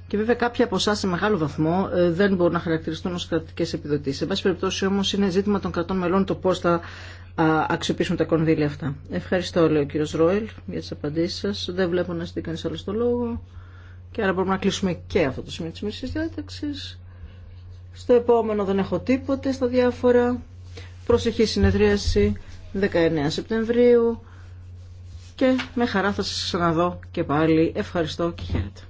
Και βέβαια κάποια από εσά σε μεγάλο βαθμό ε, δεν μπορούν να χαρακτηριστούν ω κρατικέ επιδοτήσει. Εν πάση περιπτώσει όμω είναι ζήτημα των κρατών μελών το πώ θα αξιοποιήσουν τα κονδύλια αυτά. Ευχαριστώ, λέει ο κύριο Ρόιλ, για τι απαντήσει σα. Δεν βλέπω να ζητεί κανεί άλλο το λόγο. Και άρα μπορούμε να κλείσουμε και αυτό το σημείο τη μισή διάταξη. Στο επόμενο δεν έχω τίποτε στα διάφορα. Προσεχή συνεδρίαση 19 Σεπτεμβρίου. Και με χαρά θα σας ξαναδώ και πάλι. Ευχαριστώ και χαίρετε.